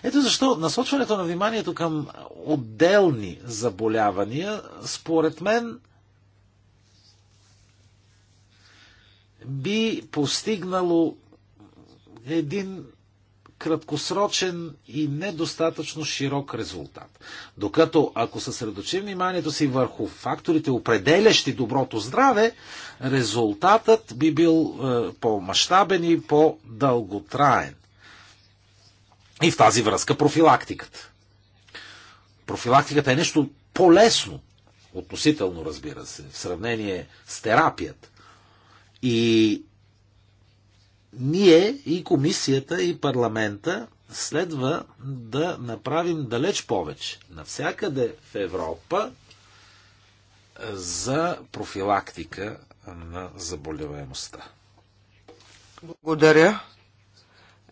Ето защо насочването на вниманието към отделни заболявания, според мен, би постигнало един краткосрочен и недостатъчно широк резултат. Докато ако съсредочим вниманието си върху факторите, определящи доброто здраве, резултатът би бил е, по-масштабен и по-дълготраен. И в тази връзка профилактиката. Профилактиката е нещо по-лесно, относително разбира се, в сравнение с терапията. И ние и комисията и парламента следва да направим далеч повече навсякъде в Европа е, за профилактика на заболеваемостта. Благодаря.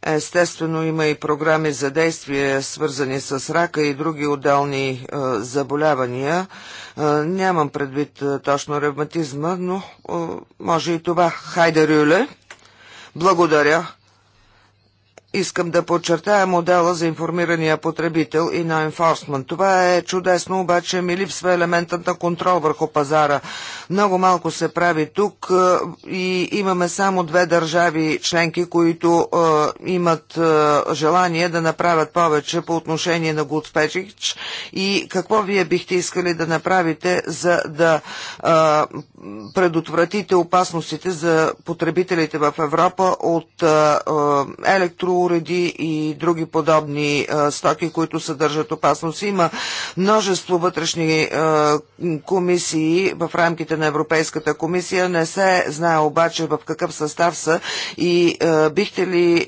Естествено има и програми за действие, свързани с рака и други отделни е, заболявания. Е, нямам предвид е, точно ревматизма, но е, може и това. Хайде, Рюле! Благодаря! Искам да подчертая модела за информирания потребител и на енфорсмент. Това е чудесно, обаче ми липсва елементът на контрол върху пазара. Много малко се прави тук е, и имаме само две държави членки, които е, имат е, желание да направят повече по отношение на Гудспечич. И какво вие бихте искали да направите, за да е, предотвратите опасностите за потребителите в Европа от е, е, електро уреди и други подобни стоки, които съдържат опасност. Има множество вътрешни комисии в рамките на Европейската комисия. Не се знае обаче в какъв състав са и бихте ли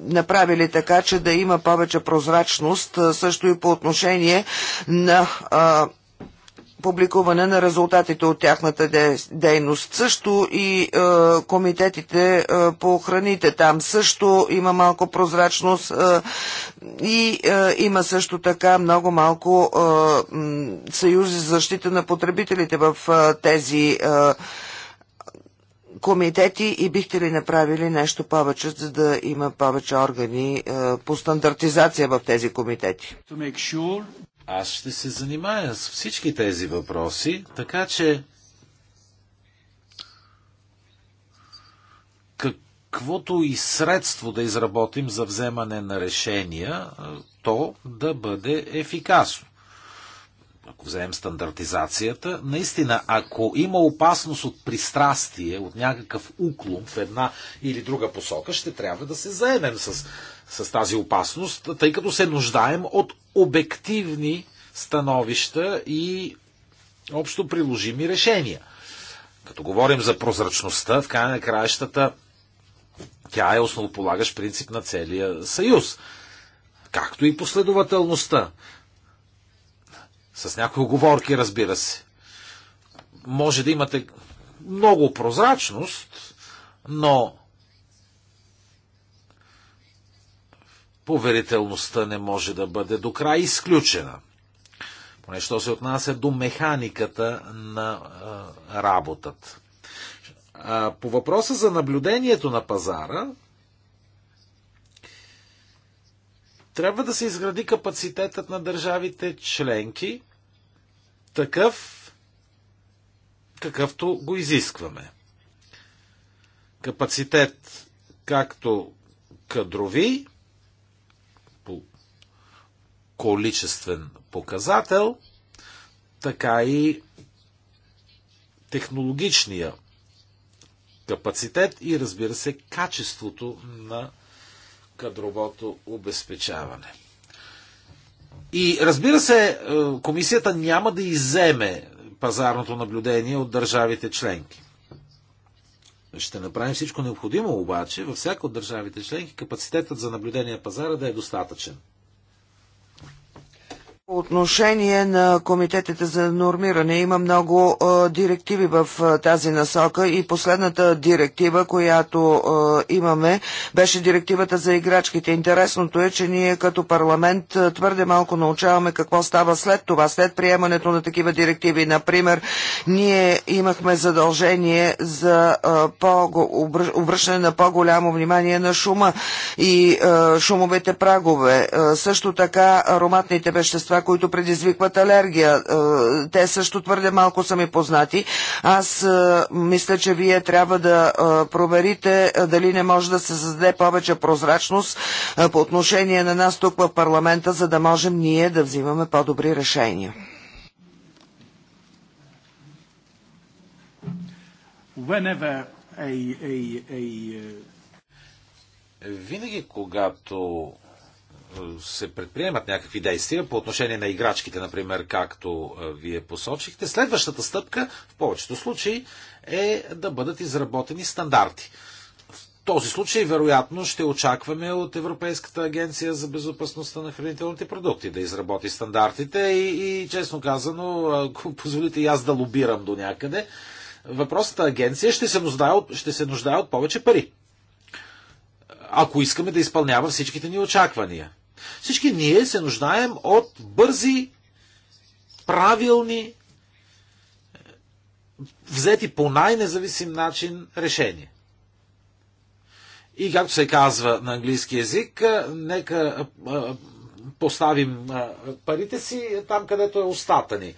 направили така, че да има повече прозрачност също и по отношение на а, публикуване на резултатите от тяхната дейност. Също и е, комитетите е, по храните там също има малко прозрачност е, и е, има също така много малко е, съюзи за защита на потребителите в е, тези е, комитети и бихте ли направили нещо повече, за да има повече органи е, по стандартизация в тези комитети? Аз ще се занимая с всички тези въпроси, така че каквото и средство да изработим за вземане на решения, то да бъде ефикасно. Ако вземем стандартизацията, наистина, ако има опасност от пристрастие, от някакъв уклон в една или друга посока, ще трябва да се заемем с с тази опасност, тъй като се нуждаем от обективни становища и общо приложими решения. Като говорим за прозрачността, в края на краищата тя е основополагащ принцип на целия съюз. Както и последователността. С някои оговорки, разбира се. Може да имате много прозрачност, но поверителността не може да бъде до край изключена. Поне що се отнася до механиката на а, работата. А, по въпроса за наблюдението на пазара, трябва да се изгради капацитетът на държавите членки такъв, какъвто го изискваме. Капацитет както кадрови, количествен показател, така и технологичния капацитет и разбира се качеството на кадровото обезпечаване. И разбира се, е, комисията няма да иземе пазарното наблюдение от държавите членки. Ще направим всичко необходимо обаче във всяка от държавите членки капацитетът за наблюдение на пазара да е достатъчен. По отношение на комитетите за нормиране има много директиви в тази насока и последната директива, която имаме, беше директивата за играчките. Интересното е, че ние като парламент твърде малко научаваме какво става след това, след приемането на такива директиви. Например, ние имахме задължение за обръщане на по-голямо внимание на шума и шумовете прагове. Също така ароматните вещества неща, които предизвикват алергия. Е, те също твърде малко са ми познати. Аз е, мисля, че вие трябва да е, проверите дали не може да се създаде повече прозрачност по отношение на нас тук в парламента, за да можем ние да взимаме по-добри решения. Винаги, когато се предприемат някакви действия по отношение на играчките, например, както вие посочихте, следващата стъпка в повечето случаи е да бъдат изработени стандарти. В този случай, вероятно, ще очакваме от Европейската агенция за безопасността на хранителните продукти да изработи стандартите и, и честно казано, ако позволите и аз да лобирам до някъде, въпросната агенция ще се нуждае от, ще се нуждае от повече пари ако искаме да изпълнява всичките ни очаквания. Всички ние се нуждаем от бързи, правилни, взети по най-независим начин решения. И както се казва на английски язик, нека поставим парите си там, където е устата ни. Е,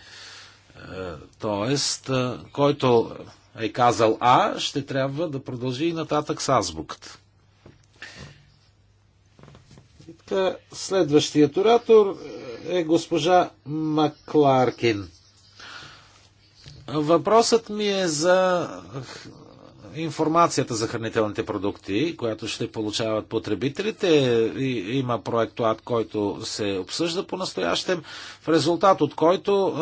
тоест, който е казал А, ще трябва да продължи и нататък с азбуката. Следващият оратор е госпожа Макларкин. Въпросът ми е за информацията за хранителните продукти, която ще получават потребителите. И, има проектуат, който се обсъжда по-настоящем, в резултат от който е,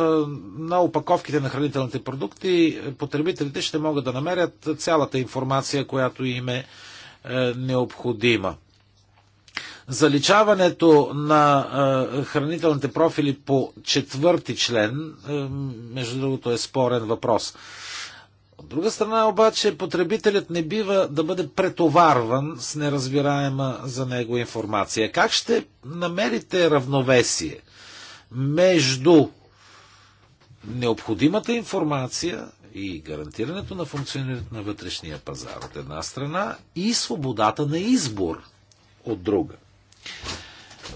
на опаковките на хранителните продукти потребителите ще могат да намерят цялата информация, която им е, е необходима. Заличаването на хранителните профили по четвърти член, между другото, е спорен въпрос. От друга страна обаче потребителят не бива да бъде претоварван с неразбираема за него информация. Как ще намерите равновесие между необходимата информация и гарантирането на функционирането на вътрешния пазар от една страна и свободата на избор от друга?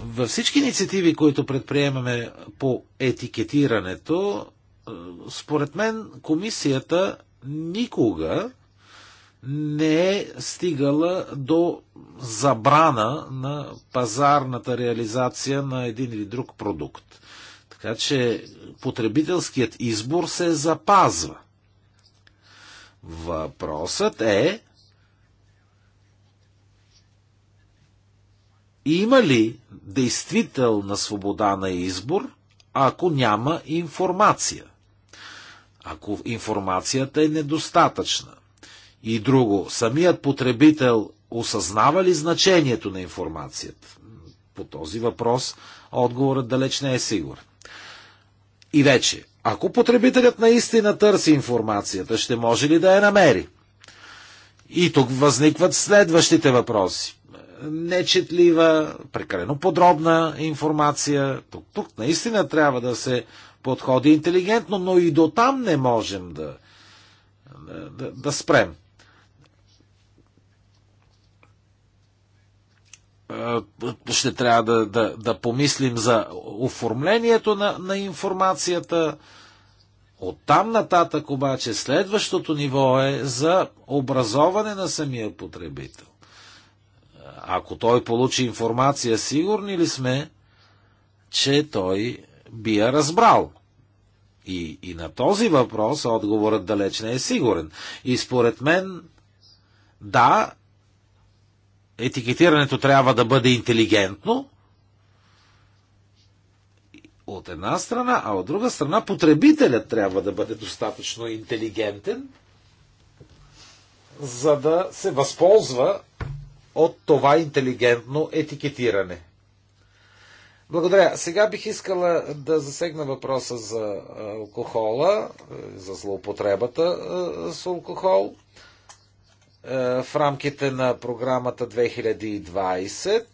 Във всички инициативи, които предприемаме по етикетирането, е, според мен комисията никога не е стигала до забрана на пазарната реализация на един или друг продукт. Така че потребителският избор се запазва. Въпросът е Има ли действителна свобода на избор, ако няма информация? Ако информацията е недостатъчна. И друго, самият потребител осъзнава ли значението на информацията? По този въпрос отговорът далеч не е сигурен. И вече, ако потребителят наистина търси информацията, ще може ли да я намери? И тук възникват следващите въпроси нечетлива, прекалено подробна информация. Тук, тук наистина трябва да се подходи интелигентно, но и до там не можем да, да, да спрем. Е, ще трябва да, да, да помислим за оформлението на, на информацията. От там нататък обаче следващото ниво е за образоване на самия потребител. Ако той получи информация, сигурни ли сме, че той би я разбрал? И, и на този въпрос отговорът далеч не е сигурен. И според мен, да, етикетирането трябва да бъде интелигентно, от една страна, а от друга страна потребителят трябва да бъде достатъчно интелигентен, за да се възползва от това интелигентно етикетиране. Благодаря. Сега бих искала да засегна въпроса за алкохола, за злоупотребата с алкохол в рамките на програмата 2020.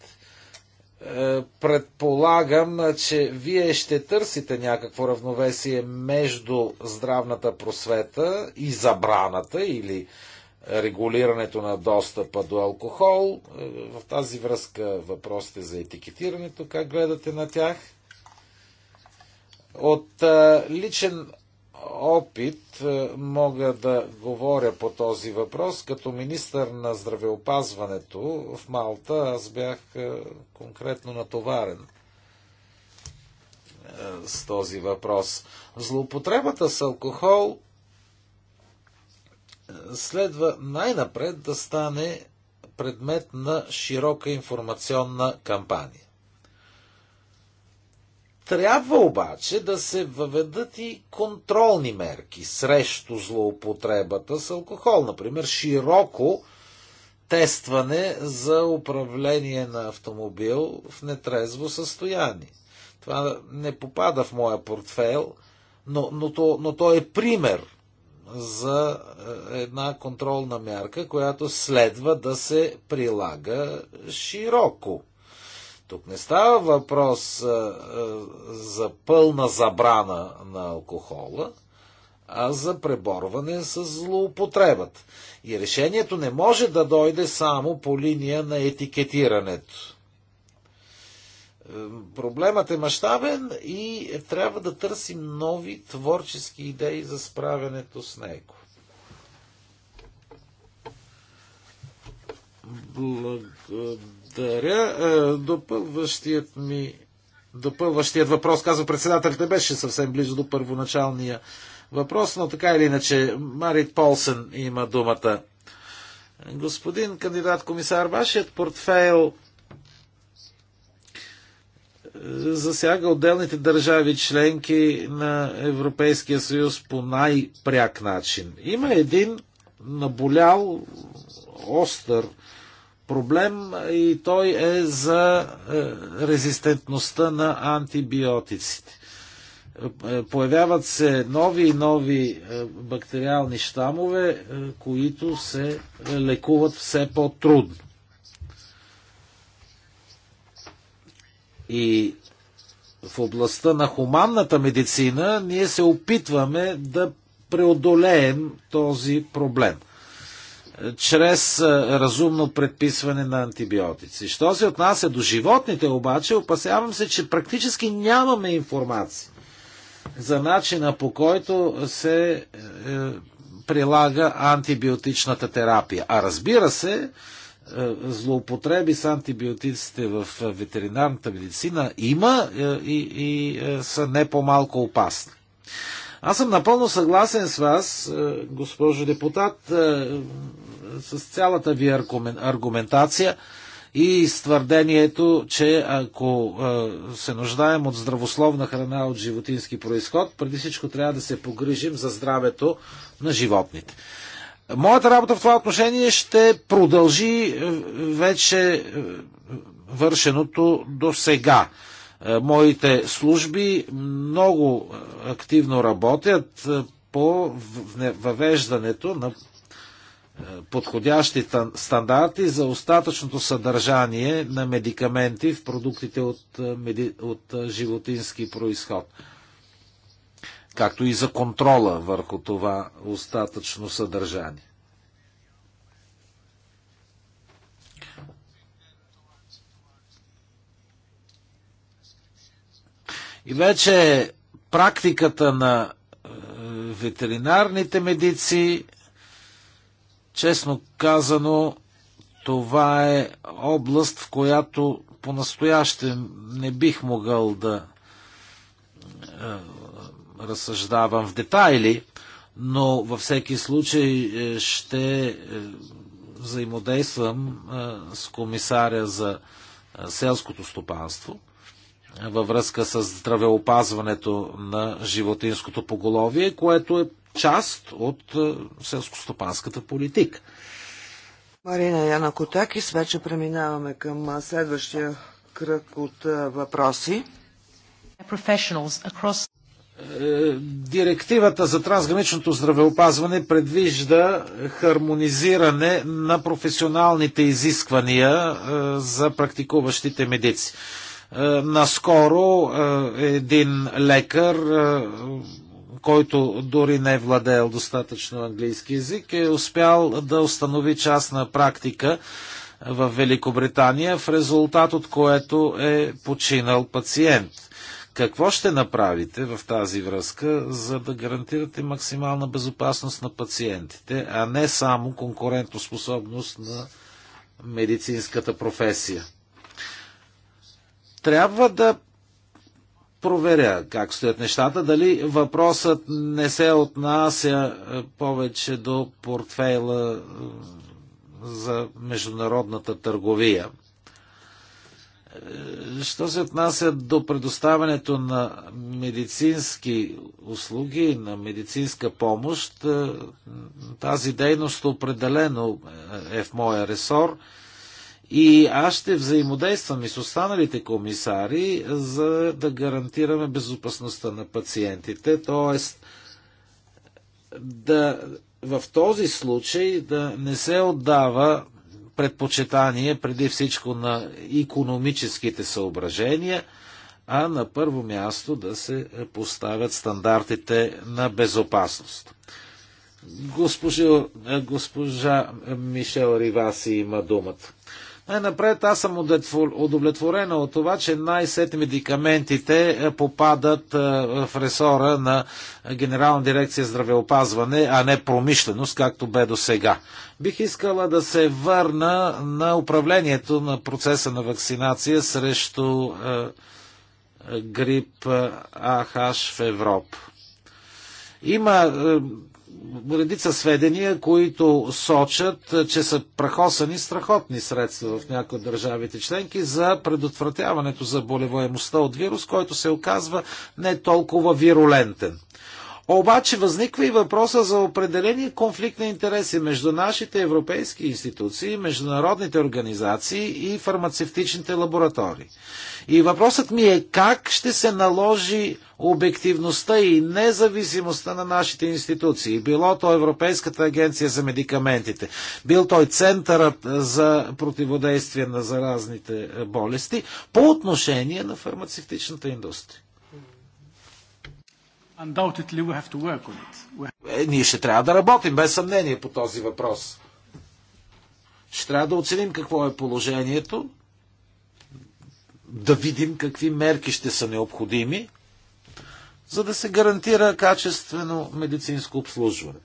Предполагам, че вие ще търсите някакво равновесие между здравната просвета и забраната или регулирането на достъпа до алкохол. Е, в тази връзка въпросите за етикетирането, как гледате на тях? От е, личен опит е, мога да говоря по този въпрос. Като министър на здравеопазването в Малта аз бях конкретно натоварен с този въпрос. Злоупотребата с алкохол следва най-напред да стане предмет на широка информационна кампания. Трябва обаче да се въведат и контролни мерки срещу злоупотребата с алкохол. Например, широко тестване за управление на автомобил в нетрезво състояние. Това не попада в моя портфел, но, но, то, но то е пример – за е, една контролна мярка, която следва да се прилага широко. Тук не става въпрос е, е, за пълна забрана на алкохола, а за преборване с злоупотребата. И решението не може да дойде само по линия на етикетирането. Проблемът е мащабен и трябва да търсим нови творчески идеи за справянето с него. Благодаря. Е, допълващият ми допълващият въпрос, казва председателят, не беше съвсем близо до първоначалния въпрос, но така или иначе Марит Полсен има думата. Господин кандидат комисар, вашият портфейл засяга отделните държави членки на Европейския съюз по най-пряк начин. Има един наболял, остър проблем и той е за е, резистентността на антибиотиците. Е, появяват се нови и нови е, бактериални щамове, които се лекуват все по-трудно. И в областта на хуманната медицина ние се опитваме да преодолеем този проблем чрез е, разумно предписване на антибиотици. Що се отнася до животните обаче, опасявам се, че практически нямаме информация за начина по който се е, прилага антибиотичната терапия. А разбира се, е, злоупотреби с антибиотиците в ветеринарната медицина има е, и, и е, са не по-малко опасни. Аз съм напълно съгласен с вас, госпожо депутат, с цялата ви аргументация и с твърдението, че ако се нуждаем от здравословна храна от животински происход, преди всичко трябва да се погрижим за здравето на животните. Моята работа в това отношение ще продължи е, вече е, вършеното до сега. Е, моите служби много активно работят по въвеждането на подходящи стандарти за остатъчното съдържание на медикаменти в продуктите от, от животински происход както и за контрола върху това остатъчно съдържание. И вече практиката на е, ветеринарните медици, честно казано, това е област, в която по-настояще не бих могъл да е, разсъждавам в детайли, но във всеки случай е, ще е, взаимодействам е, с комисаря за селското стопанство във връзка с здравеопазването на животинското поголовие, което е част от селскостопанската политика. Марина Яна Котакис, вече преминаваме към следващия кръг от въпроси. Директивата за трансграничното здравеопазване предвижда хармонизиране на професионалните изисквания е, за практикуващите медици. Е, наскоро е, един лекар, който дори не е владеел достатъчно английски язик, е успял да установи частна практика в Великобритания, в резултат от което е починал пациент – какво ще направите в тази връзка, за да гарантирате максимална безопасност на пациентите, а не само конкурентоспособност на медицинската професия? Трябва да проверя как стоят нещата, дали въпросът не се отнася е, повече до портфейла е, за международната търговия Що се отнася до предоставянето на медицински услуги, на медицинска помощ, е, тази дейност определено е в моя ресор и аз ще взаимодействам и с останалите комисари, за да гарантираме безопасността на пациентите, т.е. да в този случай да не се отдава предпочитание преди всичко на економическите съображения, а на първо място да се поставят стандартите на безопасност. Госпожа, госпожа Мишел Риваси има думата. Най-напред е, аз съм удовлетворена от това, че най-сет медикаментите е, попадат е, в ресора на Генерална дирекция здравеопазване, а не промишленост, както бе до сега. Бих искала да се върна на управлението на процеса на вакцинация срещу грип АХ в Европа. Има редица сведения, които сочат, че са прахосани страхотни средства в някои от държавите членки за предотвратяването за болевоемостта от вирус, който се оказва не толкова вирулентен. Обаче възниква и въпроса за определени конфликт на интереси между нашите европейски институции, международните организации и фармацевтичните лаборатории. И въпросът ми е как ще се наложи обективността и независимостта на нашите институции. Било то Европейската агенция за медикаментите, бил той Центърът за противодействие на заразните болести по отношение на фармацевтичната индустрия. Е, ние ще трябва да работим, без съмнение, по този въпрос. Ще трябва да оценим какво е положението, да видим какви мерки ще са необходими, за да се гарантира качествено медицинско обслужване.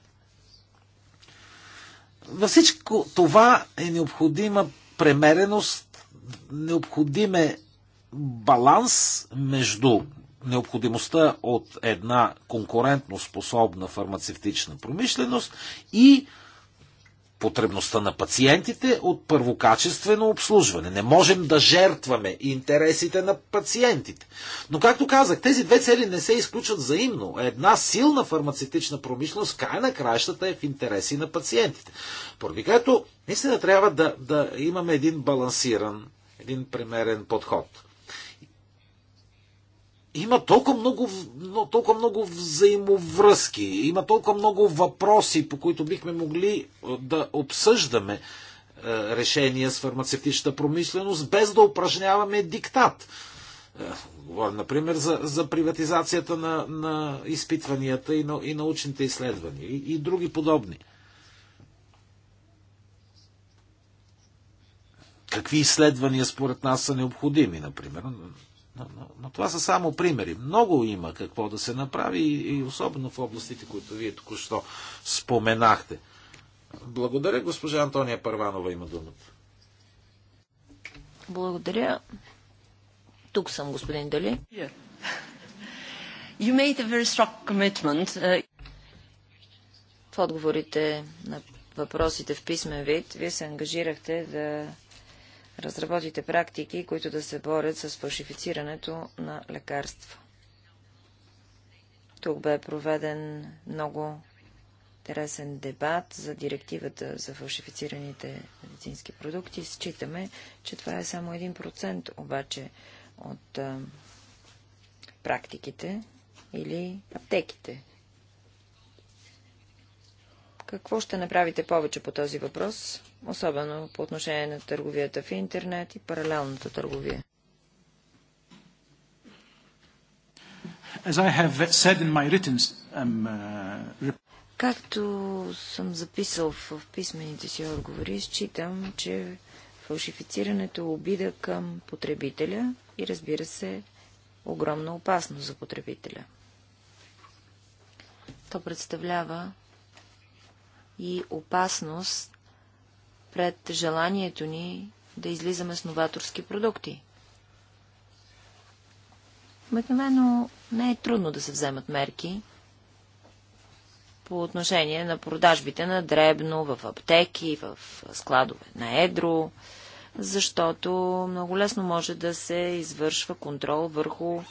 Във всичко това е необходима премереност, необходим е баланс между необходимостта от една конкурентно способна фармацевтична промишленост и потребността на пациентите от първокачествено обслужване. Не можем да жертваме интересите на пациентите. Но, както казах, тези две цели не се изключват взаимно. Една силна фармацевтична промишленост, край на краищата, е в интереси на пациентите. Поради което, наистина трябва да, да имаме един балансиран, един примерен подход има толкова много, толкова много взаимовръзки, има толкова много въпроси, по които бихме могли е, да обсъждаме е, решения с фармацевтичната промишленост, без да упражняваме диктат. Е, говорим, например, за, за приватизацията на, на изпитванията и, на, и научните изследвания и, и други подобни. Какви изследвания според нас са необходими, например? Но, но, но това са само примери. Много има какво да се направи и, и особено в областите, които вие току-що споменахте. Благодаря, госпожа Антония Първанова има думата. Благодаря. Тук съм, господин Дали. Yeah. You made a very strong commitment. Uh... В отговорите на въпросите в писмен вид, вие се ангажирахте да разработите практики, които да се борят с фалшифицирането на лекарства. Тук бе проведен много интересен дебат за директивата за фалшифицираните медицински продукти. Считаме, че това е само 1% обаче от а, практиките или аптеките. Какво ще направите повече по този въпрос, особено по отношение на търговията в интернет и паралелната търговия? Както съм записал в писмените си отговори, считам, че фалшифицирането обида към потребителя и разбира се, огромна опасност за потребителя. То представлява и опасност пред желанието ни да излизаме с новаторски продукти. Обикновено не е трудно да се вземат мерки по отношение на продажбите на дребно, в аптеки, в складове на едро, защото много лесно може да се извършва контрол върху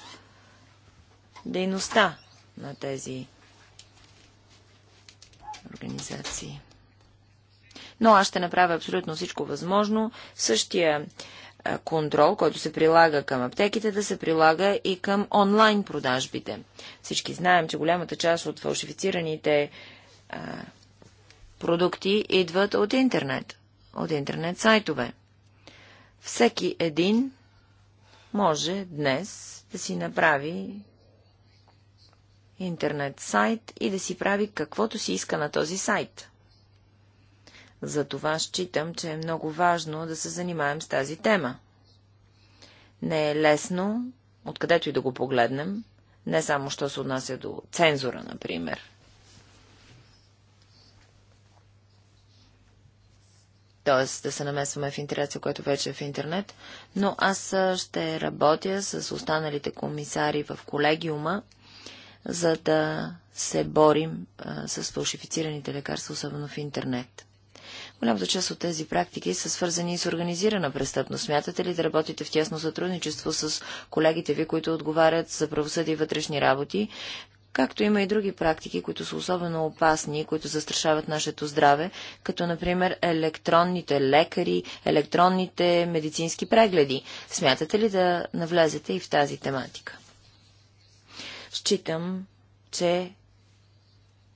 дейността на тези организации. Но аз ще направя абсолютно всичко възможно. Същия контрол, който се прилага към аптеките, да се прилага и към онлайн продажбите. Всички знаем, че голямата част от фалшифицираните а, продукти идват от интернет, от интернет сайтове. Всеки един може днес да си направи интернет сайт и да си прави каквото си иска на този сайт. Затова считам, че е много важно да се занимаем с тази тема. Не е лесно, откъдето и да го погледнем, не само, що се отнася до цензура, например. т.е. да се намесваме в интереса, което вече е в интернет, но аз ще работя с останалите комисари в колегиума, за да се борим а, с фалшифицираните лекарства, особено в интернет. Голямата част от тези практики са свързани и с организирана престъпност. Смятате ли да работите в тясно сътрудничество с колегите ви, които отговарят за правосъдие и вътрешни работи, както има и други практики, които са особено опасни, които застрашават нашето здраве, като например електронните лекари, електронните медицински прегледи. Смятате ли да навлезете и в тази тематика? Считам, че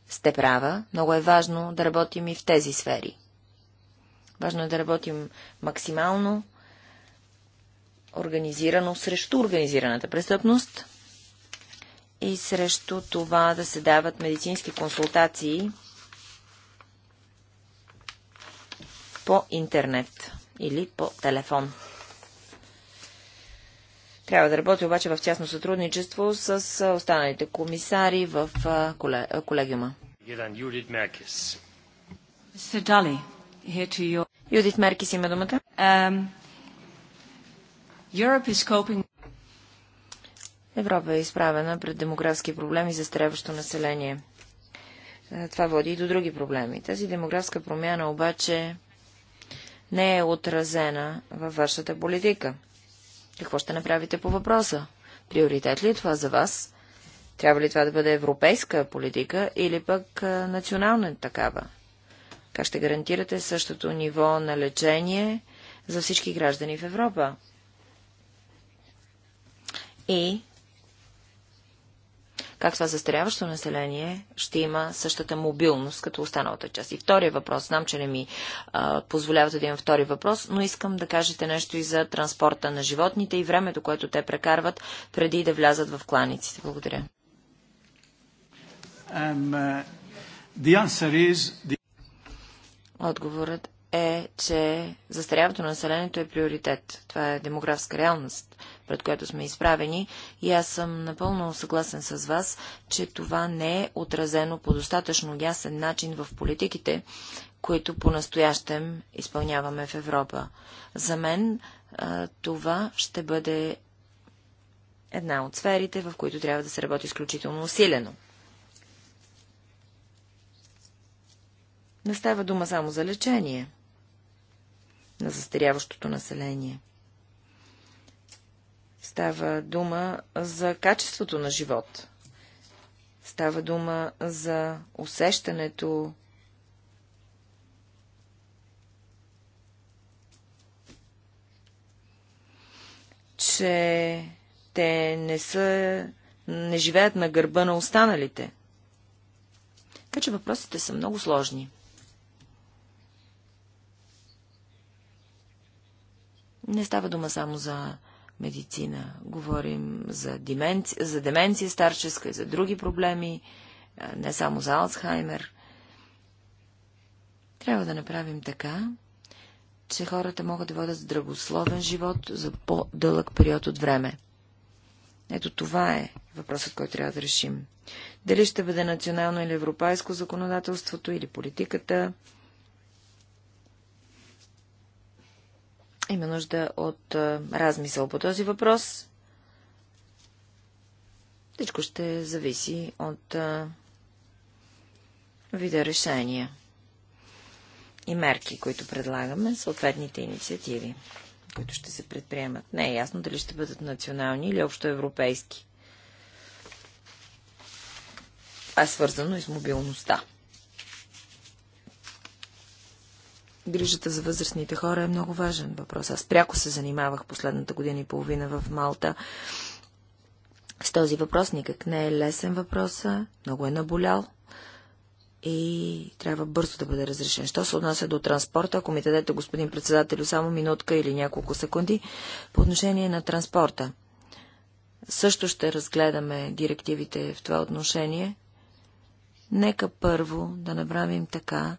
сте права. Много е важно да работим и в тези сфери. Важно е да работим максимално организирано срещу организираната престъпност и срещу това да се дават медицински консултации по интернет или по телефон. Трябва да работи обаче в тясно сътрудничество с останалите комисари в колегиума. Юдит Меркис има думата. Um, Европа е изправена пред демографски проблеми за стребващо население. Това води и до други проблеми. Тази демографска промяна обаче не е отразена във вашата политика. Какво ще направите по въпроса? Приоритет ли е това за вас? Трябва ли това да бъде европейска политика или пък национална такава? Как ще гарантирате същото ниво на лечение за всички граждани в Европа? И как това застаряващо население ще има същата мобилност като останалата част. И втория въпрос, знам, че не ми а, позволявате да имам втори въпрос, но искам да кажете нещо и за транспорта на животните и времето, което те прекарват преди да влязат в кланиците. Благодаря. Um, uh, the... Отговорът е, че застаряването на населението е приоритет. Това е демографска реалност пред която сме изправени. И аз съм напълно съгласен с вас, че това не е отразено по достатъчно ясен начин в политиките, които по-настоящем изпълняваме в Европа. За мен а, това ще бъде една от сферите, в които трябва да се работи изключително усилено. Не става дума само за лечение на застаряващото население – Става дума за качеството на живот. Става дума за усещането че те не са, не живеят на гърба на останалите. Така че въпросите са много сложни. Не става дума само за медицина. Говорим за деменция, за деменция старческа и за други проблеми, не само за Алцхаймер. Трябва да направим така, че хората могат да водят здравословен живот за по-дълъг период от време. Ето това е въпросът, който трябва да решим. Дали ще бъде национално или европейско законодателството или политиката, Има нужда от размисъл по този въпрос. Всичко ще зависи от вида решения и мерки, които предлагаме, съответните инициативи, които ще се предприемат. Не е ясно дали ще бъдат национални или общо европейски. А е свързано и с мобилността. грижата за възрастните хора е много важен въпрос. Аз пряко се занимавах последната година и половина в Малта с този въпрос. Никак не е лесен въпрос, много е наболял и трябва бързо да бъде разрешен. Що се отнася до транспорта, ако ми дадете, господин председател, само минутка или няколко секунди, по отношение на транспорта. Също ще разгледаме директивите в това отношение. Нека първо да направим така,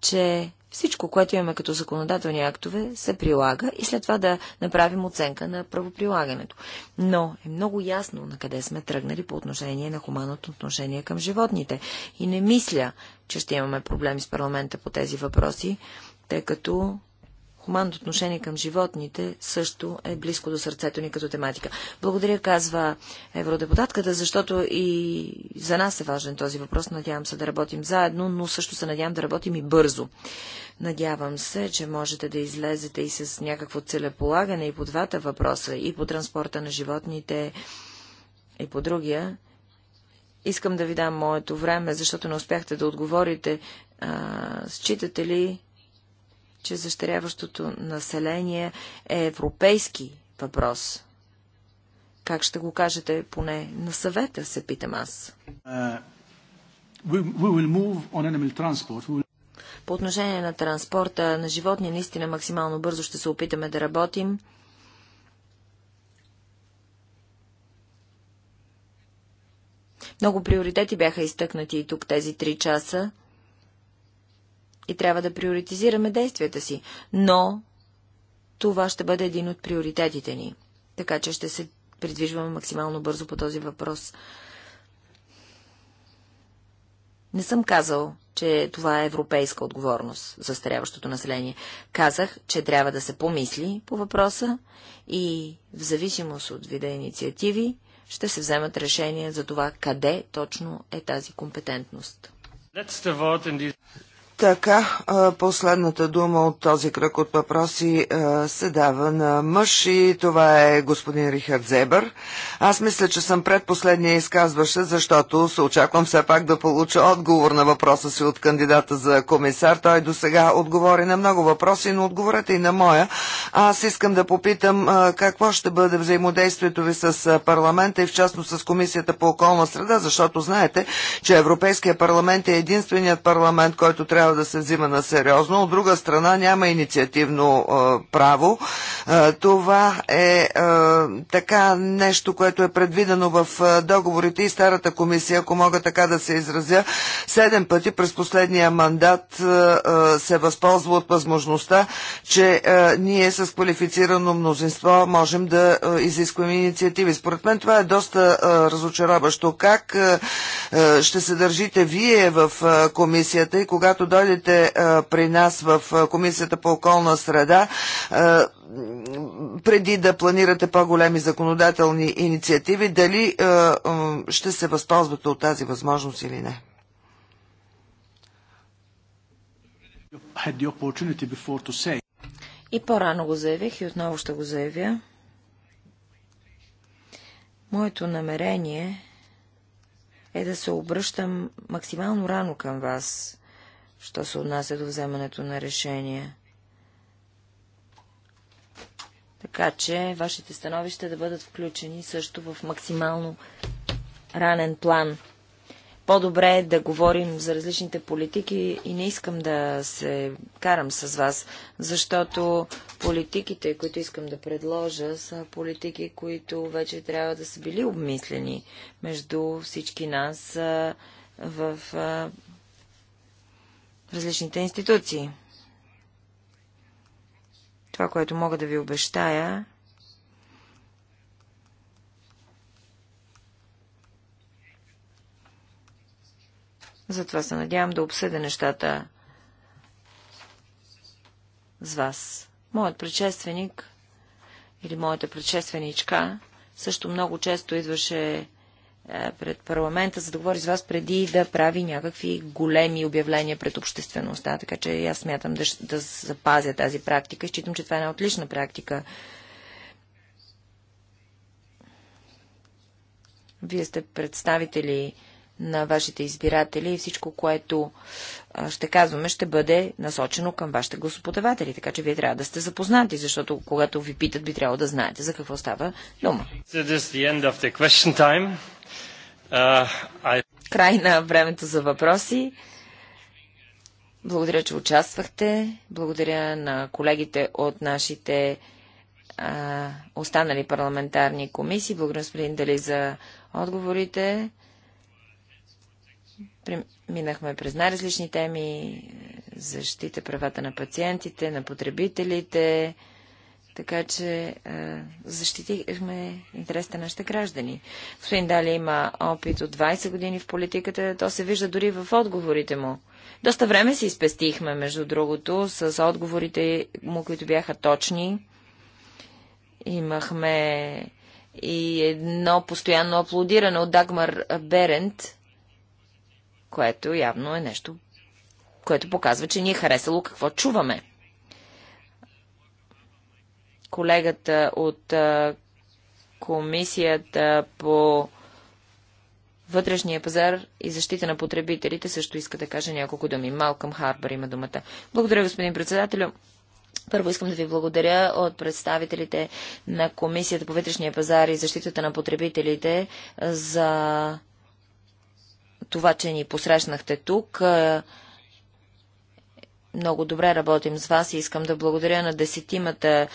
че всичко, което имаме като законодателни актове, се прилага и след това да направим оценка на правоприлагането. Но е много ясно на къде сме тръгнали по отношение на хуманното отношение към животните. И не мисля, че ще имаме проблеми с парламента по тези въпроси, тъй като хуманното отношение към животните също е близко до сърцето ни като тематика. Благодаря, казва евродепутатката, защото и за нас е важен този въпрос. Надявам се да работим заедно, но също се надявам да работим и бързо. Надявам се, че можете да излезете и с някакво целеполагане и по двата въпроса, и по транспорта на животните, и по другия. Искам да ви дам моето време, защото не успяхте да отговорите. А, считате ли, че застаряващото население е европейски въпрос. Как ще го кажете поне на съвета, се питам аз. Uh, По отношение на транспорта на животни, наистина максимално бързо ще се опитаме да работим. Много приоритети бяха изтъкнати и тук тези три часа и трябва да приоритизираме действията си, но това ще бъде един от приоритетите ни. Така че ще се придвижваме максимално бързо по този въпрос. Не съм казал, че това е европейска отговорност за старяващото население. Казах, че трябва да се помисли по въпроса и в зависимост от вида инициативи ще се вземат решения за това къде точно е тази компетентност. Така, последната дума от този кръг от въпроси се дава на мъж и това е господин Рихард Зебър. Аз мисля, че съм предпоследния изказваща, защото се очаквам все пак да получа отговор на въпроса си от кандидата за комисар. Той до сега отговори на много въпроси, но отговорете и на моя. Аз искам да попитам какво ще бъде взаимодействието ви с парламента и в частност с Комисията по околна среда, защото знаете, че Европейския парламент е единственият парламент, който трябва трябва да се взима на сериозно. От друга страна няма инициативно а, право. А, това е, а, така нещо, което е предвидено в договорите и Старата комисия, ако мога така да се изразя, седем пъти през последния мандат се възползва от възможността, че ние с квалифицирано мнозинство можем да изискваме инициативи. Според мен това е доста разочароващо. Как ще се държите вие в комисията и когато дойдете при нас в Комисията по околна среда, преди да планирате по-големи законодателни инициативи, дали ще се възползвате от тази възможност или не? И по-рано го заявих и отново ще го заявя. Моето намерение е да се обръщам максимално рано към вас, що се отнася до вземането на решение. Така че вашите становища да бъдат включени също в максимално ранен план. По-добре е да говорим за различните политики и не искам да се карам с вас, защото политиките, които искам да предложа, са политики, които вече трябва да са били обмислени между всички нас в различните институции. Това, което мога да ви обещая, затова се надявам да обсъда нещата с вас. Моят предшественик или моята предшественичка също много често идваше е, пред парламента, за да говори с вас преди да прави някакви големи обявления пред обществеността. Така че аз смятам да, да запазя тази практика. Считам, че това е една отлична практика. Вие сте представители на вашите избиратели и всичко, което ще казваме, ще бъде насочено към вашите господаватели. Така че вие трябва да сте запознати, защото когато ви питат, би трябвало да знаете за какво става дума. Край на времето за въпроси. Благодаря, че участвахте. Благодаря на колегите от нашите а, останали парламентарни комисии. Благодаря, господин Дали, за отговорите. Минахме през най-различни теми. Защита правата на пациентите, на потребителите, така че е, защитихме интересите на нашите граждани. Господин Дали има опит от 20 години в политиката, то се вижда дори в отговорите му. Доста време си спестихме, между другото, с отговорите му, които бяха точни. Имахме и едно постоянно аплодиране от Дагмар Берент, което явно е нещо, което показва, че ни е харесало какво чуваме колегата от Комисията по вътрешния пазар и защита на потребителите също иска да каже няколко думи. Малкъм Харбър има думата. Благодаря, господин председателю. Първо искам да ви благодаря от представителите на Комисията по вътрешния пазар и защитата на потребителите за това, че ни посрещнахте тук много добре работим с вас и искам да благодаря на десетимата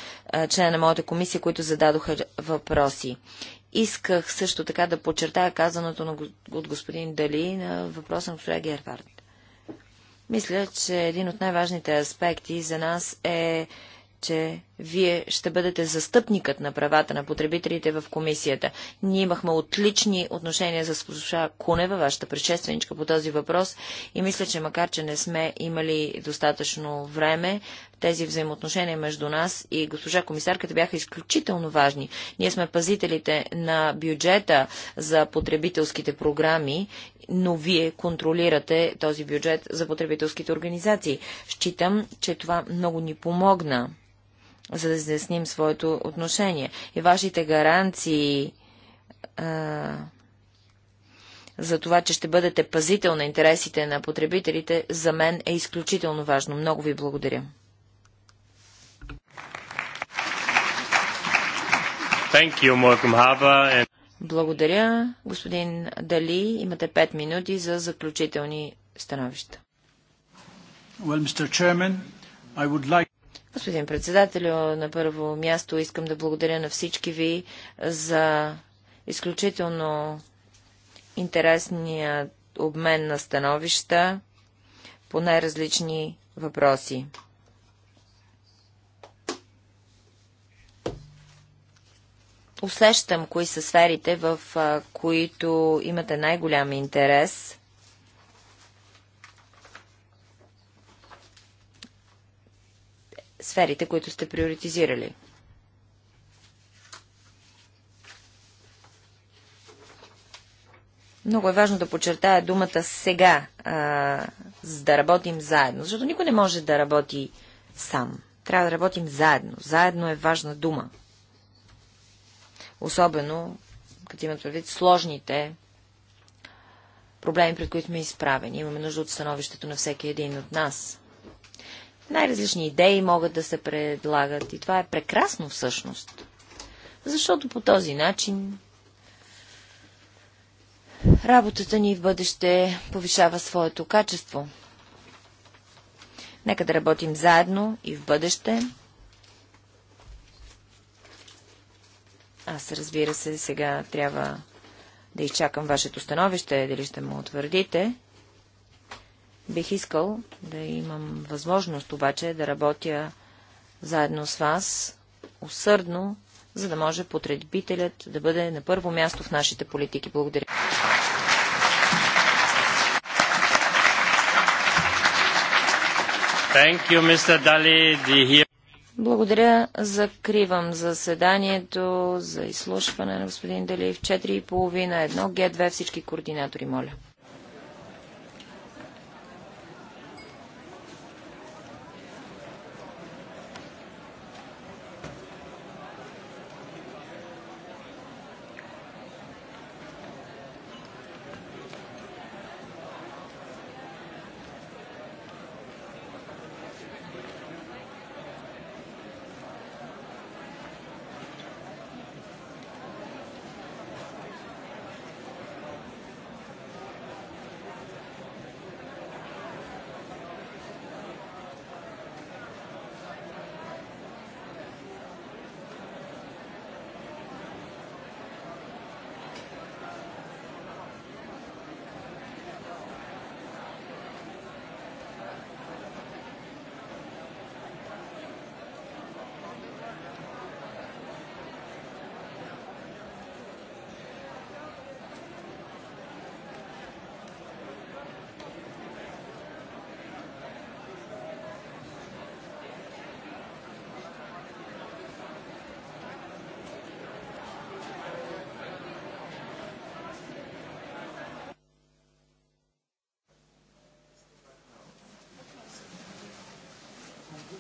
члена на моята комисия, които зададоха въпроси. Исках също така да подчертая казаното от господин Дали на въпроса на господин Гервард. Мисля, че един от най-важните аспекти за нас е че вие ще бъдете застъпникът на правата на потребителите в комисията. Ние имахме отлични отношения за госпожа Кунева, вашата предшественичка по този въпрос и мисля, че макар, че не сме имали достатъчно време, тези взаимоотношения между нас и госпожа комисарката бяха изключително важни. Ние сме пазителите на бюджета за потребителските програми, но вие контролирате този бюджет за потребителските организации. Считам, че това много ни помогна за да изясним своето отношение. И вашите гаранции а, за това, че ще бъдете пазител на интересите на потребителите, за мен е изключително важно. Много ви благодаря. You, благодаря. Господин Дали, имате 5 минути за заключителни становища. Well, like... Господин председател, на първо място искам да благодаря на всички ви за изключително интересния обмен на становища по най-различни въпроси. Усещам кои са сферите, в които имате най-голям интерес сферите, които сте приоритизирали? Много е важно да подчертая думата сега, а, за да работим заедно, защото никой не може да работи сам. Трябва да работим заедно. Заедно е важна дума. Особено, като имат предвид сложните проблеми, пред които сме изправени. Имаме нужда от становището на всеки един от нас. Най-различни идеи могат да се предлагат и това е прекрасно всъщност. Защото по този начин работата ни в бъдеще повишава своето качество. Нека да работим заедно и в бъдеще. Аз, разбира се, сега трябва да изчакам вашето становище, дали ще му утвърдите. Бих искал да имам възможност обаче да работя заедно с вас усърдно, за да може потребителят да бъде на първо място в нашите политики. Благодаря. You, Благодаря. Закривам заседанието за изслушване на господин Дали в 4.30. Едно Г2 всички координатори, моля.